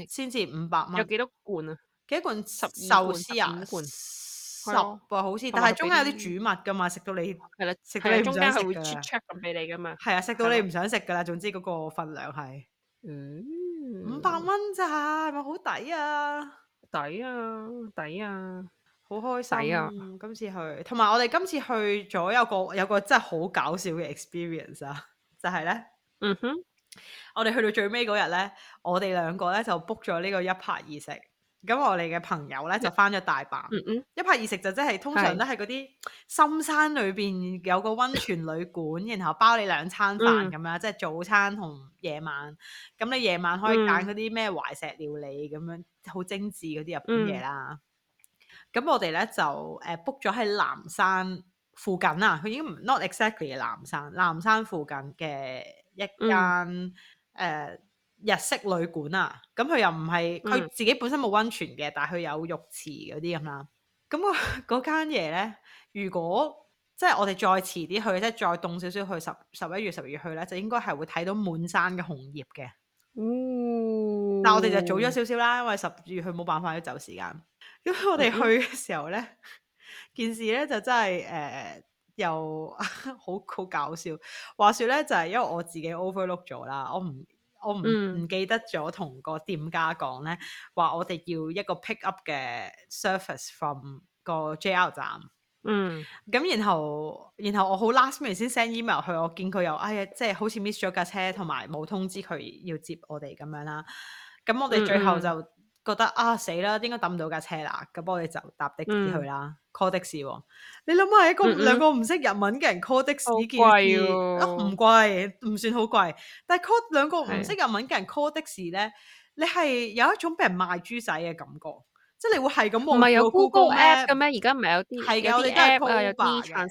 先至五百蚊，有幾多罐啊？幾多罐壽司啊？十啊，好似，但係中間有啲煮物噶嘛，食到你係啦，食到你中間係會 check 俾你㗎嘛，係啊，食到你唔想食噶啦。總之嗰個份量係，五百蚊咋，係咪好抵啊？抵啊，抵啊，好開心啊！今次去，同埋我哋今次去咗有個有個真係好搞笑嘅 experience 啊，就係咧，嗯哼。我哋去到最尾嗰日咧，我哋兩個咧就 book 咗呢個一拍二食。咁我哋嘅朋友咧就翻咗大阪。嗯嗯一拍二食就即、是、係通常都係嗰啲深山裏邊有個溫泉旅館，是然後包你兩餐飯咁樣，嗯、即係早餐同夜晚。咁你夜晚可以揀嗰啲咩懷石料理咁、嗯、樣，好精緻嗰啲日本嘢啦。咁、嗯、我哋咧就誒 book 咗喺南山附近啊。佢已經唔 not exactly 嘅南、南山，南山附近嘅。一間誒、嗯呃、日式旅館啊，咁、嗯、佢又唔係佢自己本身冇溫泉嘅，但係佢有浴池嗰啲咁啦。咁、那個嗰間嘢咧，如果即係我哋再遲啲去，即係再凍少少去十十一月、十二月去咧，就應該係會睇到滿山嘅紅葉嘅。哦、嗯！但我哋就早咗少少啦，因為十二月佢冇辦法要走時間。因為我哋去嘅時候咧，嗯、件事咧就真係誒。呃又 好好搞笑。話説咧，就係、是、因為我自己 overlook 咗啦，我唔我唔唔記得咗同個店家講咧，話我哋要一個 pickup 嘅 service from 個 JR 站。嗯，咁然後然後我好 last minute 先 send email 去，我見佢又哎呀，即係好似 miss 咗架車，同埋冇通知佢要接我哋咁樣啦。咁我哋最後就～嗯嗯覺得啊，死啦，應該抌唔到架車啦，咁我哋就搭的士去啦。call 的士，你諗下一個兩個唔識日文嘅人 call 的士，好貴哦，唔貴，唔算好貴。但係 call 兩個唔識日文嘅人 call 的士咧，你係有一種俾人賣豬仔嘅感覺，即係你會係咁。唔係有 Google App 嘅咩？而家唔係有啲係我哋都係 call 吧。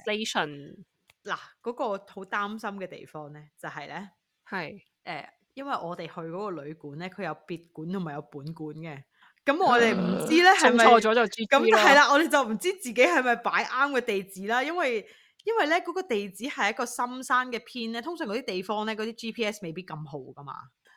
嗱，嗰個好擔心嘅地方咧，就係咧，係誒。因為我哋去嗰個旅館咧，佢有別館同埋有本館嘅，咁我哋唔知咧係咪錯咗就，但就知啦。咁係啦，我哋就唔知自己係咪擺啱嘅地址啦。因為因為咧、嗰個地址係一個深山嘅偏咧，通常嗰啲地方咧，嗰啲 GPS 未必咁好噶嘛。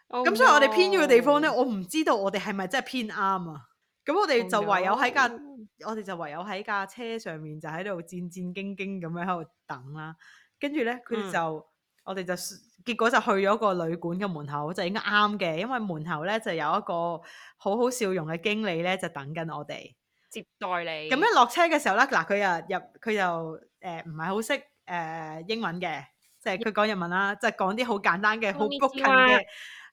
咁、哦哦、所以我哋偏咗嘅地方咧，我唔知道我哋係咪真係偏啱啊？咁我哋就唯有喺架，哦哦我哋就唯有喺架車上面就喺度戰戰兢兢咁樣喺度等啦。跟住咧，佢哋就、嗯。我哋就結果就去咗個旅館嘅門口，就應該啱嘅。因為門口咧就有一個好好笑容嘅經理咧，就等緊我哋接待你。咁一落車嘅時候咧，嗱佢又入佢又誒唔係好識誒英文嘅，即係佢講日文啦，即係講啲好簡單嘅好 booking 嘅。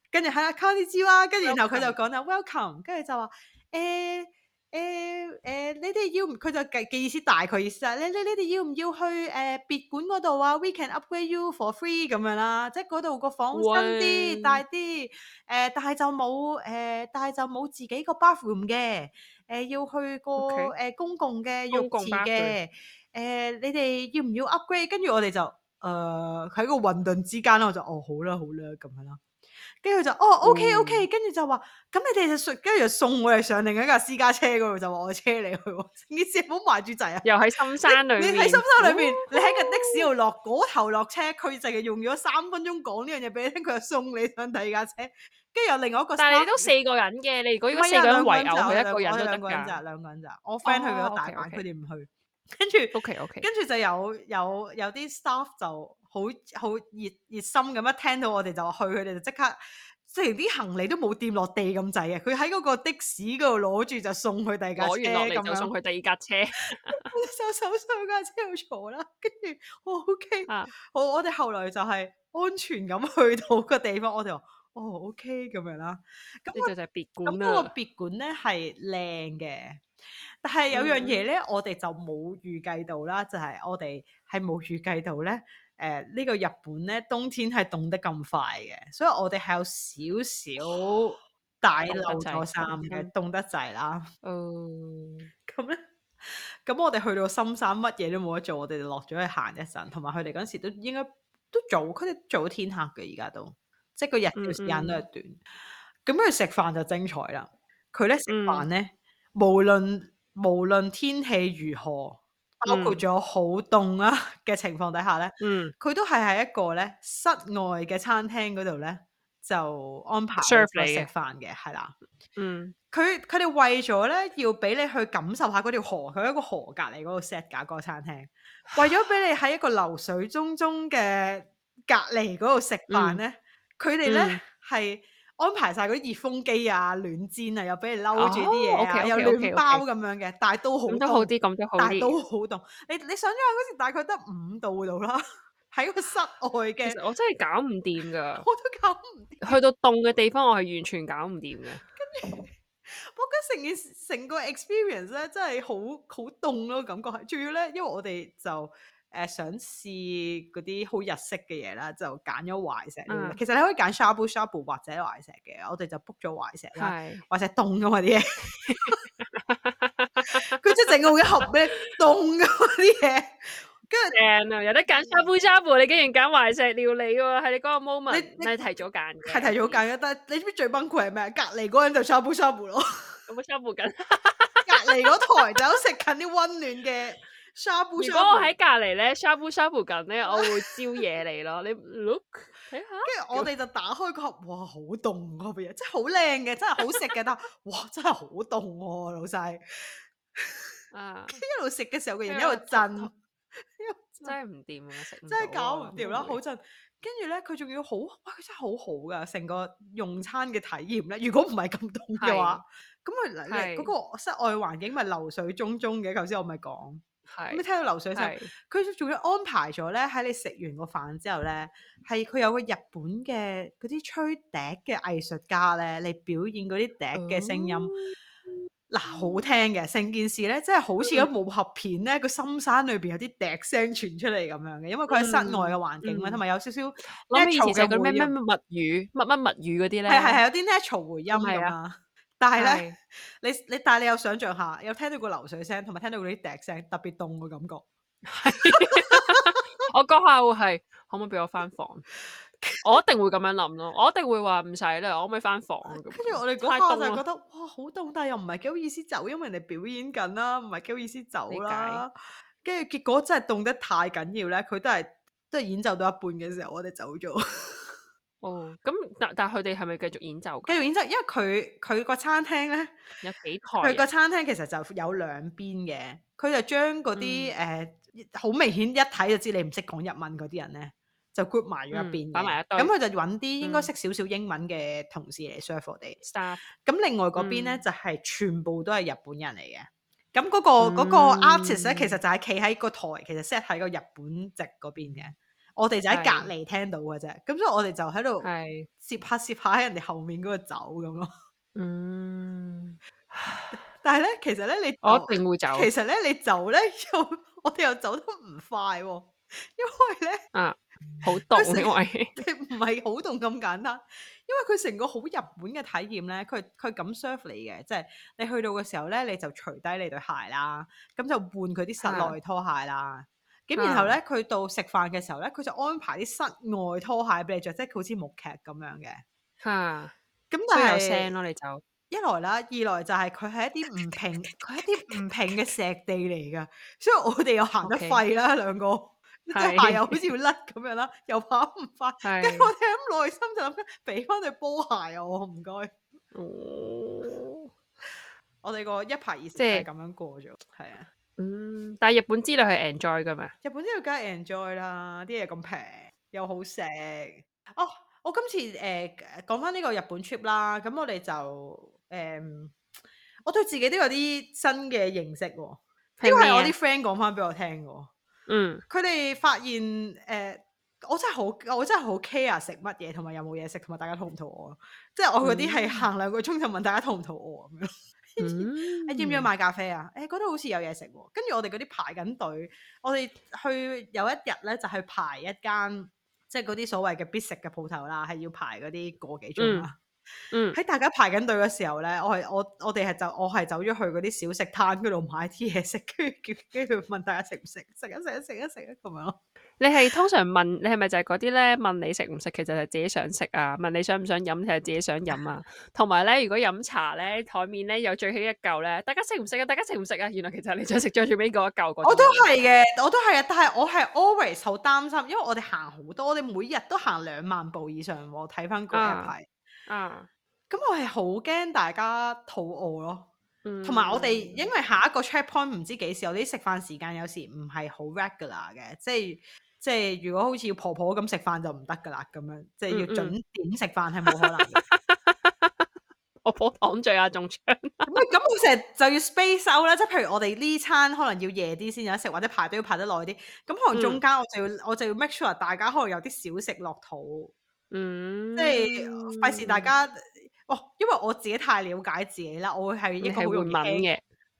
跟住係啊，こんにちは，跟住然後佢就講啊，Welcome。跟住就話誒。欸誒誒、呃呃，你哋要唔佢就嘅嘅意思大，大概意思啊。你你你哋要唔要去誒別館嗰度啊？We can upgrade you for free 咁樣啦，即係嗰度個房新啲，喂大啲。誒、呃，但係就冇誒、呃，但係就冇自己個 bathroom 嘅。誒、呃，要去個誒 Okay.、呃、公共嘅浴池嘅。誒、呃，你哋要唔要 upgrade？跟住我哋就誒喺、呃、個混沌之間啦。我就哦好啦，好啦，咁樣啦。跟住就哦，OK OK，跟住就話咁你哋就送，跟住就送我哋上另一架私家車嗰度，就話我車你去，你唔好埋住仔啊！又喺深山裏面，你喺深山裏邊，你喺個的士度落嗰頭落車，佢淨係用咗三分鐘講呢樣嘢俾你聽，佢就送你上第二架車，跟住有另外一個。但你都四個人嘅，你如果四個人圍住佢一個人都得噶。兩個人咋？我 friend 去咗大阪，佢哋唔去。跟住 OK OK，跟住就有有有啲 staff 就。好好熱熱心咁一聽到我哋就去，佢哋就即刻，即係啲行李都冇掂落地咁滯嘅，佢喺嗰個的士嗰度攞住就送去第二架車，攞完落嚟就送去第二架車。就 手首架車上坐、哦 okay，啊、好坐啦，跟住哦 OK，我我哋後來就係安全咁去到個地方，我哋話哦 OK 咁樣啦。咁就就別館啦。咁嗰個別館咧係靚嘅，但係有樣嘢咧，嗯、我哋就冇預計到啦，就係、是、我哋係冇預計到咧。誒呢、呃這個日本咧，冬天係凍得咁快嘅，所以我哋係有少少帶漏咗衫嘅，凍得滯啦。哦，咁咧、嗯，咁我哋去到深山，乜嘢都冇得做，我哋就落咗去行一陣，同埋佢哋嗰陣時都應該都早，佢哋早天黑嘅，而家都即係個日照時間都係短。咁佢食飯就精彩啦。佢咧食飯咧，無論無論天氣如何。包括咗好凍啊嘅情況底下咧，佢都係喺一個咧室外嘅餐廳嗰度咧，就安排食飯嘅，係啦、嗯。嗯，佢佢哋為咗咧要俾你去感受下嗰條河，佢喺個河隔離嗰個 set 架個餐廳，唉為咗俾你喺一個流水淙淙嘅隔離嗰度食飯咧，佢哋咧係。嗯安排晒嗰啲熱風機啊、暖氈啊，又俾你嬲住啲嘢啊，又暖包咁樣嘅，樣好但係都好凍，都好啲，咁都好，但係都好凍。你你想啊，嗰時大概得五度度啦，喺 個室外嘅。其實我真係搞唔掂噶， 我都搞唔掂， 去到凍嘅地方，我係完全搞唔掂嘅。跟住，我覺得成件成個，個 experience 咧，真係好好凍咯，感覺係。仲要咧，因為我哋就。誒想試嗰啲好日式嘅嘢啦，就揀咗懷石。嗯、其實你可以揀沙煲沙煲或者懷石嘅，我哋就 book 咗懷石啦。懷是石凍嘅嘛啲嘢，佢 真係整個會盒咩凍嘅啲嘢。跟 住後後有得揀沙煲沙煲，你竟然揀懷石料理喎、啊？係你嗰個 moment 你提早揀嘅，係你提早揀嘅。 但係你知唔知最崩潰係咩？隔離嗰個人就沙煲沙煲咯，有冇沙煲緊？隔離嗰台就食緊啲温暖嘅。 如果我喺隔籬咧，沙煲沙煲緊咧，我會招嘢嚟咯。你 look 睇下，跟住我哋就打開個盒，哇，好凍啊！嗰邊，真係好靚嘅，真係好食嘅，但係哇，真係好凍喎，老細。啊！一路食嘅時候，個人一路震，真係唔掂嘅食，真係搞唔掂啦！好震。跟住咧，佢仲要好，哇！佢真係好好㗎，成個用餐嘅體驗咧。如果唔係咁凍嘅話，咁啊嗱，嗰個室外環境咪流水淙淙嘅。頭先我咪講。咁你、嗯、聽到流水聲，佢仲要安排咗咧喺你食完個飯之後咧，係佢有個日本嘅嗰啲吹笛嘅藝術家咧嚟表演嗰啲笛嘅聲音，嗱、嗯啊、好聽嘅。成件事咧，即係好似一個武俠片咧，個深山裏邊有啲笛聲傳出嚟咁樣嘅，因為佢喺室外嘅環境咧，同埋、嗯嗯、有少少 natural 嘅咩咩咩物語、乜乜物語嗰啲咧，係係有啲 natural 回音係、嗯、啊。但係咧是，你你但係你有想象下，有聽到個流水聲，同埋聽到嗰啲笛聲，特別凍嘅感覺。我嗰下會係可唔可以俾我翻房？我一定會咁樣諗咯，我一定會話唔使啦，我可唔可以翻房？跟住我哋嗰下就係覺得哇，好凍，但又唔係幾好意思走，因為人哋表演緊啦，唔係幾好意思走啦。跟住解結果真係凍得太緊要咧，佢都係都係演奏到一半嘅時候，我哋走咗。 哦，咁但但佢哋係咪繼續演奏？繼續演奏，因為佢佢個餐廳咧有幾台、啊，佢個餐廳其實就有兩邊嘅，佢就將嗰啲誒好明顯一睇就知你唔識講日文嗰啲人咧，就 group 埋咗一邊，擺、嗯、一堆，咁佢就揾啲應該識少少英文嘅同事嚟 serve 我哋 staff。咁、嗯、另外嗰邊咧、嗯、就係全部都係日本人嚟嘅。咁嗰、嗰個 artist 咧、嗯，其實就係企喺個台，其實 set 喺個日本籍嗰邊嘅。我哋就喺隔籬聽到嘅啫，咁的所以我哋就喺度攝拍攝拍喺人哋後面嗰度走咁咯。 嗯，但係咧，其實咧你我一定會走，其實咧你走咧又我哋又走得唔快喎、哦，因為咧，嗯、啊，好凍、啊，整因為佢唔係好凍咁簡單，因為佢成個好日本嘅體驗咧，佢佢咁 serve 你嘅，即係、就是、你去到嘅時候咧，你就除低你對鞋啦，咁就換佢啲室內拖鞋啦。 咁然後咧，佢到食飯嘅時候咧，佢就安排啲室外拖鞋俾你着，即係好似木屐咁樣嘅。吓咁，但 係有聲咯，你就，一來啦，二來就係佢係一啲唔平，佢 一啲唔平嘅石地嚟噶，所以我哋又行得廢啦，兩 Okay. 個對鞋又好似要甩咁樣啦，又跑唔快，跟住的我哋喺內心就諗，俾翻對波鞋我，唔 該。我哋個一排二十係咁樣過咗，係啊 ança。See, 嗯，但係日本之旅係 enjoy 噶嘛。日本之旅梗係 enjoy 啦，啲嘢咁平，又好食。哦，我今次誒，講翻呢個日本 trip 啦，咁我哋就誒、呃，我對自己都有啲新嘅認識，都係我啲 friend 講翻俾我聽噶。嗯，佢哋發現誒、呃，我真係好，我真係好 care 食乜嘢，同埋有冇嘢食，同埋大家肚唔肚餓，即係我嗰啲係行兩個鐘就問大家肚唔肚餓咁樣。嗯 你知唔知？哎、要唔要買咖啡啊？誒、哎，覺得好似有嘢食喎。跟住我哋嗰啲排緊隊，我哋去有一日咧，就、去排一間即係嗰啲所謂嘅必食嘅鋪頭啦，係要排嗰啲個幾鐘啊嗯。嗯，喺大家排緊隊嘅時候咧，我係我我哋係就我係走咗去嗰啲小食攤嗰度買啲嘢食，跟住叫跟住問大家食唔食？食一食啊，食一食啊咁樣。你係，通常問，你係咪就係嗰啲咧？問你食唔食？其實就自己想食啊。問你想唔想飲？其實係自己想飲啊。同埋咧，如果飲茶咧，台面咧有最起一嚿咧，大家食唔食啊？大家食唔食啊？原來其實你想食最最尾嗰一嚿。我都係嘅，我都係啊。但係我係 always 好擔心，因為我哋行好多，我哋每日都行兩萬步以上。睇翻嗰日係，啊，咁我係好驚大家肚餓咯。同埋、嗯、我哋，因為下一個 check point 唔知幾時，有啲食飯時間有時唔係好 regular 嘅，即係。即係如果好似要婆婆咁食飯就唔得噶啦，咁樣即係要準點食飯係冇可能。我婆擋罪啊，仲長。喂，咁我成日就要 space 啦。即係譬如我哋呢餐可能要夜啲先有得食，或者排隊要排得耐啲。咁可能中間我就要、嗯、我就要 make sure 大家可能有啲小食落肚。嗯，即係費事大家。哦，因為我自己太了解自己啦，我一會係應該好容易。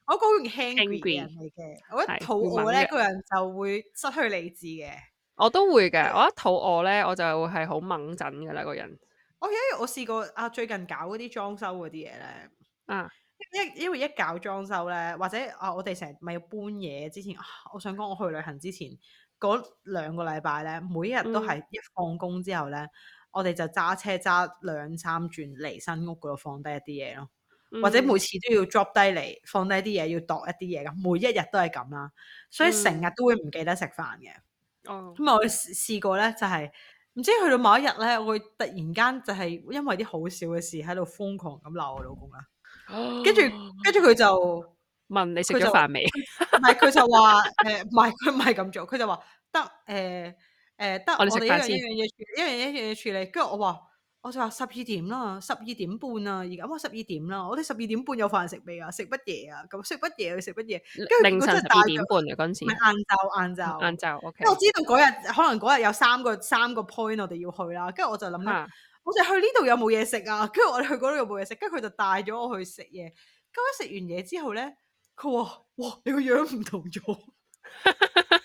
我嘅，我係個好容易 hangry 嘅人嚟嘅。我一肚餓咧，個人就會失去理智嘅。我都會嘅，我一肚餓咧，我就係會好矇陣噶啦。個人我因為我試過啊，最近搞嗰啲裝修嗰啲嘢咧啊，因、uh. 因為一搞裝修咧，或者啊，我哋成日咪要搬嘢之前，啊、我想講我去旅行之前嗰兩個禮拜咧，每一日都係一放工之後咧，mm. 我哋就揸車揸兩三轉嚟新屋嗰度放低一啲嘢咯，mm. 或者每次都要 drop 低嚟放低一啲嘢，要度一啲嘢咁，每一日都係咁啦，所以成日都會唔記得食飯嘅。嗯 mm. 咁啊！嗯、我試過咧，就係、是、唔知去到某一日咧，我會突然間就係因為啲好小嘅事喺度瘋狂咁鬧我老公啊！跟住跟住佢就問你食咗飯未就？唔係佢就話誒，唔係佢唔係咁做，佢就話得誒誒得，呃、得我食翻先一一。一樣一樣嘢，一樣一樣嘢處理。跟住我話。我就話十二點啦，十二點半啦、啊。而家咁我十二點啦，我哋十二點半有飯食未啊？食乜嘢啊？咁食乜嘢？食乜嘢？跟住凌晨十二點半嘅嗰陣時，晏晝晏晝晏晝。Okay. 因為我知道嗰日可能嗰日有三個三個 point 我哋要去啦，跟住我就諗啦，我就去呢度有冇嘢食啊？跟住我哋去嗰度有冇嘢食？跟住佢就帶咗我去食嘢。咁一食完嘢之後咧，佢話：哇，你個樣唔同咗。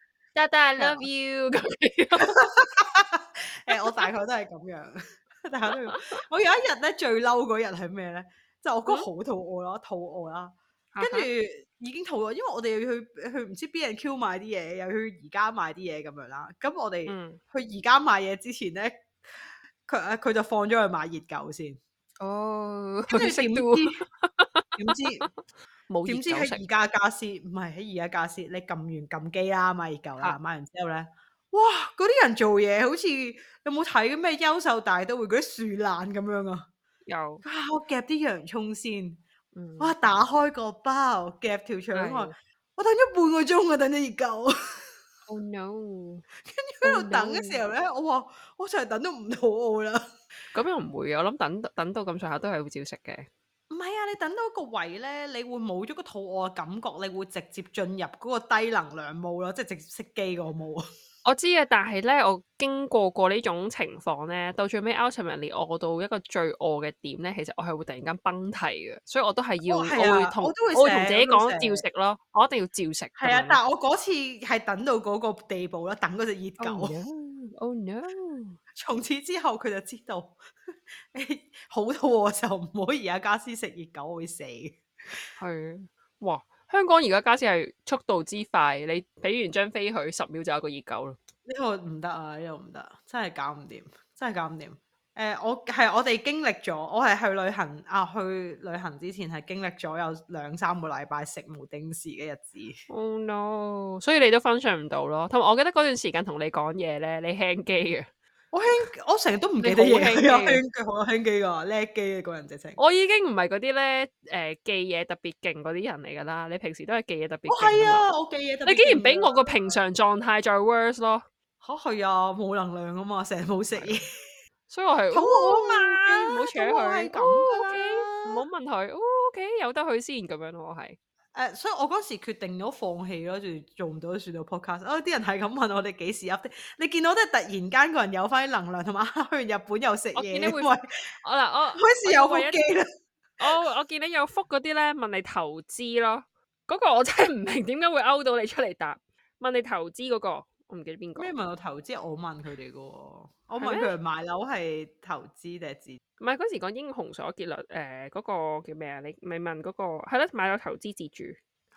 d a d 大，I love you 咁，誒，我大概都係咁樣。但 係 我有一日咧 最嬲嗰日係咩咧？就是，我哥，哥好肚餓啦，嗯、肚餓啦，跟住已經肚餓，因為我哋又要去去唔知 B&Q 買啲嘢，又要去而家買啲嘢咁樣啦。咁我哋去而家買嘢之前咧，佢佢、嗯、就放咗去買熱狗先。哦，點知點知冇？點 知喺而家傢俬唔係喺而家傢俬？你撳完撳機啦，買二嚿啦，是買完之後咧，哇！嗰啲人做嘢好似有冇睇咩優秀大都會嗰啲樹懶咁樣啊？有啊！我夾啲洋葱先，嗯、哇！打開個包夾條腸是我等咗半個鐘啊！等咗二嚿。Oh no！跟住喺度等嘅時候咧，我話我成日等都唔肚餓啦。咁又唔會，我諗等等到咁上下都係會照食嘅。唔係啊，你等到個胃咧，你會冇咗個肚餓嘅感覺，你會直接進入嗰個低能量模咯，即係直接熄機個模。我知啊，但係咧，我經過過呢種情況咧，到最尾 ultimately 餓到一個最餓嘅點咧，其實我係會突然間崩堤嘅，所以我都係要、哦啊、我會同我，我會同自己講照食咯，我，我一定要照食。係啊，這樣 但係我嗰次係等到嗰個地步啦，等嗰隻熱狗。 o、oh、no！從此之後佢就知道， 好肚餓我就唔好而家家私食熱狗會死。係，哇！香港而家家私係速度之快，你俾完張飛佢十秒就有個熱狗啦。呢個唔得啊，呢、呢個唔得，真係搞唔掂，真係搞唔掂。誒、uh，我係我哋經歷咗，我係去旅行啊，去旅行之前係經歷咗有兩三個禮拜食無定時嘅日子。Oh no！所以你都分享唔到咯。同埋，我記得嗰段時間同你講嘢咧，你輕機嘅。我輕，我成日都唔記得冇輕機，輕機我輕機噶叻機嘅個人直情。我已經唔係嗰啲咧，誒、呃，記嘢特別勁嗰啲人嚟噶啦。你平時都係記嘢特別勁。係、哦、啊，我記嘢。你竟然俾我個平常狀態再 worse 咯？吓，係啊，冇、啊、能量啊嘛，成日冇食嘢。所以我係好餓啊嘛，唔好請佢咁唔好問佢，O K 有得去先咁樣咯，我係誒，所以我嗰時決定咗放棄咯，仲做唔到算到 podcast，哦，啲人係咁問我哋幾時 update，你見到都係突然間個人有翻啲能量，同埋去日本又食嘢喂，我見你會我嗱我開始又喂一記啦，我我見你有福嗰啲咧問你投資咯，嗰、 嗰個我真係唔明點解會勾到你出嚟答，問你投資嗰、嗰個。我唔記得邊個？咩問我投資？我問佢哋嘅喎，我問佢哋買樓係投資定自？唔係嗰時講英雄所見略同誒嗰個叫咩啊？你咪問嗰個係咯，買樓投資自住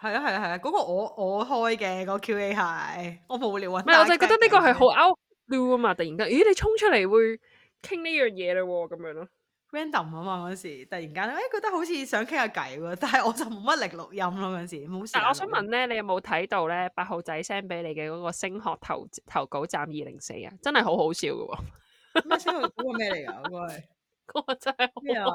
係啊係啊係啊！嗰個我我開嘅個 Q&A 係我無聊啊！唔係我就覺得呢個係好 out new 啊嘛！突然間，咦你衝出嚟會傾呢樣嘢嘞喎咁樣咯～random 啊嘛嗰時，突然間，哎覺得好似想傾下偈喎，但係我就冇乜力錄音咯嗰時，時，冇事。但我想問咧，你有冇睇到咧八號仔 send 俾你嘅嗰個星學投投稿站二零四啊？真係好好笑㗎喎。咩投稿？嗰個咩嚟㗎？嗰個真係咩啊？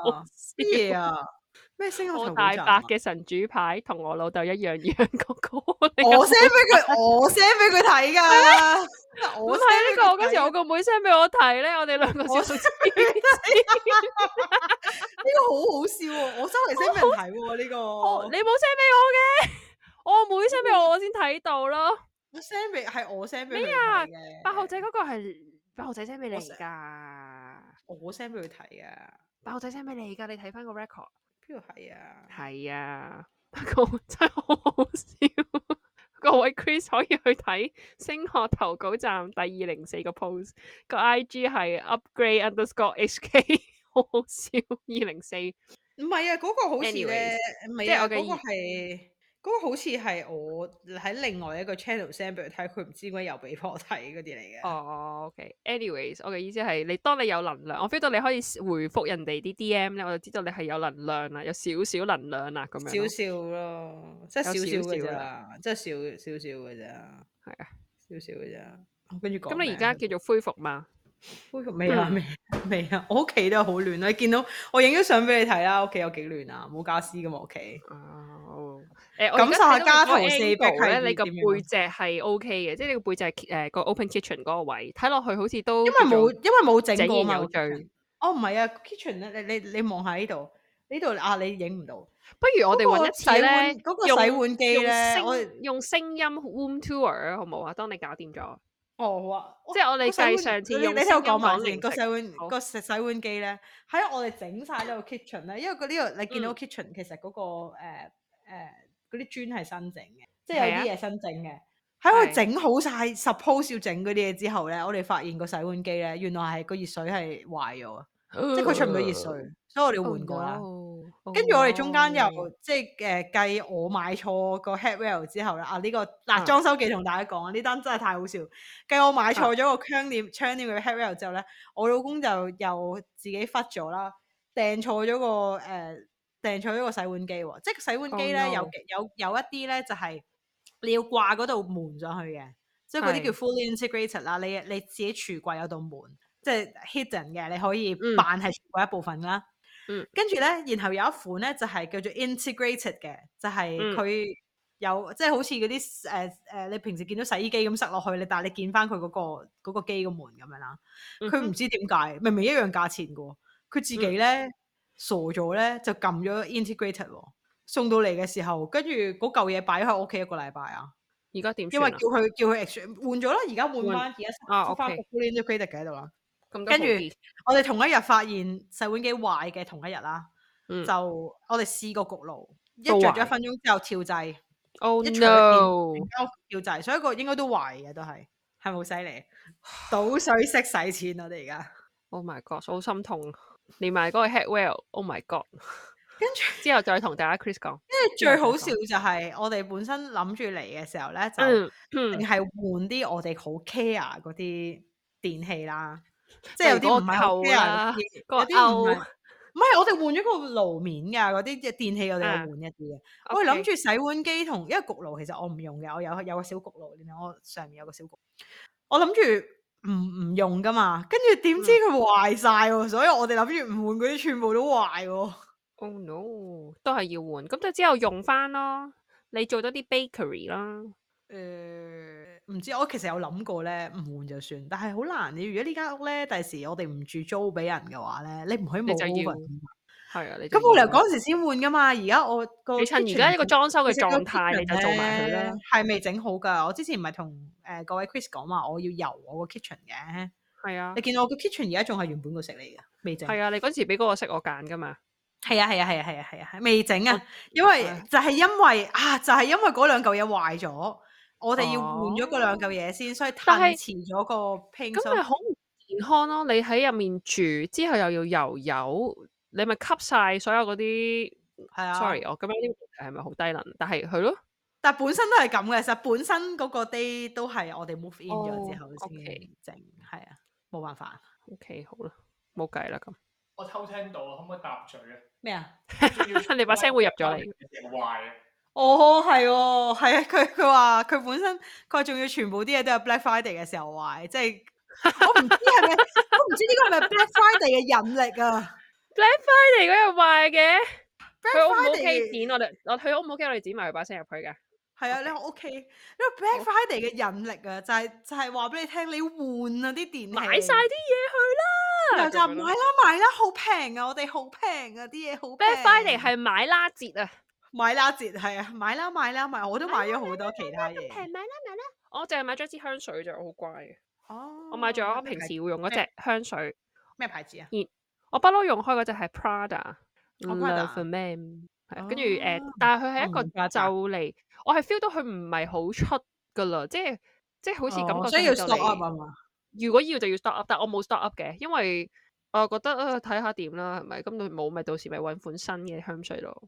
咩啊？ 咩星河大伯嘅神主牌同我老豆一樣樣個哥。我 send 俾佢，我 send 俾佢睇噶。唔係呢個，嗰時我個妹 send 俾我睇咧，我哋兩個笑到癲。呢個好好笑，我周圍 send 俾人睇呢個。你冇 send 俾我嘅，我妹 send 俾我，我先睇到咯。我 send 俾係我 send 俾你嘅。八號仔嗰個係八號仔 send 俾你噶，我 send 俾佢睇啊！八號仔 send 俾你噶，你睇翻個 record。呢個係啊，係啊，不過真係好好笑。 各位 Chris 可以去睇升學投稿站第二零四個 pose，、那個 IG 係 upgrade underscore hk，好好笑。, 二零四唔係啊，嗰、那個好笑嘅，唔係 Anyways, 啊，嗰個係。嗰個好似係我喺另外一個 channel send 俾佢睇，佢唔知點解又俾我睇嗰啲嚟嘅。哦，oh，OK，anyways，okay，我嘅意思係你當你有能量，我 feel 到你可以回覆人哋啲 DM 咧，我就知道你係有能量啦，有少少能量啦咁樣。少少咯，即係少少嘅啫，即係少少少嘅啫。係啊，少少嘅啫。跟住講。咁你而家叫做恢復嘛？未啊，未未啊，我屋企都係好亂啊。你見到我影咗相俾你睇啦，屋企有幾亂啊，冇家私嘅嘛屋企。哦，誒、欸，感受下家徒四壁咧，你個背脊係 O K 嘅，即係你個背脊誒個 open kitchen 嗰個位，睇落去好似都因為冇因為冇整而有罪。哦，唔係啊，kitchen 咧，你你你望下呢度呢度啊，你影唔到。不如我哋搵一次咧，嗰個洗碗機咧，那個，用聲音 room tour 啊，好冇啊，當你搞掂咗。哦好啊，即係我哋上次，你聽我講埋先。個洗碗個洗碗機咧，喺我哋整晒呢個 kitchen 咧，因為佢呢度你見到 kitchen 其實嗰個誒誒嗰啲磚係新整嘅，即係有啲嘢新整嘅。喺我整好晒 suppose 要整嗰啲嘢之後咧，我哋發現個洗碗機咧，原來係個熱水係壞咗，即係佢出唔到熱水，所以我哋要換過啦。跟住我哋中間又、哦、即係誒計我買錯個 headrail 之後、啊這個、啦，啊呢個嗱裝修記同大家講啊，呢單、嗯、真係太好笑。計我買錯咗個窗簾窗簾嘅 headrail 之後咧，我老公就又自己忽咗啦，訂錯咗個誒訂錯咗個洗碗機喎。即係洗碗機咧、哦、有有有，有一啲咧就係、是、你要掛嗰度門上去嘅，是即係嗰啲叫 fully integrated 啦。你你自己櫥櫃有道門，即係 hidden 嘅，你可以扮係櫥櫃一部分啦。嗯、跟住咧，然後有一款咧就係、是、叫做 integrated 嘅，就係、是、佢有、嗯、即係好似嗰啲誒誒，你平時見到洗衣機咁塞落去，但你但係你見翻佢嗰個嗰、那個機個門咁樣啦。佢唔知點解，明明一樣價錢嘅喎，佢自己咧、嗯、傻咗咧就撳咗 integrated，送到嚟嘅時候，跟住嗰嚿嘢擺喺屋企一個禮拜啊。而家點？因為叫佢叫佢 exchange 換咗啦，而家換翻 Integrated 喺度啦。跟住，我哋同一日發現洗碗機壞嘅同一日啦，嗯、就我哋試個焗爐，一着咗一分鐘之後跳掣，哦、oh，No. 一著跳掣，所以個應該都壞嘅都係，係咪好犀利？倒水式使錢我哋而家。Oh my god，好心痛，連埋嗰個 head well。Oh my god， 跟住着之後再同大家 Chris 講，因為最好笑就係我哋本身諗住嚟嘅時候咧，就係、嗯嗯、換啲我哋好 care 嗰啲電器啦。即係有啲唔係好啊，啲唔係，是 我哋換咗個爐面噶，嗰啲即係電器我哋要換一啲嘅。嗯、我哋諗住洗碗機同一焗爐，其實我唔用嘅，我有有個小焗爐，你明？我上面有個小焗爐，我諗住唔唔用噶嘛。跟住點知佢壞晒，嗯、所以我哋諗住唔換嗰啲，全部都壞。Oh no！都係要換，咁就之後用翻咯。你做多啲 bakery 啦。誒、嗯。唔知我其實有諗過咧，唔換就算，但係好難你如果呢間屋咧，第時我哋唔住租俾人嘅話咧，你唔可以冇、嗯啊。你就要咁我嚟嗰時先換噶嘛。而家我幾趁而家一個裝修嘅狀態，狀態你就做埋佢啦。係未整好噶。我之前唔係同誒各位 Chris 講話，我要油我個 kitchen 嘅。係啊，你見我個 kitchen 而家仲係原本個色嚟嘅，未整。係啊，你嗰時俾嗰個色我揀㗎嘛。係啊，係啊，係啊，係啊，係啊，未整啊，因為就係因為啊，就係、是、因為嗰兩嚿嘢壞咗。我哋要換咗嗰兩嚿嘢先，哦、所以推遲咗個 paint 是。咁咪好唔健康咯、啊？你喺入面住之後又要油油，你咪吸晒所有嗰啲。係啊。Sorry，我今晚呢個話題係咪好低能？但係係咯。但本身都係咁嘅，其實本身嗰個 day 都係我哋 move in 咗之後先整，係、哦 okay. 啊，冇辦法、啊。O、okay, K，好啦，冇計啦咁。我偷聽到，可唔可以答嘴啊？咩啊麼？ 你把聲會入咗嚟。壞啊！哦，係喎，係啊！佢佢話佢本身佢仲要全部啲嘢都喺、就是、 Black Friday 嘅時候壞，即係我唔知係咪，我唔知呢個係咪 Black Friday 嘅引力啊 ！Black Friday 嗰日壞嘅，Black Friday 點我哋，我佢 O 唔好 K 我哋剪埋佢把聲入去嘅，係啊！你 O K，因為 Black Friday 嘅引力啊，就係、是、就係話俾你聽，你換啊啲電器，買曬啲嘢去啦，就啊，買啦買啦，好平啊！我哋好平啊啲嘢好平，Black Friday 係買啦，折啊！買啦折係啊，買啦買啦買，我都買咗好多其他嘢。平買,買啦買啦，我淨係買咗支香水咋，好乖嘅。哦，oh, 我買咗平時會用嗰隻香水，咩牌子啊？我不嬲用開嗰隻係 Prada，Love for Man 跟住誒，但係佢係一個就嚟，like、我係 feel 到佢唔係好出噶啦，即係即係好似感覺就就。Oh, 所以要 stock up, s t 如果要就要 stop up, s t o p up，但我冇 s t o p up 嘅，因為我覺得誒睇下點啦，係、呃、咪？咁佢冇咪到時咪搵款新嘅香水咯。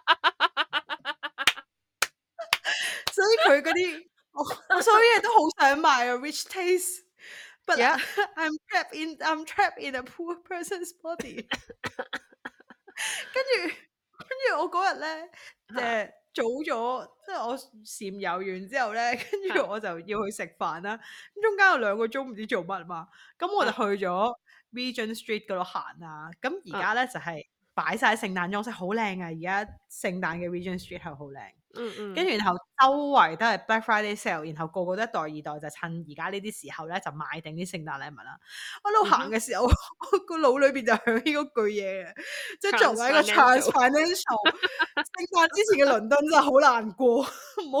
所以佢嗰啲，我所有嘢都好想買啊。Rich taste，but yeah, I'm trapped in I'm trapped in a poor person's body。跟住跟住我嗰日咧，誒早咗，即係我閃友完之後咧，跟住我就要去食飯啦。咁中間有兩個鐘唔知做乜嘛，咁我就去咗 Region Street 嗰度行啊。咁而家咧就係擺曬聖誕裝飾，好靚啊！而家聖誕嘅 Region Street 係好靚。嗯嗯，跟住然後周圍都係 Black Friday sale，然後個個都一代二代就趁而家呢啲時候咧就買定啲聖誕禮物啦。我喺度行嘅時候，嗯、哼 腦面個腦裏邊就響呢句嘢嘅，即係作為一個 financial，聖 誕之前嘅倫敦真係好難過，唔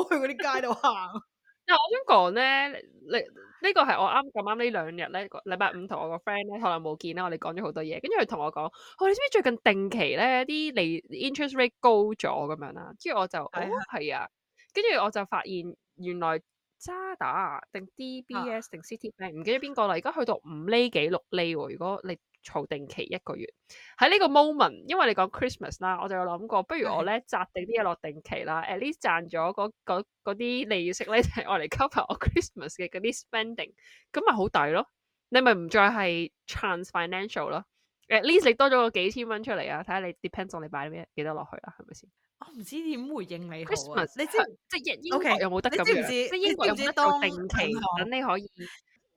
好去嗰啲街度行。 但係我想講咧，你。你個剛剛呢個係我啱咁啱呢兩日咧，禮拜五同我個 friend 咧可能冇見啦，我哋講咗好多嘢，跟住佢同我講，我、哦、你知唔知最近定期咧啲利 interest rate 高咗咁樣啦？跟住我就，係、哎呀哦、啊，係啊，跟住我就發現原來渣打定 DBS 定 Citibank 唔記得邊個啦，而家去到五厘幾六厘喎，如果你。儲定期一個月，喺呢個 moment，因為你講 Christmas 啦，我就有諗過，不如我咧，是扎定啲嘢落定期啦，at least 賺咗嗰啲利息咧，就係我嚟 cover 我 Christmas 嘅嗰啲 spending，咁咪好抵咯。你咪唔再係 trans financial 啦，at least 你多咗個幾千蚊出嚟啊！睇下你 depends on 你擺啲咩，幾多落去啊，係咪先？我唔知點回應你。Christmas，你知即係英國有冇得咁樣？呢啲用乜多定期，等你可以。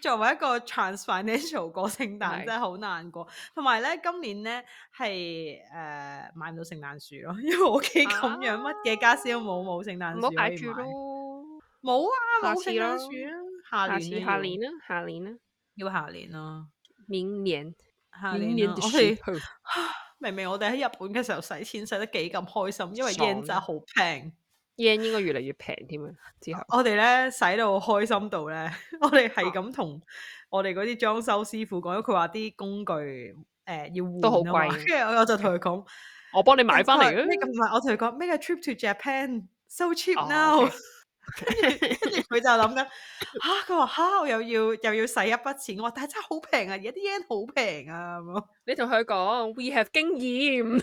作為一個 transfinancial 過聖誕的真係好難過，同埋咧今年咧係誒買唔到聖誕樹咯，因為我屋企咁樣乜嘅、啊、家私都冇冇聖誕樹可以買，冇啊，冇聖誕樹啊下下下，下年下年啊，下年啊，要下年咯，明年，下年明年們 明，明明我哋喺日本嘅時候使錢使得幾咁開心，因為 yen 真係好平。yen 應該越嚟越平添啊！之後我哋咧使到開心到咧，我哋係咁同我哋嗰啲裝修師傅講，佢話啲工具誒要換都好貴，跟住我我就同佢講，我幫你買翻嚟咯。唔係我同佢講，make a trip to Japan so cheap now。跟住跟住佢就諗緊，吓佢話吓我又要又要使一筆錢。我話但係真係好平啊，而家啲 yen 好平啊。你同佢講，we have 經驗。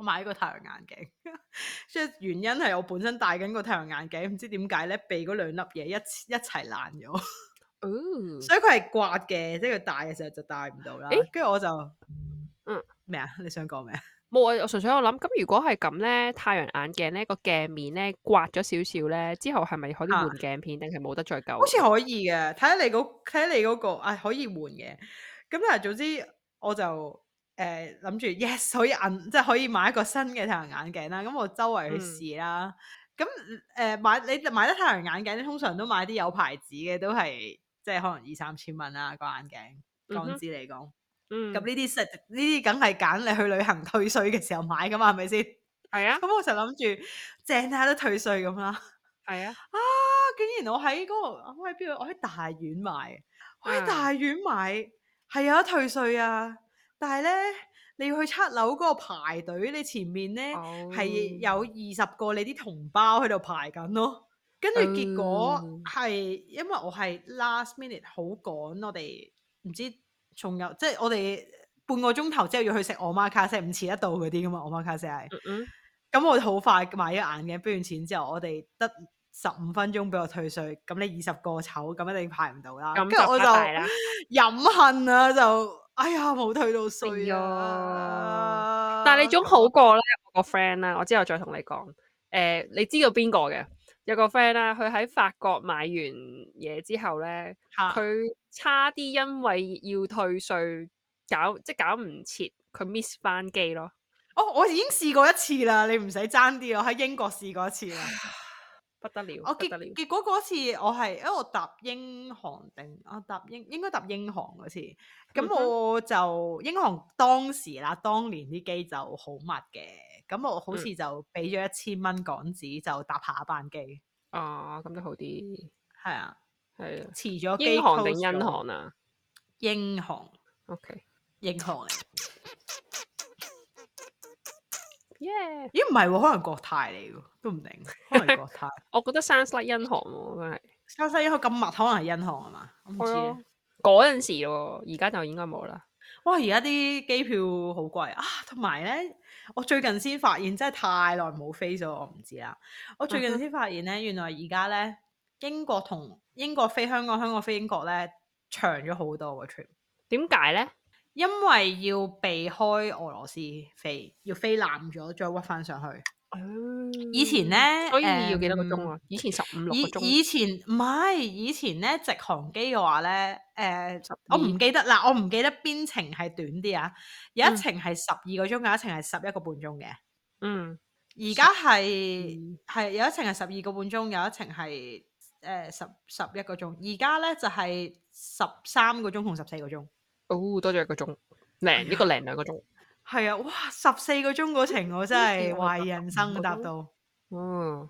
我買個太陽眼鏡，即 係原因係我本身戴緊個太陽眼鏡，唔知點解咧，鼻嗰兩粒嘢一一齊爛咗。嗯， 哦、所以佢係刮嘅，即係佢戴嘅時候就戴唔到啦。誒、欸，跟住我就，嗯，咩啊？你想講咩啊？冇啊！我純粹我諗，咁如果係咁咧，太陽眼鏡咧，個鏡面咧刮咗少少咧，之後係咪可以換鏡片，定係冇得再救？好似可以嘅，睇下你睇下你嗰個，哎、嗰個啊，可以換嘅。咁但係總之，我就。誒，諗住、uh, yes 可以摁，即係可以買一個新嘅太陽眼鏡啦。咁我周圍去試啦。咁誒、嗯呃，買你買得太陽眼鏡，通常都買啲有牌子嘅，都係即係可能二三千蚊啦。個眼鏡，港紙嚟講，咁呢啲實呢啲梗係揀你去旅行退稅嘅時候買噶嘛，係咪先？係啊。咁我就諗住正睇下得退稅咁啦。係啊。啊！竟然我喺嗰、那個我喺邊度？我喺大院買，我喺大院買，係有得退稅啊！但係咧，你要去七樓嗰個排隊，你前面咧係、嗯、有二十個你啲同胞喺度排緊咯。跟住結果係、嗯、因為我係 last minute 好趕，我哋唔知仲有即係我哋半個鐘頭之後要去食我媽卡西，唔遲得到嗰啲噶嘛？我媽卡西係，咁、嗯嗯、我好快買咗眼鏡，俾完錢之後，我哋得十五分鐘俾我退稅。咁你二十個籌，咁一定排唔到啦。咁我就飲 恨啦，就。哎呀，冇退到稅啊，哦！但係你總好過我個 friend 啦，我之後再同你講。誒、呃，你知道邊個嘅？有個 friend 啦，佢喺法國買完嘢之後咧，佢、啊、差啲因為要退稅搞，即係搞唔切，佢 miss 翻機咯。哦，我已經試過一次啦，你唔使爭啲我喺英國試過一次啦。 不得了，我結結果嗰次我係，因為我搭英航定啊搭英應該搭英航嗰次，咁我就、嗯、哼英航當時啦，當年啲機就好密嘅，咁我好似就俾咗一千蚊港紙就搭下一班機，哦，咁就好啲，係啊，係啊，遲咗機英航定英航啊，了英航雄，OK，英航嚟。耶，Yeah. 咦唔係，可能國泰嚟噶，都唔定，可能國泰。 我覺得山西 u n 因航喎，啊，真係。s o u n 因航咁密，可能係因航係嘛？我唔知。嗰陣時咯，而家就應該冇啦。哇，而家啲機票好貴啊！同埋咧，我最近先發現，真係太耐冇飛咗，我唔知啦。我最近先發現咧， 原來而家咧英國同英國飛香港，香港飛英國咧長咗好多個 trip。點解咧？因為要避開俄羅斯飛，要飛南咗再屈翻上去。嗯、以前咧，所以要幾多個鐘啊？以前十五六個鐘。以前？唔係，以前咧直航機嘅話咧，誒、呃十二，我唔記得啦，我唔記得邊程係短啲啊？有一程係十二個鐘，有一程係十一個半鐘嘅。嗯，而家係係有一程係十二個半鐘，有一程係誒十十一個鐘。而家咧就係十三個鐘同十四個鐘。哦，多咗一個鐘，零一個零兩個鐘，係啊，哇，十四個鐘嗰程我真係懷疑人生搭到，嗯，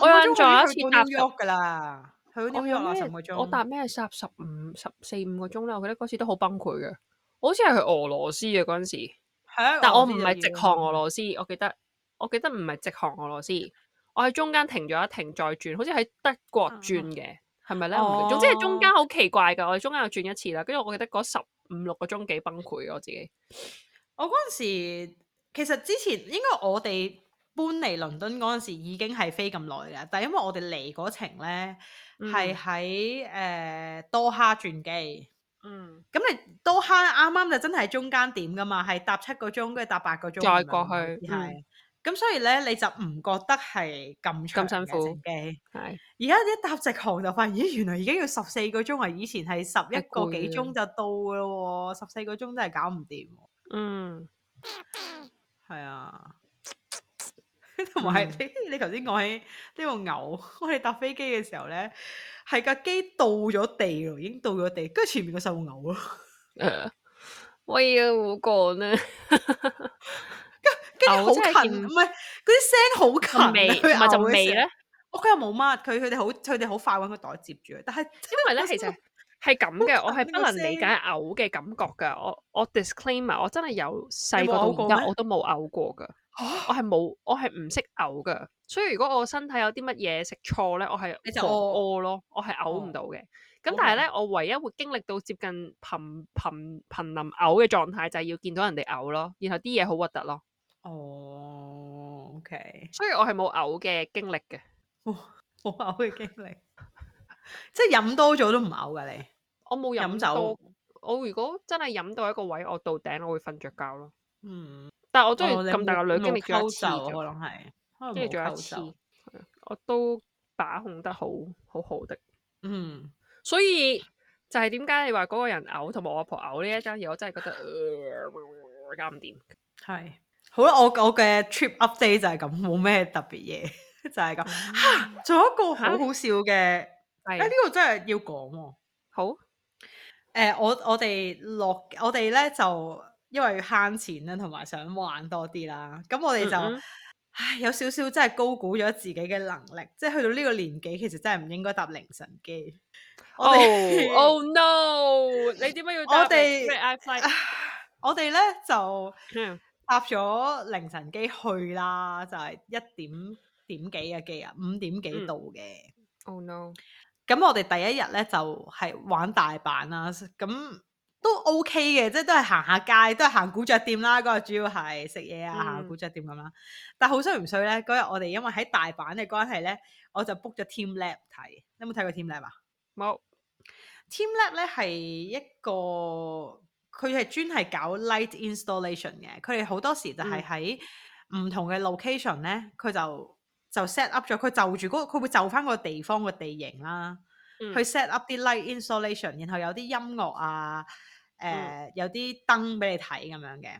我有印象有一次搭嘅啦，去紐約啦，十個鐘，我搭咩搭十五十四五個鐘啦，我覺得嗰次都好崩潰嘅，我好似係去俄羅斯嘅嗰陣時，但係我唔係直航俄羅斯，我記得我記得唔係直航俄羅斯，我喺中間停咗一停再轉，好似喺德國轉嘅，係咪咧？總之係中間好奇怪噶，我哋中間又轉一次啦，跟住我記得嗰十。五六個鐘幾崩潰，我自己。我嗰陣時，其實之前應該我哋搬嚟倫敦嗰陣時已經係飛咁耐啦，但係因為我哋嚟嗰程咧係喺誒多哈轉機，嗯，咁你多哈啱啱就真係中間點噶嘛，係搭七個鐘跟住搭八個鐘再過去。咁所以咧，你就唔覺得係咁長嘅咁辛苦、飛機？係而家一搭直航就發現，咦？原來已經要十四個鐘啊！以前係十一個幾鐘就到咯喎，十四個鐘真係搞唔掂。嗯，係是啊。同 埋有、嗯、你你頭先講起呢個牛，我哋搭飛機嘅時候咧，係架機到咗地咯，已經到咗地，跟住前面個細路牛咯。誒 ，uh, 我依個冇講呢。 好近唔係，啲聲好近啊！咪就味咧？我佢又冇乜，佢佢哋好，佢哋好快揾個袋接住。但係因為咧，其實係咁嘅，我係不能理解嘔嘅感覺噶。我我 disclaimer，我真係由細個到而家我都冇嘔過噶。我係冇，我係唔識嘔噶。所以如果我身體有啲乜嘢食錯咧，我係你就屙咯，我係嘔唔到嘅。咁但係咧，我唯一會經歷到接近瀕瀕瀕臨嘔嘅狀態，就係要見到人哋嘔咯，然後啲嘢好核突咯。哦，OK，所以我係冇嘔嘅經歷嘅，冇嘔嘅經歷，即係飲多咗都唔嘔噶你？我冇飲酒，我如果真係飲到一個位，我到頂我會瞓着覺咯。嗯，但係我真係咁大個女經歷咗一次，可能係經歷咗一次，我都把控得好好好的。嗯，所以就係點解你話嗰個人嘔，同埋我阿婆嘔呢一樁嘢，我真係覺得唔掂，係。好啦，我我嘅 trip update 就係咁，冇咩特別嘢，就係、是、咁。吓，仲有一個好好笑嘅，誒呢個真係要講。好，誒我我哋落我哋咧就因為慳錢啦，同埋想玩多啲啦。咁我哋就唉有少少真係高估咗自己嘅能力，即係去到呢個年紀，其實真係唔應該搭凌晨機。我哋 oh，oh no！你點解要我哋？我哋咧就。搭咗凌晨機去啦，就係、是、一點點幾嘅機啊，五點幾度嘅、嗯。Oh no！咁我哋第一日咧就係、是、玩大阪啦，咁都 OK 嘅，即係都係行下街，都係行古着店啦。嗰日主要係食嘢啊，行古着店咁啦。嗯、但係好衰唔衰咧？嗰日我哋因為喺大阪嘅關係咧，我就 book 咗 Team Lab 睇。你有冇睇過 Team Lab 啊？冇有。Team Lab 咧係一個。佢係專係搞 light installation 嘅，佢哋好多時就係喺唔同嘅 location 咧，佢、嗯、就就 set up 咗，佢就住嗰佢會就翻個地方嘅地形啦、啊，嗯、去 set up 啲 light installation，然後有啲音樂啊，誒有啲燈俾你睇咁樣嘅。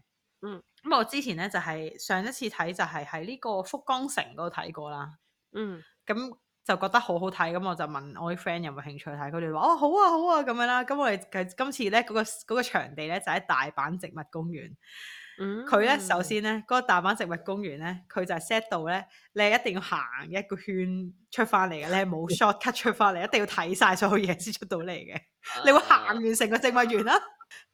嗯，咁、嗯、我之前咧就係、是、上一次睇就係喺呢個福岡城嗰度睇過啦。嗯，咁。就覺得好好睇，咁我就問我啲 friend 有冇興趣睇，佢哋話：哦，好啊，好啊，咁樣啦。咁、嗯、我哋今次咧嗰、那個嗰、那個、場地咧就喺、是、大阪植物公園。佢咧、嗯、首先咧，嗰、那個大阪植物公園咧，佢就 set 到咧，你係一定要行一個圈出翻嚟嘅，你係冇 short cut 出翻嚟， 一定要睇晒所有嘢先出到嚟嘅。你會行完成個植物園啦、啊。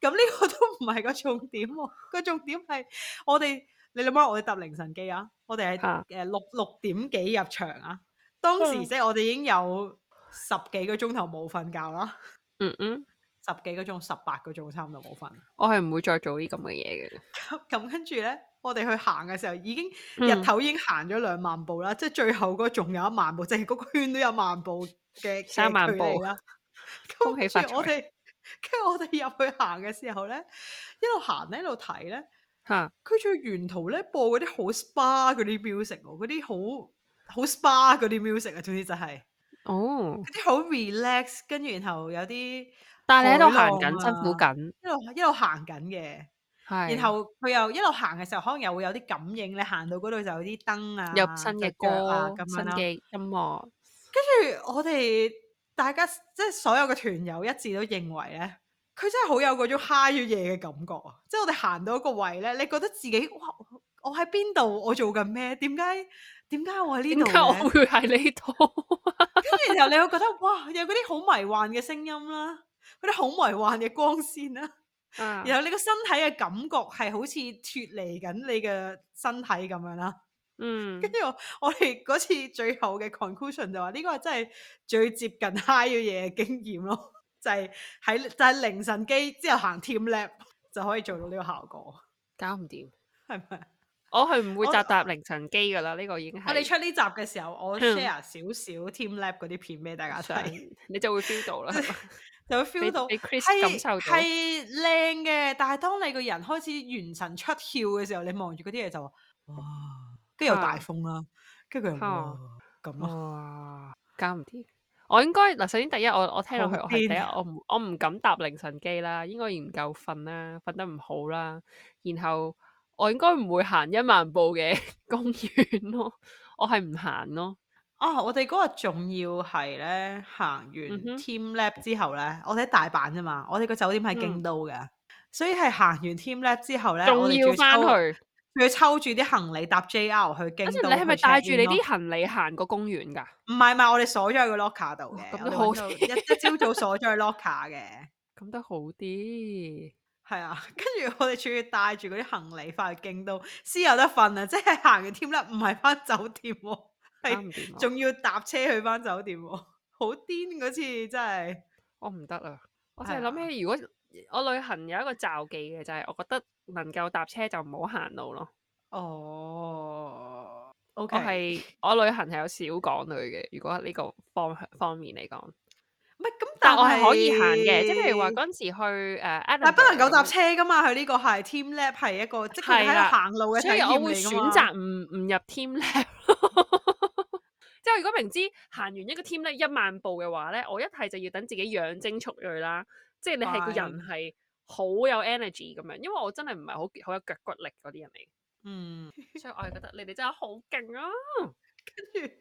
咁呢 個都唔係個重點喎、啊，個重點係我哋你諗下，我哋搭凌晨機啊，我哋係誒六六點幾入場啊。當時即係我哋已經有十幾個鐘頭冇瞓覺啦，嗯嗯，十幾個鐘、十八個鐘差唔多冇瞓。我係唔會再做 呢咁嘅嘢嘅。咁跟住咧，我哋去行嘅時候，已經日頭已經行咗兩萬步啦，嗯、即係最後嗰仲有一萬步，即係嗰個圈都有萬步嘅三萬步、距離離啦。 恭喜發財！跟住我哋，跟住我哋入去行嘅時候咧，一路行咧，一路睇咧，吓，佢仲沿途咧播嗰啲好 SPA 嗰啲表情，嗰啲好。好 spa 嗰啲 music 啊，總之就係、是、哦，啲好 relax，跟住然後有啲、啊，但係你喺度行緊，辛苦緊，一路一路行緊嘅，係是，然後佢又一路行嘅時候，可能又會有啲感應，你行到嗰度就有啲燈啊，有新嘅歌啊咁樣嘅。咁啊，跟住機、嗯、我哋大家即係所有嘅團友一致都認為咧，佢真係好有嗰種 high 咗嘢嘅感覺啊！即係我哋行到一個位咧，你覺得自己哇，我喺邊度，我做緊咩？點解？點解我喺呢度？點解我會喺呢度？跟 住然，然後你會覺得哇，有嗰啲好迷幻嘅聲音啦，嗰啲好迷幻嘅光綫啦，嗯、然後你個身體嘅感覺係好似脫離緊你嘅身體咁樣啦。嗯，跟住我哋嗰次最後嘅 conclusion 就話、是、呢、這個真係最接近 high 嘅嘢嘅經驗咯，就係、是、喺就係、是、凌晨機之後行 team lab 就可以做到呢個效果，搞唔掂係咪？我係唔會扎搭凌晨機噶啦，呢我個已經係、啊。你出呢集嘅時候，我 share 少少 team lab 嗰啲片俾大家睇， 你就會 feel 到啦， 就會 feel 到，係感受到，係靚嘅。但係當你個人開始元神出竅嘅時候，你望住嗰啲嘢，就，哇，跟住有大風啦，跟住佢又咁啊，搞唔掂。我應該嗱，首先第一，我我聽落去，看 我係第一，哪我唔我唔敢搭凌晨機啦，應該唔夠瞓啦，瞓得唔好啦，然後。我應該唔會行一萬步嘅公園咯，我係唔行咯。哦，我哋嗰日仲要係咧行完 Team Lab 之後咧，嗯、哼我哋喺大阪啫嘛，我哋個酒店喺京都嘅，嗯、所以係行完 Team Lab 之後咧，仲要翻去，仲要抽住啲行李搭 JR 去京都。你係咪帶住你啲行李行個公園噶？唔係唔係，我哋鎖咗喺 locker 度嘅，嗯、好一朝 早鎖咗喺 locker 嘅，咁都好啲。係啊，跟住我哋仲要帶住嗰啲行李翻去京都先有得瞓啊！即係行嘅添啦，唔係翻酒店，係仲要搭車去翻酒店，啊，好癲嗰次真係。我唔得啦，我淨係諗起，哎、呀如果我旅行有一個罩忌嘅，就係、是、我覺得能夠搭車就唔好行路咯。哦，OK，係我旅行係有少港女嘅，如果呢個方向方面嚟講。唔係咁，但係我係可以行嘅，即係譬如話嗰陣時去誒，呃、不能夠搭車噶嘛。佢呢樣個係 team lab 係一個的即係喺度行路嘅，所以我會選擇唔唔、啊、入 team lab。 即係如果明知行完一個 team lab 一萬步嘅話咧，我一係就要等自己養精蓄鋭啦。即係你係個人係好有 energy 咁樣的，因為我真係唔係好好有腳骨力嗰啲人嚟。嗯， 所以我係覺得你哋真係好勁啊！跟住，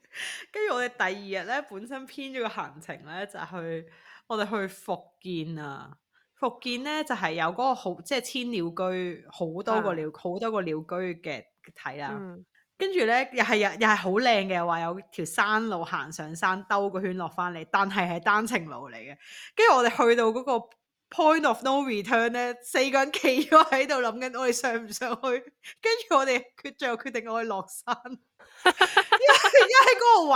跟住我哋第二日咧，本身編咗個行程咧，就係、去我哋去福建啊。福建咧就係、係、有嗰個好，即係千鳥居，好多個鳥，好、啊、多個鳥居嘅睇啦。嗯、跟住咧又係又又係好靚嘅，話有條山路行上山，兜個圈落翻嚟，但係係單程路嚟嘅。跟住我哋去到嗰、那個。Point of no return 咧，四個人企咗喺度諗緊，我哋上唔上去？跟住我哋決最後決定，我哋落山。因為喺嗰個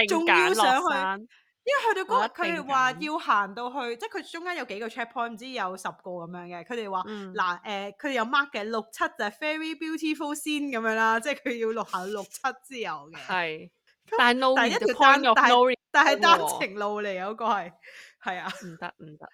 位，仲要上去。因為去到嗰，佢哋話要行到去，即係佢中間有幾個 checkpoint，唔知有十個咁樣嘅。佢哋話嗱，誒，佢哋有 mark 嘅六七就係 very beautiful 先咁樣啦，即係佢要六下六七之後嘅。係，但係第一條但係但係單程路嚟，嗰個係係啊，唔得唔得。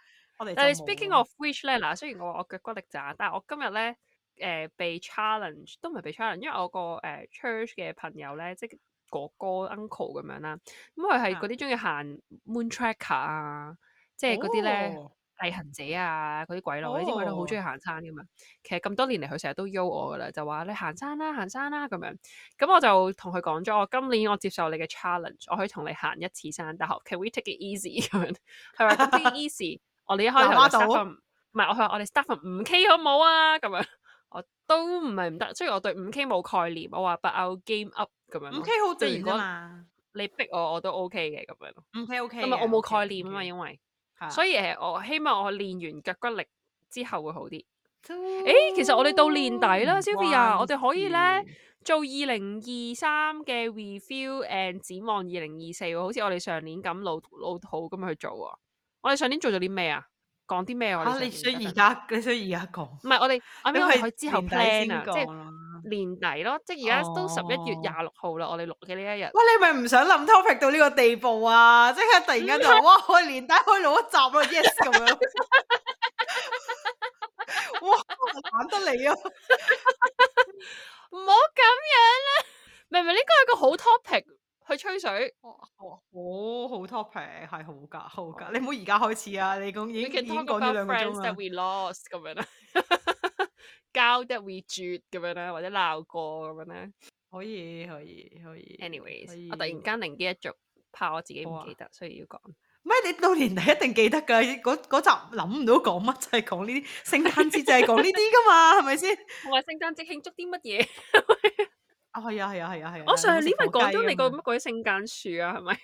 但係 Speaking of which 咧，嗱，雖然我我腳骨力渣，但係我今日咧，誒、呃、被 challenge 都唔係被 challenge，因為我個誒 church 嘅朋友咧，即係哥哥 uncle 咁樣啦，咁佢係嗰啲中意行 moon tracker 啊，嗯、即係嗰啲咧毅行者啊，嗰啲鬼佬，哦、你知鬼佬好中意行山㗎嘛？其實咁多年嚟，佢成日都邀我㗎啦，就話你行山啦，行山啦咁樣。咁我就同佢講咗，我今年我接受你嘅 challenge，我可以同你行一次山，但係 can we take it easy 咁樣？佢話好 easy。我哋一開頭 Stephen 唔係我話我哋 Stephen 五 K 好唔好啊？咁樣我都唔係唔得，雖然我對五 K 冇概念，我話不拗 game up 咁樣。五 K 好勁啊嘛！如果你逼我我都 OK 嘅咁樣。五 K OK。咁啊，我冇概念啊嘛，okay, okay. 因為所以誒，我希望我練完腳骨力之後會好啲。誒、 欸，其實我哋到年底啦，Sylvia，我哋可以咧做二零二三嘅 review and 展望二零二四，好似我哋上年咁老老土咁去做啊。我哋上年做咗啲咩啊？講啲咩啊？你想而家你想而家講？唔係我哋，因為之後 plan 啊，先即係年底咯。即係而家都十、哦、一月廿六號啦，我哋錄嘅呢一日。喂，你咪唔想諗 topic 到呢個地步啊？即係突然間就 哇，我年底開一集啊 y e s 咁、 yes, 咁樣。 哇！懶得嚟啊！唔好咁樣啦，明 明呢個係一個好 topic 去吹水？哦，好 topic 係好噶，好噶，你唔好而家開始啊！你咁已經已經講咗兩分鐘啦。We can talk about friends that we lost 咁樣啦，how that we did 咁樣啦，或者鬧過咁樣啦，可以可以可以。Anyways，我突然間靈機一觸，怕我自己唔記得，所以要講。唔係你到年底一定記得噶，嗰嗰集諗唔到講乜，就係講呢啲聖誕節就係講呢啲噶嘛，係咪先？我話聖誕節慶祝啲乜嘢？啊，係啊，係啊，係啊，係啊。我上年咪講咗你個乜鬼聖誕樹啊，係咪？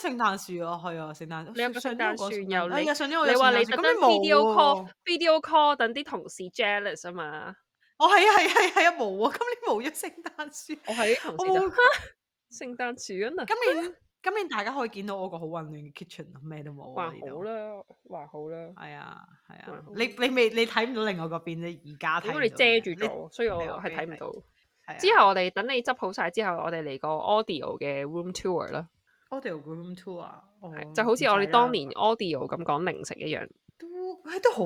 聖誕樹啊，係啊，聖誕。你有聖誕樹又你又上年我有你話你等啲 video call，video call 等啲同事 jealous 啊嘛。哦，係啊，係啊，係啊，冇啊，今年冇咗聖誕樹。我係，我聖誕樹啊，今年今年大家可以見到我個好混亂嘅 kitchen，咩都冇。還好啦，還好啦。係啊，係啊，你你未你睇唔到另外個邊啫，而家。如果你遮住咗，所以我係睇唔到。之後我哋等你執好晒之後，我哋嚟個 audio 嘅 room tour 啦。Audio room tour，係就好似我哋當年 Audio 咁講零食一樣，都都好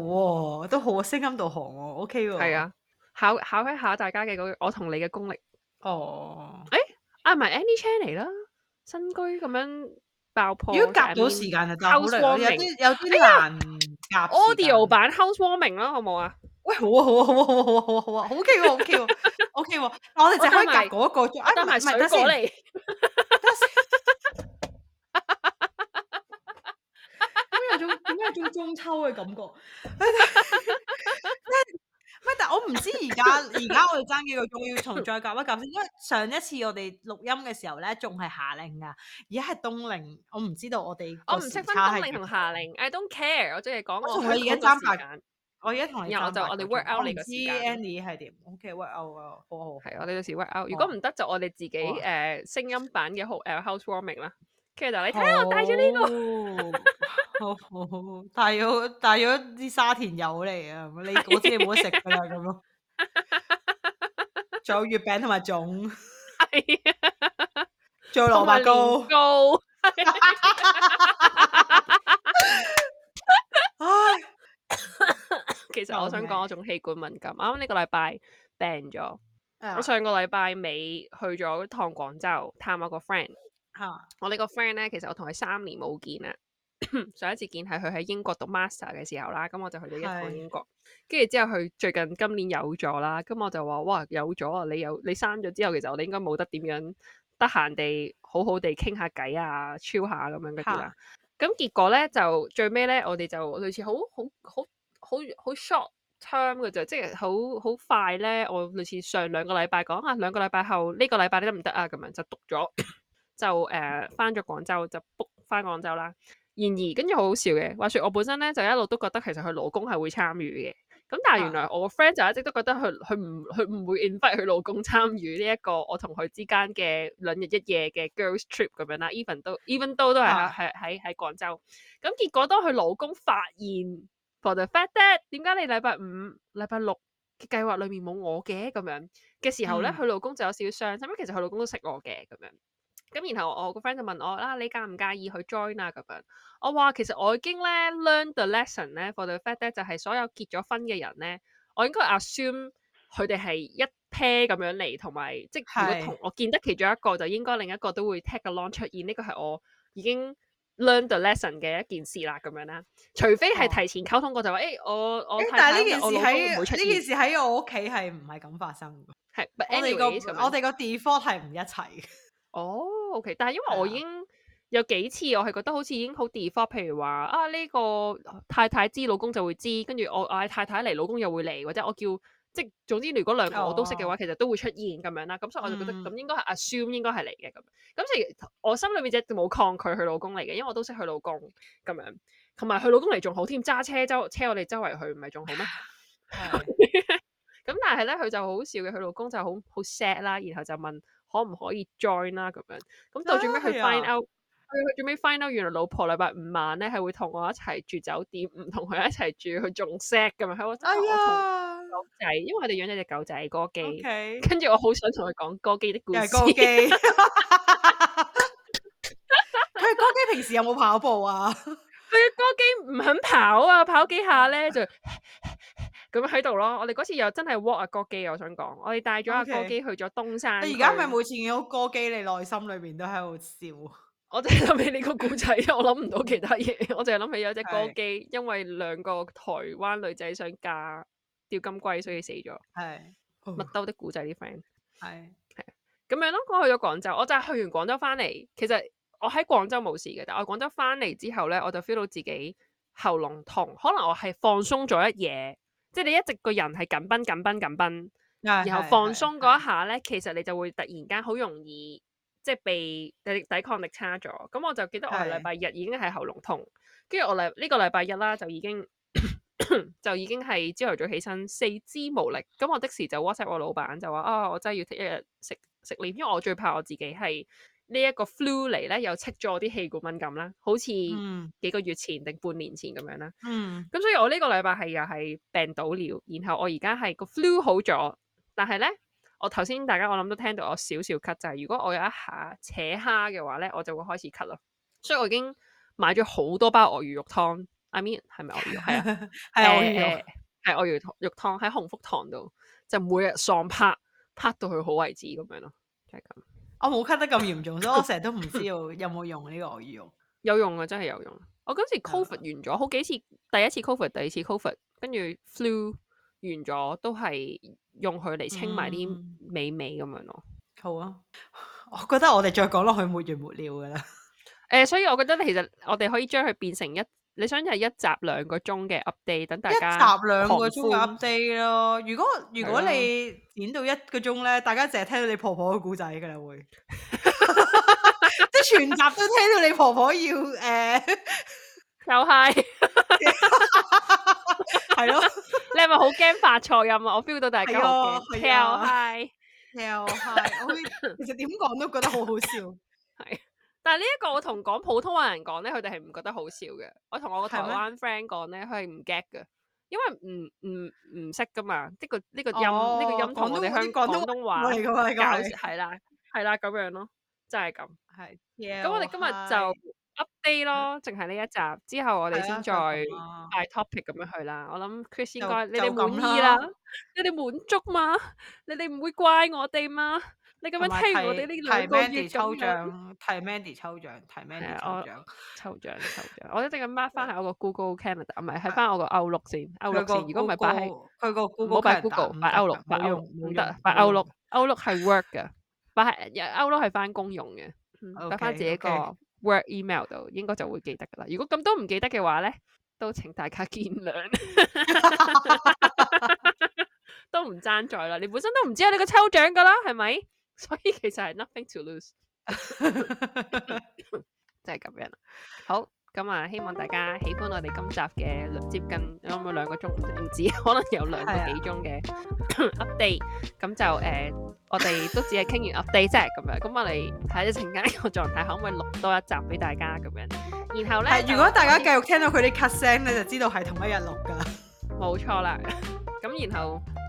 啊，都好啊，聲音導航啊，OK 喎，係啊，考考一下大家嘅嗰我同你嘅功力。哦，誒啊，唔係 Andy Chan 嚟啦，新居咁樣爆破，如果夾到時間就得，有啲有啲難 Audio 版 Housewarming 咯，好唔好啊？喂，好啊，好啊，好啊，好啊，好啊，好啊，好啊，OK 喎，OK 喎，OK 喎，我哋就可以夾嗰個啫，得埋水果梨。一中中秋嘅感覺，即但係我唔知而家，而家我哋爭幾個鐘要從再夾一夾先，因為上一次我哋錄音嘅時候咧，仲係夏令噶，而家係冬令，我唔知道我哋我唔識分冬令同夏令。I don't care，我淨係講佢而家爭時我而家同你，我就我哋 work out 你知 Andy 係點？OK，work out 啊，好好。係，我哋到時 work out。如果唔得，就我哋自己誒，聲音版嘅好 house warming 啦。Kira 你睇下，我戴住呢個。哦，帶咗帶咗啲沙田柚嚟啊！你我知你冇得食噶啦咁咯，仲 有月餅同埋粽， 仲有蘿蔔糕。糕，其實我想講我種氣管敏感，啱啱呢個禮拜病咗。我上個禮拜尾去咗趟廣州探我個 friend。我呢個 friend 咧，其實我同佢三年冇見啊。 上一次見係佢喺英國讀 master 嘅時候啦，咁我就去咗一趟英國，跟住是之後佢最近今年有咗啦，咁我就話哇有咗啊，你有你生咗之後，其實我哋應該冇得點樣得閒地好好地傾下偈啊，chill 下咁樣嗰啲啦。咁 結果咧就最尾咧，我哋就類似好好好好好 short term 嘅啫，即係好好快咧。我類似上兩個禮拜講下，兩個禮拜後呢個禮拜你得唔得啊？咁樣就讀咗、 呃，就誒翻咗廣州就 book 翻廣州啦。然而，跟住好好笑嘅，話說我本身咧就一路都覺得其實佢老公係會參與嘅，咁但係原來我個 friend 就一直都覺得佢佢唔佢唔會 invite 佢老公參與呢一個我同佢之間嘅兩日一夜嘅 girls trip 咁樣啦，even 都 even 都都係喺喺喺廣州，咁、啊、結果當佢老公發現 for the fact that 點解你禮拜五禮拜六嘅計劃裏面冇我嘅咁樣嘅時候咧，佢、嗯、老公就有少少傷心，其實佢老公都識我嘅咁樣。咁然後我個 friend 就問我啦、啊，你介唔介意去 join 啊？咁樣我話其實我已經咧 learn the lesson 咧，for the fact 咧就係所有結咗婚嘅人咧，我應該 assume 佢哋係一 pair 咁樣嚟，同埋即係如果同我見得其中一個，就應該另一個都會 tag along 出現。呢、這個係我已經 learn the lesson 嘅一件事啦，咁樣啦。除非係提前溝通過、哦、就話，誒、哎、我我，我太太但係呢件事喺呢件事喺我屋企係唔係咁發生？係我哋個 like, 我哋個 like, default 係唔一齊嘅。哦。O、okay, K，但係因為我已經有幾次，我係覺得好似已經好 default。譬如話啊，呢、呢個太太知，老公就會知，跟住我嗌太太嚟，老公又會嚟，或者我叫即係總之，如果兩個我都識嘅話，oh. 其實都會出現咁樣啦。咁所以我就覺得咁、mm. 應該係 assume 應該係嚟嘅咁。咁所以我心裏面就冇抗拒佢老公嚟嘅，因為我都識佢老公咁樣，同埋佢老公嚟仲好添，揸車周車我哋周圍去，唔係仲好咩？咁但係咧，佢就好笑嘅，佢老公就好好，好 sad 啦，然後就問。可唔可以 join 啦、啊？咁樣咁到最尾去 find out，去去、哎、呀最尾 find out，原來老婆禮拜五晚咧係會同我一齊住酒店，唔同佢一齊住，佢仲 sad 咁樣喺我屋企講仔，哎、呀因為養 Okay 我哋養咗隻狗仔哥基。跟住我好想同佢講哥基的故事。哥基，佢哥基平時有冇跑步啊？佢哥基唔肯跑啊，跑幾下咧就。 咁喺度咯，我哋嗰次又真係 walk 啊哥基，我想講，我哋帶咗阿哥基去咗東山。你而家咪每次見到哥基，你內心裏邊都喺度笑我。我凈係諗起呢個古仔，我諗唔到其他嘢。我凈係諗起有隻哥基，是因為兩個台灣女仔想嫁吊金龜，所以死咗。係麥兜的古仔啲 friend。係係咁樣咯，我去咗廣州，我就係去完廣州翻嚟，其實我喺廣州冇事嘅，但係我廣州翻嚟之後咧，我就 feel 到自己喉嚨痛，可能我係放鬆咗一夜。即係你一直個人係緊繃緊繃緊繃，對然後放鬆嗰一下咧，對其實你就會突然間好容易對即係被抵抗力差咗。咁我就記得我係禮拜日已經係喉嚨痛，跟住對我禮呢個禮、這個、拜一啦，就已經 就已經係朝頭早起身四肢無力。咁我的時就 WhatsApp 我老闆就話啊，oh, 我真係要一日 sick leave，因為我最怕我自己係。呢一個 flu 嚟咧，又測咗我啲氣管敏感啦，好似幾個月前定、嗯、半年前咁樣啦。咁、嗯、所以我呢個禮拜係又係病倒了，然後我而家係個 flu 好咗，但係咧，我頭先大家我諗都聽到我少少咳，就係、是、如果我有一下扯蝦嘅話咧，我就會開始咳咯。所以我已經買咗好多包鱷魚肉湯，I mean 係咪鱷魚？係 啊，係鱷魚，係鱷魚肉湯，喺鴻 福堂度，就每日喪拍，拍到佢好為止咁樣咯，就係、是、咁。我冇咳得咁嚴重，所以我成日都唔知道有冇用呢個鱷魚油。 用有用啊，真係有用。我今次 covid 完咗，Yeah. 好幾次，第一次 covid 第二次 covid 跟住 flu 完咗，都係用佢嚟清埋啲味味咁樣咯、嗯。好啊，我覺得我哋再講落去沒完沒了㗎啦。誒、 呃，所以我覺得其實我哋可以將佢變成一。你想係一集兩個鐘嘅 update，等大家集兩個鐘嘅 update 咯。如果如果你演到一個鐘咧，的大家淨係聽到你婆婆嘅故仔嘅啦，會即係 全集都聽到你婆婆要誒，又係係咯。你係咪好驚發錯音啊？我 feel 到大家好驚。係係，其實點講都覺得好好笑，係。但係呢一個我同講普通話人講咧，佢哋係唔覺得好笑嘅。我同我個台灣 friend 講咧，佢係唔 get 嘅，因為唔唔唔識噶嘛。即個呢個音，呢個音。廣東嗰啲廣東話嚟噶嘛？係啦，係啦咁樣咯，真係咁係。咁我哋今日就 update 咯，淨係呢一集之後，我哋先再嗌 topic 咁樣去啦。我諗 Chris 應該你哋滿意啦，你哋滿足嘛？你哋唔會怪我哋嘛？你咁樣聽我哋呢兩個月抽獎，提 Mandy 抽獎，提 Mandy 抽獎，抽獎，抽獎。我一直咁 mark 翻下我個 Google Calendar，唔係喺翻我個 Outlook 先，Outlook 先。如果唔係擺喺佢個 Google，唔好擺 Google，擺 Outlook，得，Outlook。Outlook 係 work 嘅，擺喺 Outlook 係翻工用嘅。擺翻自己個 work email 度，應該就會記得噶啦。如果咁都唔記得嘅話咧，都請大家見諒，都唔爭在啦。你本身都唔知有你個抽獎噶啦，係咪？所以其實係 nothing to lose，即係咁樣。好，咁啊，希望大家喜歡我哋今集嘅接近可唔可兩個鐘，唔止，可能有兩個幾鐘嘅 update。咁就誒，我哋都只係傾完 update 啫，咁樣。咁我哋睇下一陣間呢個狀態可唔可以錄多一集俾大家咁樣。然後咧，如果大家繼續聽到佢啲 cut 聲咧，就知道係同一日錄噶啦，冇錯啦。咁然後。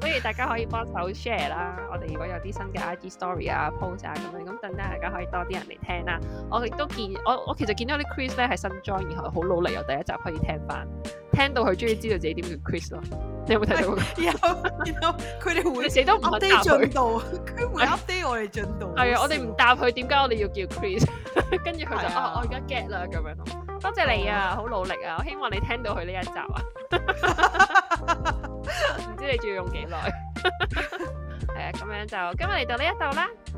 不如大家可以幫手 share 啦，我哋如果有啲新嘅 IG Story 啊、post 啊咁樣，咁等，等大家可以多啲人嚟聽啦。我亦都見我我其實見到啲 Chris 咧係新 join 然後好努力由第一集可以聽翻，聽到佢終於知道自己點叫 Chris 咯。你有冇睇到、那個？有，然後佢哋會先 都唔問答度，佢會 update 我哋進度。係啊，我哋唔答佢，點解我哋要叫 Chris？跟住佢就的哦，我而家 get 啦咁樣。多謝你啊，好努力啊，我希望你聽到佢呢一集啊，唔 知你仲要用幾耐、 嗯？係啊，咁樣就今日嚟到呢一度啦。